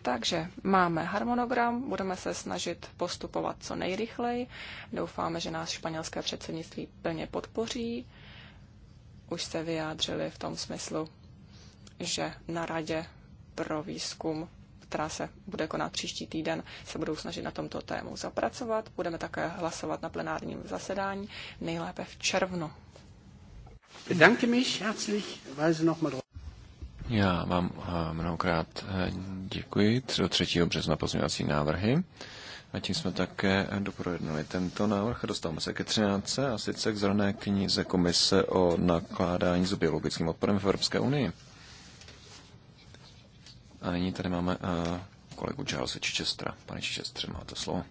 Speaker 3: Takže máme harmonogram, budeme se snažit postupovat co nejrychleji. Doufáme, že nás španělské předsednictví plně podpoří. Už se vyjádřili v tom smyslu, že na radě pro výzkum, která se bude konat příští týden, se budou snažit na tomto tému zapracovat. Budeme také hlasovat na plenárním zasedání, nejlépe v červnu
Speaker 1: bedanke mich herzlich, weise nochmal drauf. Já vám eh, mnohokrát eh, děkuji. Do 3. března pozměňovací návrhy. A tím jsme také doprojednali tento návrh. Dostáváme se ke 13. a sice k zelené knize Komise o nakládání s biologickým odporem v Evropské unii. A nyní tady máme eh, kolegu Charlesa Čičestra. Pane Čičestře, máte slovo.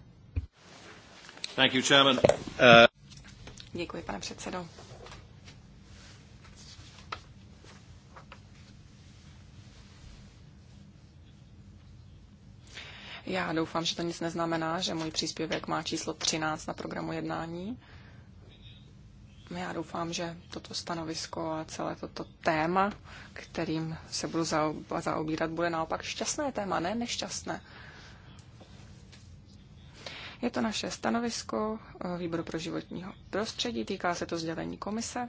Speaker 1: Thank you, chairman. Uh...
Speaker 3: Děkuji, pane předsedo. Já doufám, že to nic neznamená, že můj příspěvek má číslo 13 na programu jednání. Já doufám, že toto stanovisko a celé toto téma, kterým se budu zaobírat, bude naopak šťastné téma, ne nešťastné. Je to naše stanovisko eh, Výboru pro životního prostředí, týká se to sdělení komise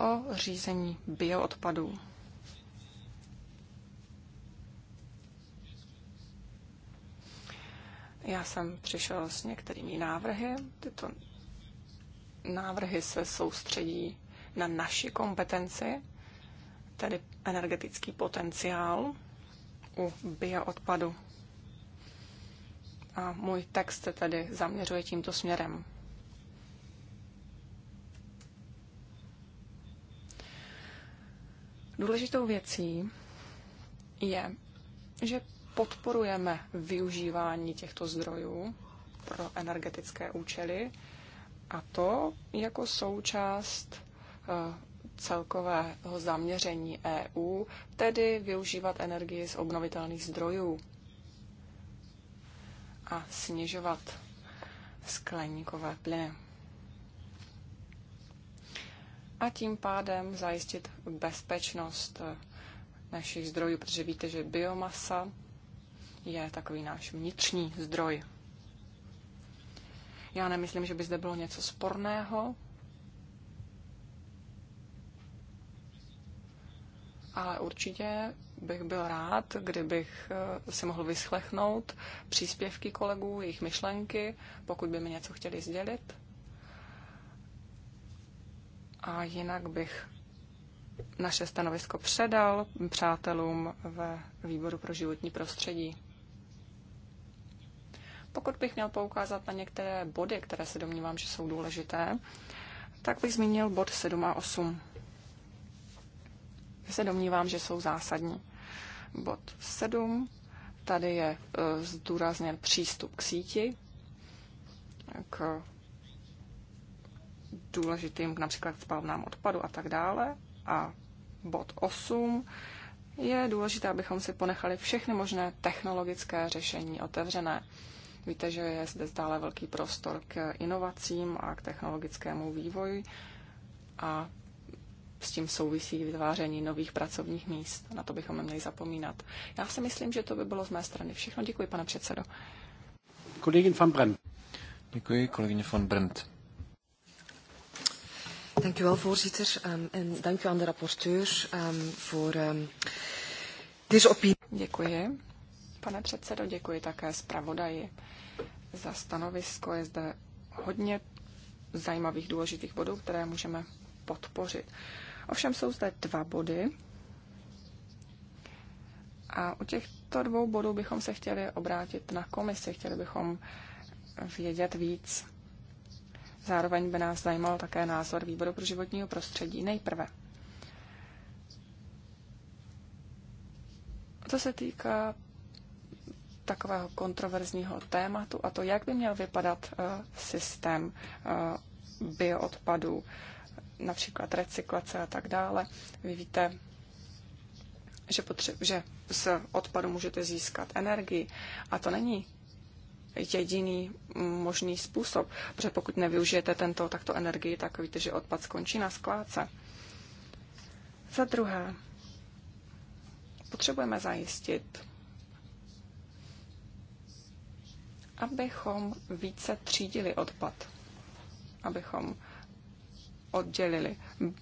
Speaker 3: o řízení bioodpadů. Já jsem přišel s některými návrhy. Tyto návrhy se soustředí na naši kompetenci, tedy energetický potenciál u bioodpadu. A můj text se tedy zaměřuje tímto směrem. Důležitou věcí je, že podporujeme využívání těchto zdrojů pro energetické účely a to jako součást eh, celkového zaměření EU, tedy využívat energii z obnovitelných zdrojů a snižovat skleníkové plyny. A tím pádem zajistit bezpečnost eh, našich zdrojů, protože víte, že biomasa je takový náš vnitřní zdroj. Já nemyslím, že by zde bylo něco sporného, ale určitě bych byl rád, kdybych eh, si mohl vyslechnout příspěvky kolegů, jejich myšlenky, pokud by mi něco chtěli sdělit. A jinak bych naše stanovisko předal přátelům ve výboru pro životní prostředí. Pokud bych měl poukázat na některé body, které se domnívám, že jsou důležité, tak bych zmínil bod 7 a 8. Já se domnívám, že jsou zásadní. Bod 7, tady je e, zdůrazněn přístup k síti, k důležitým například k spalovnám odpadu a tak dále. A bod 8 je důležité, abychom si ponechali všechny možné technologické řešení otevřené. Víte, že je zde stále velký prostor k inovacím a k technologickému vývoji a s tím souvisí vytváření nových pracovních míst. Na to bychom neměli zapomínat. Já si myslím, že to by bylo z mé strany všechno. Děkuji, pane
Speaker 1: předsedo. Kolegin van Brent. Děkuji, kolegyně van Brent.
Speaker 3: Dank u wel, voorzitter. Um, en dank u aan de rapporteur um, voor um, deze opinie. Děkuji pane předsedo. Děkuji také zpravodaji za stanovisko. Je zde hodně zajímavých důležitých bodů, které můžeme podpořit. Ovšem jsou zde dva body. A u těchto dvou bodů bychom se chtěli obrátit na komisi, chtěli bychom vědět víc. Zároveň by nás zajímal také názor výboru pro životního prostředí nejprve. Co se týká takového kontroverzního tématu, a to, jak by měl vypadat eh, systém eh, bioodpadů, například recyklace a tak dále. Vy víte, že, potře- že z odpadu můžete získat energii a to není jediný možný způsob, protože pokud nevyužijete tento takto energii, tak víte, že odpad skončí na skládce. Za druhé, potřebujeme zajistit, abychom více třídili odpad, abychom oddělili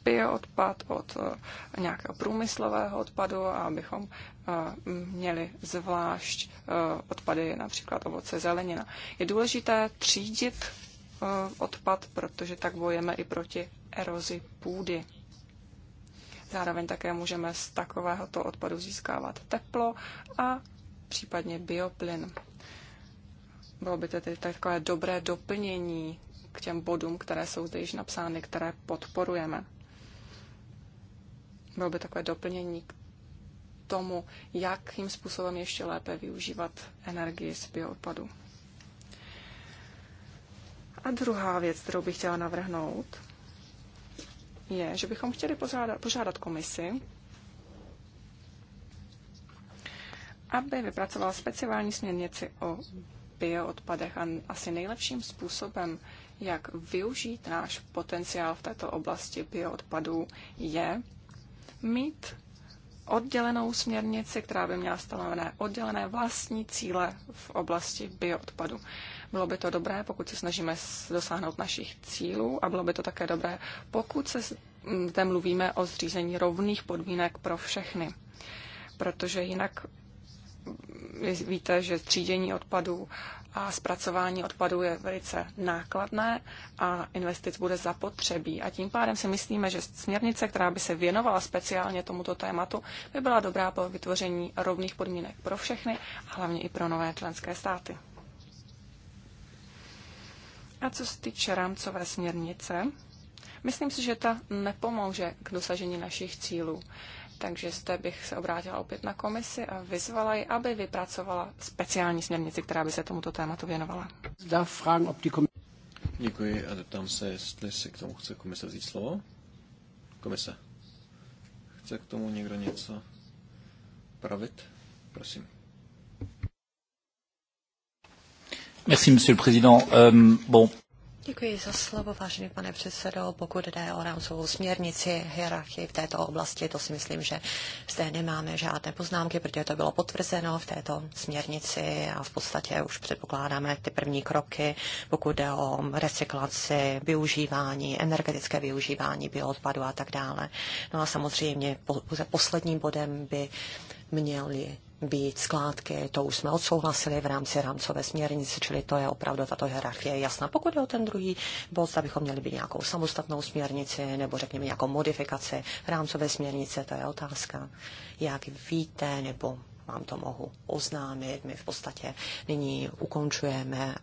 Speaker 3: bioodpad od eh, nějakého průmyslového odpadu a abychom eh, měli zvlášť eh, odpady například ovoce, zelenina. Je důležité třídit odpad, protože tak bojeme i proti erozi půdy. Zároveň také můžeme z takovéhoto odpadu získávat teplo a případně bioplyn. Bylo by to tedy takové dobré doplnění k těm bodům, které jsou zde již napsány, které podporujeme. Bylo by takové doplnění k tomu, jakým způsobem ještě lépe využívat energii z bioodpadu. A druhá věc, kterou bych chtěla navrhnout, je, že bychom chtěli požádat, požádat komisi, aby vypracovala speciální směrnici o bioodpadech a asi nejlepším způsobem, jak využít náš potenciál v této oblasti bioodpadů, je mít oddělenou směrnici, která by měla stanovené oddělené vlastní cíle v oblasti bioodpadu. Bylo by to dobré, pokud se snažíme dosáhnout našich cílů a bylo by to také dobré, pokud se zde mluvíme o zřízení rovných podmínek pro všechny, protože jinak víte, že třídění odpadů a zpracování odpadů je velice nákladné a investic bude zapotřebí. A tím pádem si myslíme, že směrnice, která by se věnovala speciálně tomuto tématu, by byla dobrá pro vytvoření rovných podmínek pro všechny a hlavně i pro nové členské státy. A co se týče rámcové směrnice, myslím si, že ta nepomůže k dosažení našich cílů. Takže zde bych se obrátila opět na komisi a vyzvala ji, aby vypracovala speciální směrnici, která by se tomuto tématu věnovala.
Speaker 1: Děkuji a zeptám se, jestli si k tomu chce komise vzít slovo. Komise, chce k tomu někdo něco pravit? Prosím.
Speaker 2: Merci, monsieur le président. Euh, bon. Děkuji za slovo, vážený pane předsedo. Pokud jde o rámcovou směrnici hierarchii v této oblasti, to si myslím, že zde nemáme žádné poznámky, protože to bylo potvrzeno v této směrnici a v podstatě už předpokládáme ty první kroky, pokud jde o recyklaci, využívání, energetické využívání bioodpadu a tak dále. No a samozřejmě posledním bodem by měly být skládky, to už jsme odsouhlasili v rámci rámcové směrnice, čili to je opravdu tato hierarchie jasná. Pokud je o ten druhý bod, tak bychom měli být nějakou samostatnou směrnici nebo řekněme nějakou modifikaci rámcové směrnice, to je otázka, jak víte, nebo vám to mohu oznámit. My v podstatě nyní ukončujeme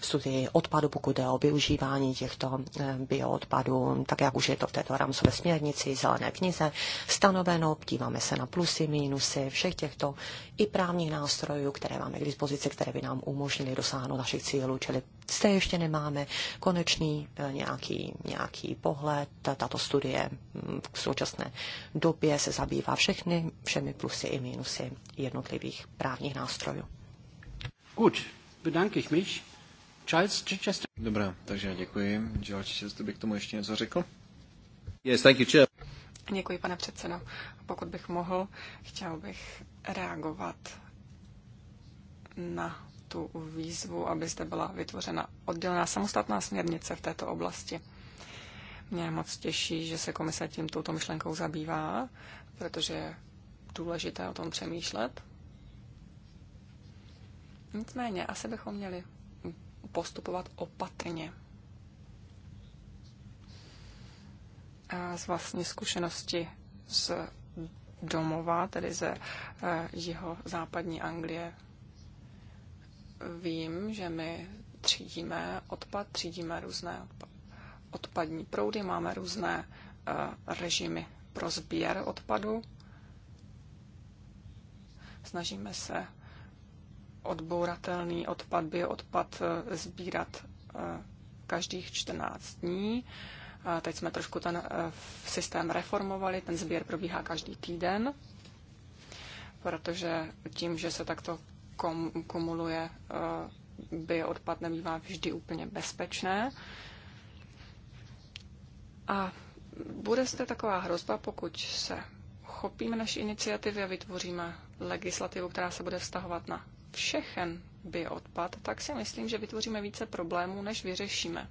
Speaker 2: studii odpadu, pokud jde o využívání těchto eh, bioodpadů, tak jak už je to v této rámcové směrnici, zelené knize, stanoveno, díváme se na plusy, mínusy všech těchto i právních nástrojů, které máme k dispozici, které by nám umožnily dosáhnout našich cílů, čili zde ještě nemáme konečný eh, nějaký, nějaký pohled. Tato studie hm, v současné době se zabývá všechny, všemi plusy i mínusy jednotlivých právních nástrojů.
Speaker 1: Gut, bedanke ich mich. Charles Chichester. Dobrá, takže děkuji. George Chichester by k tomu ještě něco řekl. Yes, thank you, Chair.
Speaker 3: Děkuji, pane předsedo. Pokud bych mohl, chtěl bych reagovat na tu výzvu, aby zde byla vytvořena oddělená samostatná směrnice v této oblasti. Mě moc těší, že se komise tím touto myšlenkou zabývá, protože je důležité o tom přemýšlet. Nicméně, asi bychom měli postupovat opatrně. A z vlastní zkušenosti z domova, tedy ze eh, jeho západní Anglie, vím, že my třídíme odpad, třídíme různé odpadní proudy, máme různé eh, režimy pro sběr odpadu. Snažíme se odbouratelný odpad, bioodpad e, sbírat e, každých 14 dní. A teď jsme trošku ten e, systém reformovali, ten sběr probíhá každý týden, protože tím, že se takto kom, kumuluje bioodpad, nebývá vždy úplně bezpečné. A bude zde taková hrozba, pokud se chopíme naší iniciativy a vytvoříme legislativu, která se bude vztahovat na všechen bioodpad, tak si myslím, že vytvoříme více problémů, než vyřešíme.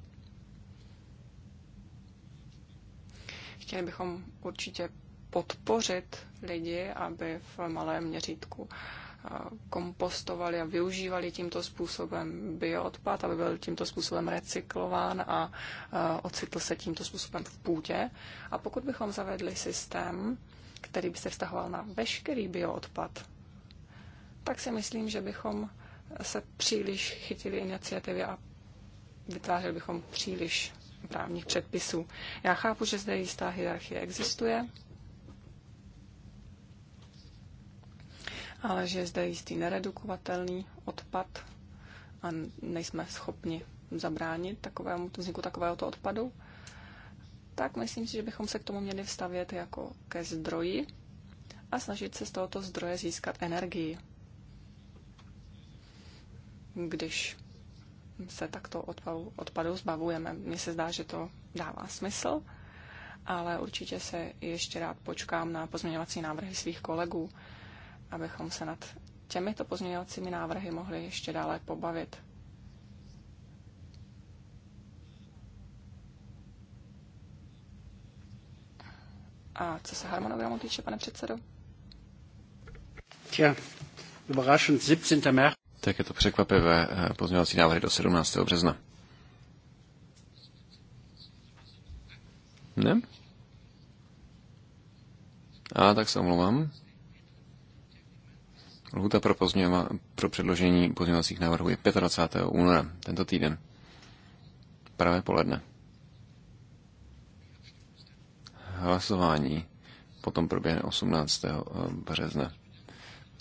Speaker 3: Chtěli bychom určitě podpořit lidi, aby v malém měřítku eh, kompostovali a využívali tímto způsobem bioodpad, aby byl tímto způsobem recyklován a eh, ocitl se tímto způsobem v půdě. A pokud bychom zavedli systém, který by se vztahoval na veškerý bioodpad, tak si myslím, že bychom se příliš chytili iniciativy a vytvářeli bychom příliš právních předpisů. Já chápu, že zde jistá hierarchie existuje, ale že je zde jistý neredukovatelný odpad a nejsme schopni zabránit takovému vzniku takovéhoto odpadu, tak myslím si, že bychom se k tomu měli vstavět jako ke zdroji a snažit se z tohoto zdroje získat energii když se takto odpadu, odpadu zbavujeme. Mně se zdá, že to dává smysl, ale určitě se ještě rád počkám na pozměňovací návrhy svých kolegů, abychom se nad těmito pozměňovacími návrhy mohli ještě dále pobavit. A co se harmonogramu týče, pane předsedo?
Speaker 1: Tja, überraschend 17 tak je to překvapivé eh, pozměňovací návrhy do 17. března. Ne? A tak se omlouvám. Lhuta pro, pozměva, pro předložení pozměňovacích návrhů je 25. února, tento týden. Pravé poledne. Hlasování potom proběhne 18. Eh, března.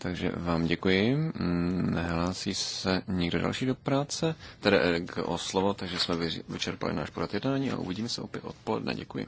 Speaker 1: Takže vám děkuji. Mm, Nehlásí se nikdo další do práce, tedy eh, k oslovo, takže jsme vyčerpali náš pořad jednání a uvidíme se opět odpoledne. Děkuji.